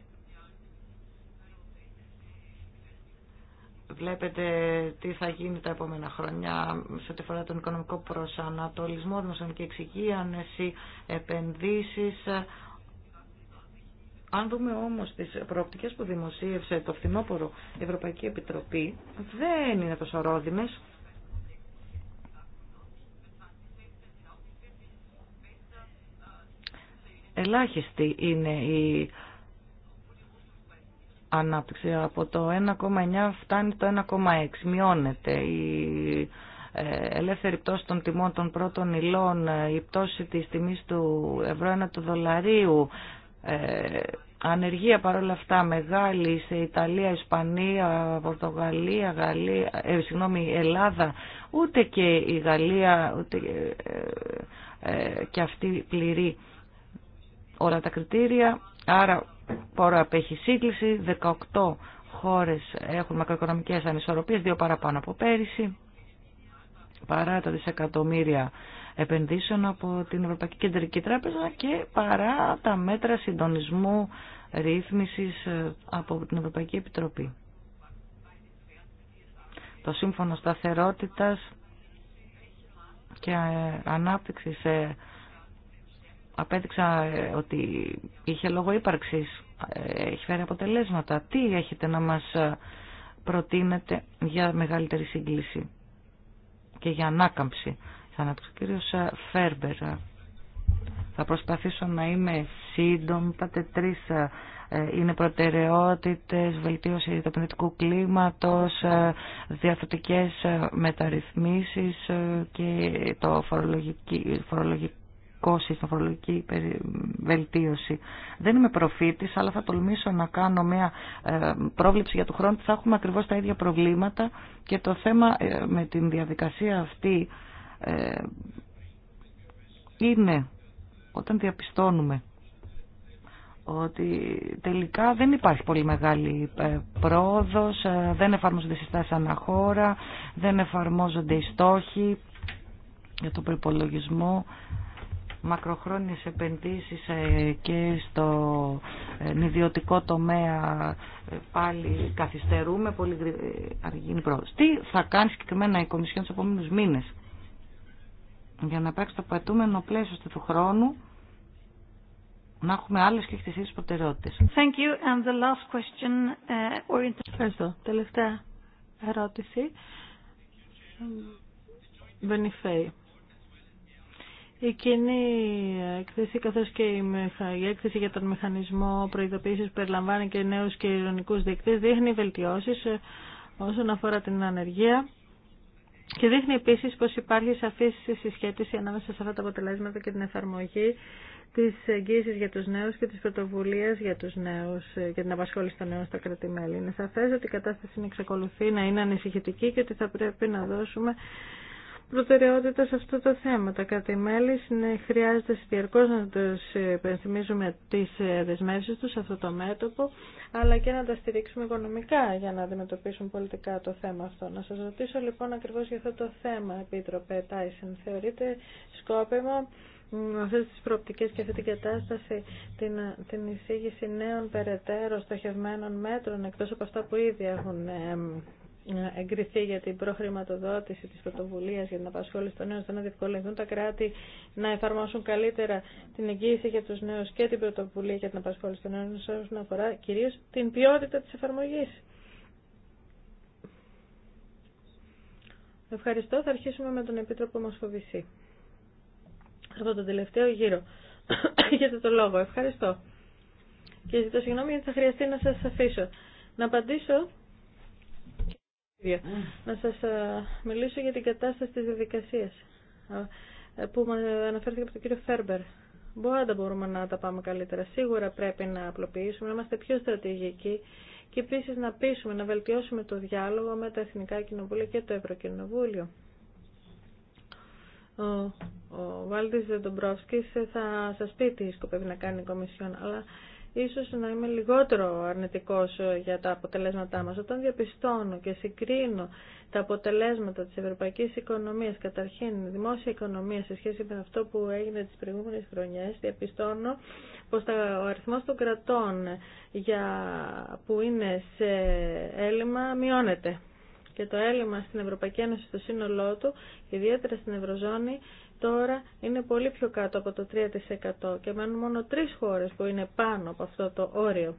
βλέπετε τι θα γίνει τα επόμενα χρόνια σε ό,τι αφορά τον οικονομικό προσανατολισμό, δημοσιονομική εξυγίανεση, επενδύσεις. Αν δούμε όμως τις προοπτικές που δημοσίευσε το φθινόπωρο η Ευρωπαϊκή Επιτροπή, δεν είναι τόσο ρόδινες. Ελάχιστη είναι η ανάπτυξη. Από το 1,9 φτάνει το 1,6. Μειώνεται η ε, ελεύθερη πτώση των τιμών των πρώτων υλών, ε, η πτώση της τιμής του ευρώ ένα του δολαρίου, ε, ανεργία παρόλα αυτά μεγάλη σε Ιταλία, Ισπανία, Πορτογαλία, Γαλλία, ε, Ελλάδα, ούτε και η Γαλλία ούτε, και αυτή πληρεί όλα τα κριτήρια, άρα πόρο απέχει σύγκληση, 18 χώρες έχουν μακροοικονομικές ανισορροπίες, δύο παραπάνω από πέρυσι, παρά τα δισεκατομμύρια επενδύσεων από την Ευρωπαϊκή Κεντρική Τράπεζα και παρά τα μέτρα συντονισμού ρύθμισης ε, από την Ευρωπαϊκή Επιτροπή. Το Σύμφωνο Σταθερότητας και ε, Ανάπτυξης ε, απέδειξα ε, ότι είχε λόγο ύπαρξης, ε, έχει φέρει αποτελέσματα. Τι έχετε να μας ε, προτείνετε για μεγαλύτερη σύγκληση και για ανάκαμψη. Θα κύριος Φέρμπερ. Θα προσπαθήσω να είμαι σύντομη. Είπατε είναι προτεραιότητες, βελτίωση του πνευματικού κλίματος, διαθετικές μεταρρυθμίσεις και το φορολογικό φορολογικό στην φορολογική βελτίωση. Δεν είμαι προφήτη, αλλά θα τολμήσω να κάνω μια ε, πρόβλεψη για του χρόνου. θα έχουμε ακριβώ τα ίδια προβλήματα και το θέμα ε, με την διαδικασία αυτή ε, είναι όταν διαπιστώνουμε ότι τελικά δεν υπάρχει πολύ μεγάλη πρόοδος, δεν εφαρμόζονται συστάσεις αναχώρα, δεν εφαρμόζονται οι στόχοι για τον προπολογισμό μακροχρόνιες επενδύσεις ε, και στο ιδιωτικό ε, τομέα ε, πάλι καθυστερούμε, πολύ αργή πρόοδος. Τι θα κάνει συγκεκριμένα η Κομισιόν τους επόμενους μήνες για να υπάρξει το πατούμενο πλαίσιο του χρόνου να έχουμε άλλες και χτισίες προτεραιότητες. Thank you. And the last question, uh, or... Ευχαριστώ. Τελευταία ερώτηση. Η κοινή έκθεση καθώς και η έκθεση για τον μηχανισμό προειδοποίησης που περιλαμβάνει και νέους και ειρωνικούς δείκτες δείχνει βελτιώσεις ε, όσον αφορά την ανεργία και δείχνει επίσης πως υπάρχει σαφής συσχέτιση ανάμεσα σε αυτά τα αποτελέσματα και την εφαρμογή της εγγύησης για τους νέους και της πρωτοβουλία για τους νέους, ε, για την απασχόληση των νέων στα κρατημέλη. Είναι σαφές ότι η κατάσταση εξακολουθεί να είναι ανησυχητική και ότι θα πρέπει να δώσουμε προτεραιότητα σε αυτό το θέμα. Τα κρατημέλη χρειάζεται διαρκώ να του υπενθυμίζουμε τις ε, δεσμεύσεις του σε αυτό το μέτωπο, αλλά και να τα στηρίξουμε οικονομικά για να αντιμετωπίσουν πολιτικά το θέμα αυτό. Να σας ρωτήσω λοιπόν ακριβώς για αυτό το θέμα, Επίτροπε Τάισεν. Θεωρείτε με αυτέ τι προοπτικέ και αυτή την κατάσταση, την, την εισήγηση νέων περαιτέρω στοχευμένων μέτρων, εκτό από αυτά που ήδη έχουν ε, να εγκριθεί για την προχρηματοδότηση της πρωτοβουλίας για την απασχόληση των νέων ώστε να διευκολυνθούν τα κράτη να εφαρμόσουν καλύτερα την εγγύηση για τους νέους και την πρωτοβουλία για την απασχόληση των νέων όσον αφορά κυρίως την ποιότητα της εφαρμογής. Ευχαριστώ. Θα αρχίσουμε με τον Επίτροπο Μοσχοβησή. Από τον τελευταίο γύρο. Έχετε το λόγο. Ευχαριστώ. Και ζητώ συγγνώμη γιατί θα χρειαστεί να σας αφήσω. Να απαντήσω να σας ε, μιλήσω για την κατάσταση της διαδικασίας ε, που αναφέρθηκε από τον κύριο Φέρμπερ. Μπορεί να μπορούμε να τα πάμε καλύτερα. Σίγουρα πρέπει να απλοποιήσουμε, να είμαστε πιο στρατηγικοί και επίσης να πείσουμε, να βελτιώσουμε το διάλογο με τα Εθνικά Κοινοβούλια και το Ευρωκοινοβούλιο. Ο, ο Βάλτης θα σας πει τι σκοπεύει να κάνει η Κομισιόν, αλλά ίσως να είμαι λιγότερο αρνητικός ε, για τα αποτελέσματά μας. Όταν διαπιστώνω και συγκρίνω τα αποτελέσματα της ευρωπαϊκής οικονομίας, καταρχήν δημόσια οικονομία σε σχέση με αυτό που έγινε τις προηγούμενες χρονιές, διαπιστώνω πως ο αριθμός των κρατών για, που είναι σε έλλειμμα μειώνεται. Και το έλλειμμα στην Ευρωπαϊκή Ένωση στο σύνολό του, ιδιαίτερα στην Ευρωζώνη, τώρα είναι πολύ πιο κάτω από το 3% και μένουν μόνο τρεις χώρες που είναι πάνω από αυτό το όριο.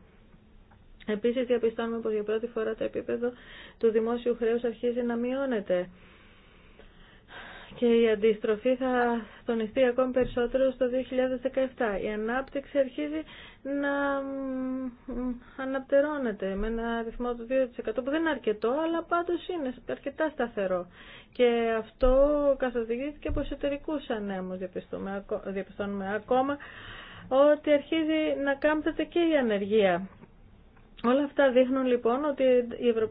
Επίσης διαπιστώνουμε πως για πρώτη φορά το επίπεδο του δημόσιου χρέους αρχίζει να μειώνεται και η αντιστροφή θα τονιστεί ακόμη περισσότερο στο 2017. Η ανάπτυξη αρχίζει να αναπτερώνεται με ένα ρυθμό του 2% που δεν είναι αρκετό, αλλά πάντως είναι αρκετά σταθερό. Και αυτό καθοδηγήθηκε από εσωτερικού ανέμους, διαπιστώνουμε ακόμα ότι αρχίζει να κάμπτεται και η ανεργία Όλα αυτά δείχνουν λοιπόν ότι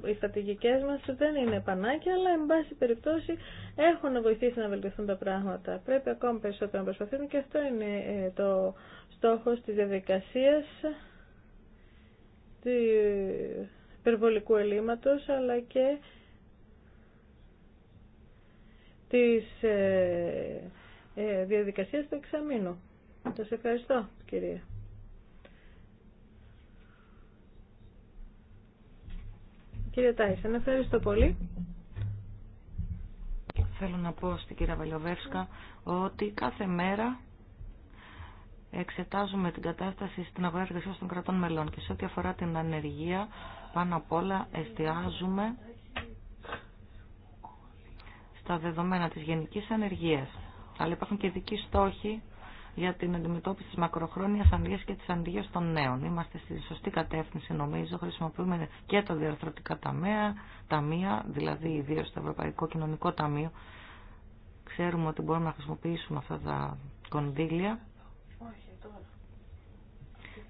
οι στρατηγικές μας δεν είναι πανάκια, αλλά εν πάση περιπτώσει έχουν βοηθήσει να βελτιωθούν τα πράγματα. Πρέπει ακόμα περισσότερο να προσπαθούν και αυτό είναι ε, το στόχο της διαδικασία του υπερβολικού ελλείμματο, αλλά και της ε, ε, διαδικασίας του εξαμήνου. Σα ευχαριστώ κυρία. Κύριε Τάισεν, ευχαριστώ πολύ. Θέλω να πω στην κυρία Βαλιοβεύσκα ότι κάθε μέρα εξετάζουμε την κατάσταση στην αγορά εργασίας των κρατών μελών και σε ό,τι αφορά την ανεργία πάνω απ' όλα εστιάζουμε στα δεδομένα της γενικής ανεργίας. Αλλά υπάρχουν και δικοί στόχοι για την αντιμετώπιση τη μακροχρόνια ανδρία και τη ανδρία των νέων. Είμαστε στη σωστή κατεύθυνση νομίζω, χρησιμοποιούμε και τα διαρθρωτικά ταμεία, ταμεία δηλαδή ιδίω το Ευρωπαϊκό Κοινωνικό Ταμείο. Ξέρουμε ότι μπορούμε να χρησιμοποιήσουμε αυτά τα κονδύλια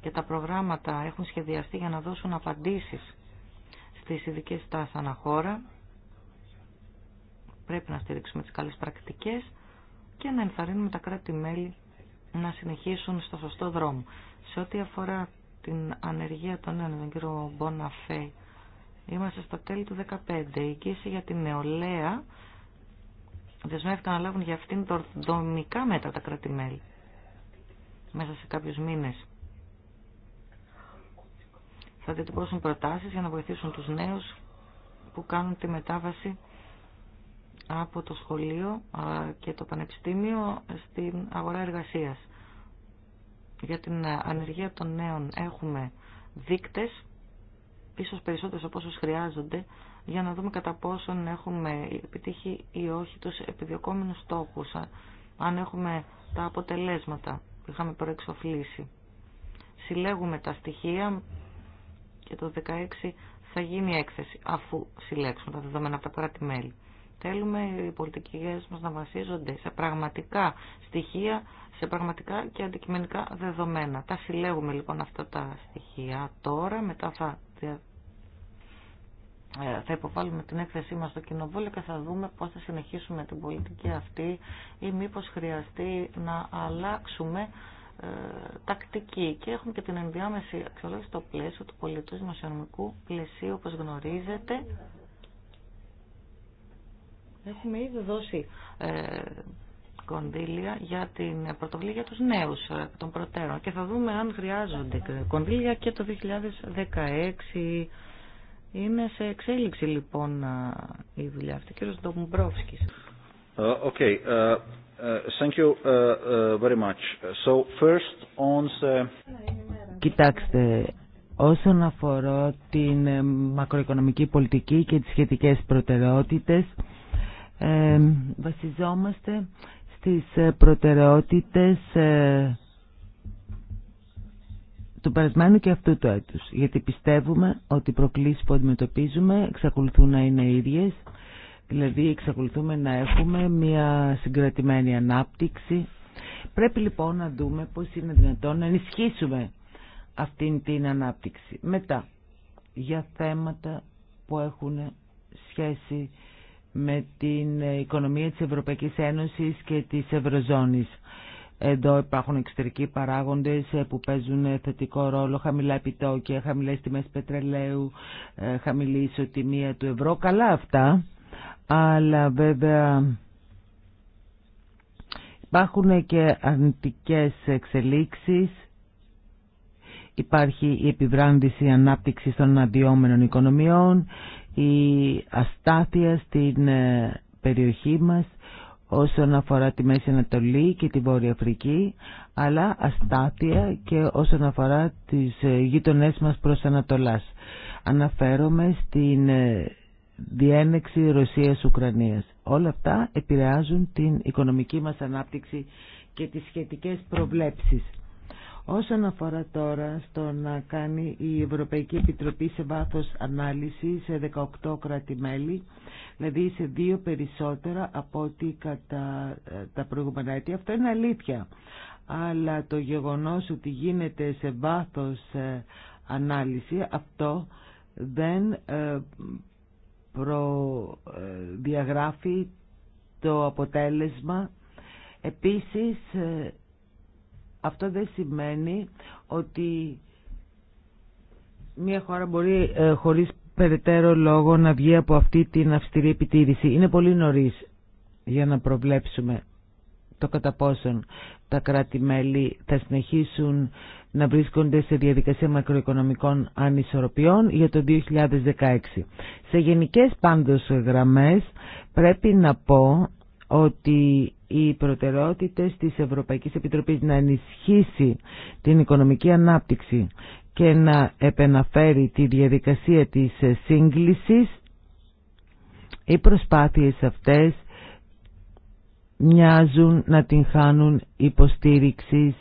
και τα προγράμματα έχουν σχεδιαστεί για να δώσουν απαντήσεις στις ειδικές τάσεις αναχώρα. Πρέπει να στηρίξουμε τι καλε πρακτικέ και να ενθαρρύνουμε τα κράτη-μέλη να συνεχίσουν στο σωστό δρόμο. Σε ό,τι αφορά την ανεργία των νέων, τον κύριο Μποναφέ, είμαστε στο τέλη του 2015. Η εγγύηση για την νεολαία δεσμεύτηκαν να λάβουν για αυτήν δομικά μέτρα τα κρατη μέσα σε κάποιους μήνες. Θα διατυπώσουν προτάσεις για να βοηθήσουν τους νέους που κάνουν τη μετάβαση από το σχολείο και το πανεπιστήμιο στην αγορά εργασίας. Για την ανεργία των νέων έχουμε δείκτες, ίσως περισσότερες από όσους χρειάζονται, για να δούμε κατά πόσον έχουμε επιτύχει ή όχι τους επιδιωκόμενους στόχους, αν έχουμε τα αποτελέσματα που είχαμε προεξοφλήσει. Συλλέγουμε τα στοιχεία και το 16 θα γίνει έκθεση αφού συλλέξουμε τα δεδομένα από τα κράτη-μέλη. Θέλουμε οι πολιτικές μας να βασίζονται σε πραγματικά στοιχεία, σε πραγματικά και αντικειμενικά δεδομένα. Τα συλλέγουμε λοιπόν αυτά τα στοιχεία τώρα, μετά θα, ε, θα υποβάλουμε την έκθεσή μας στο κοινοβούλιο και θα δούμε πώς θα συνεχίσουμε την πολιτική αυτή ή μήπως χρειαστεί να αλλάξουμε ε, τακτική και έχουμε και την ενδιάμεση αξιολόγηση στο πλαίσιο του πολιτού δημοσιονομικού πλαισίου όπως γνωρίζετε Έχουμε ήδη δώσει ε, κονδύλια για την πρωτοβουλία για τους νέους ε, των προτέρων και θα δούμε αν χρειάζονται κονδύλια και το 2016. Είναι σε εξέλιξη λοιπόν η δουλειά αυτή. Κύριος Ντομπρόφσκης. Okay. Ε, ε, thank you very much. So first the... Κοιτάξτε, όσον αφορά την μακροοικονομική πολιτική και τις σχετικές προτεραιότητες, βασιζόμαστε στις ε, προτεραιότητες ε, του περασμένου και αυτού του έτους. Γιατί πιστεύουμε ότι οι προκλήσεις που αντιμετωπίζουμε εξακολουθούν να είναι ίδιες, δηλαδή εξακολουθούμε να έχουμε μια συγκρατημένη ανάπτυξη. Πρέπει λοιπόν να δούμε πώς είναι δυνατόν να ενισχύσουμε αυτήν την ανάπτυξη. Μετά, για θέματα που έχουν σχέση με την οικονομία της Ευρωπαϊκής Ένωσης και της Ευρωζώνης. Εδώ υπάρχουν εξωτερικοί παράγοντες ε, που παίζουν ε, θετικό ρόλο, χαμηλά επιτόκια, χαμηλές τιμές πετρελαίου, ε, χαμηλή ισοτιμία του ευρώ, καλά αυτά, αλλά βέβαια υπάρχουν και αρνητικές εξελίξεις, υπάρχει η επιβράντηση ανάπτυξης των αντιόμενων οικονομιών, η αστάθεια στην ε, περιοχή μας όσον αφορά τη Μέση Ανατολή και τη Βόρεια Αφρική, αλλά αστάθεια και όσον αφορά τις ε, γείτονές μας προς Ανατολάς. Αναφέρομαι στην ε, διένεξη Ρωσίας-Ουκρανίας. Όλα αυτά επηρεάζουν την οικονομική μας ανάπτυξη και τις σχετικές προβλέψεις. Όσον αφορά τώρα στο να κάνει η Ευρωπαϊκή Επιτροπή σε βάθος ανάλυση σε 18 κράτη-μέλη, δηλαδή σε δύο περισσότερα από ό,τι κατά ε, τα προηγούμενα έτη, αυτό είναι αλήθεια. Αλλά το γεγονός ότι γίνεται σε βάθος ε, ανάλυση, αυτό δεν ε, προδιαγράφει το αποτέλεσμα. Επίσης, αυτό δεν σημαίνει ότι μια χώρα μπορεί ε, χωρίς περαιτέρω λόγο να βγει από αυτή την αυστηρή επιτήρηση. Είναι πολύ νωρίς για να προβλέψουμε το κατά πόσον τα κράτη-μέλη θα συνεχίσουν να βρίσκονται σε διαδικασία μακροοικονομικών ανισορροπιών για το 2016. Σε γενικές πάντως γραμμές πρέπει να πω ότι οι προτεραιότητες τη ευρωπαϊκή Επιτροπής να ενισχύσει την οικονομική ανάπτυξη και να επαναφέρει τη διαδικασία της σύγκλησης, οι προσπάθειες αυτές μοιάζουν να την χάνουν υποστήριξης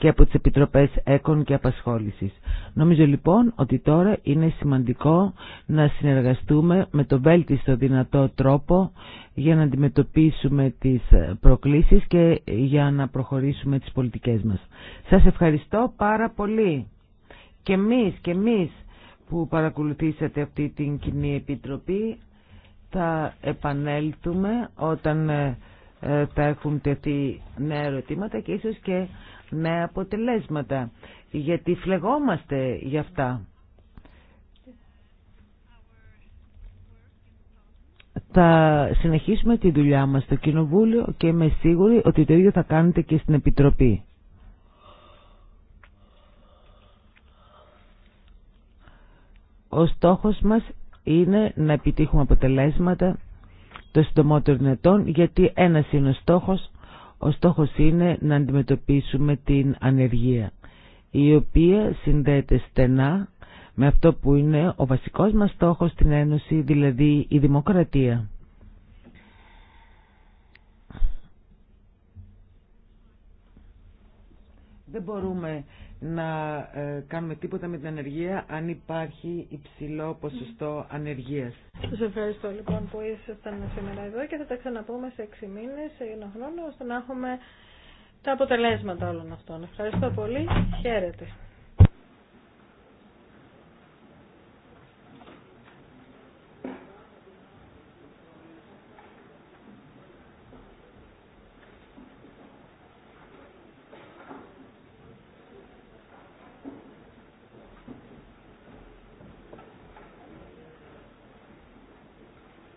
και από τις Επιτροπές Έκων και Απασχόλησης. Νομίζω λοιπόν ότι τώρα είναι σημαντικό να συνεργαστούμε με το βέλτιστο δυνατό τρόπο για να αντιμετωπίσουμε τις προκλήσεις και για να προχωρήσουμε τις πολιτικές μας. Σας ευχαριστώ πάρα πολύ και εμείς και εμείς που παρακολουθήσατε αυτή την κοινή επιτροπή θα επανέλθουμε όταν ε, ε, θα έχουν τεθεί νέα ερωτήματα και ίσως και με αποτελέσματα, γιατί φλεγόμαστε γι' αυτά. Θα συνεχίσουμε τη δουλειά μας στο Κοινοβούλιο και είμαι σίγουρη ότι το ίδιο θα κάνετε και στην Επιτροπή. Ο στόχος μας είναι να επιτύχουμε αποτελέσματα το συντομότερο γιατί ένας είναι ο στόχος ο στόχος είναι να αντιμετωπίσουμε την ανεργία, η οποία συνδέεται στενά με αυτό που είναι ο βασικός μας στόχος στην Ένωση, δηλαδή η δημοκρατία. Δεν μπορούμε να ε, κάνουμε τίποτα με την ανεργία αν υπάρχει υψηλό ποσοστό ανεργίας. Σας ευχαριστώ λοιπόν που ήσασταν σήμερα εδώ και θα τα ξαναπούμε σε 6 μήνες, σε ένα χρόνο, ώστε να έχουμε τα αποτελέσματα όλων αυτών. Ευχαριστώ πολύ. Χαίρετε.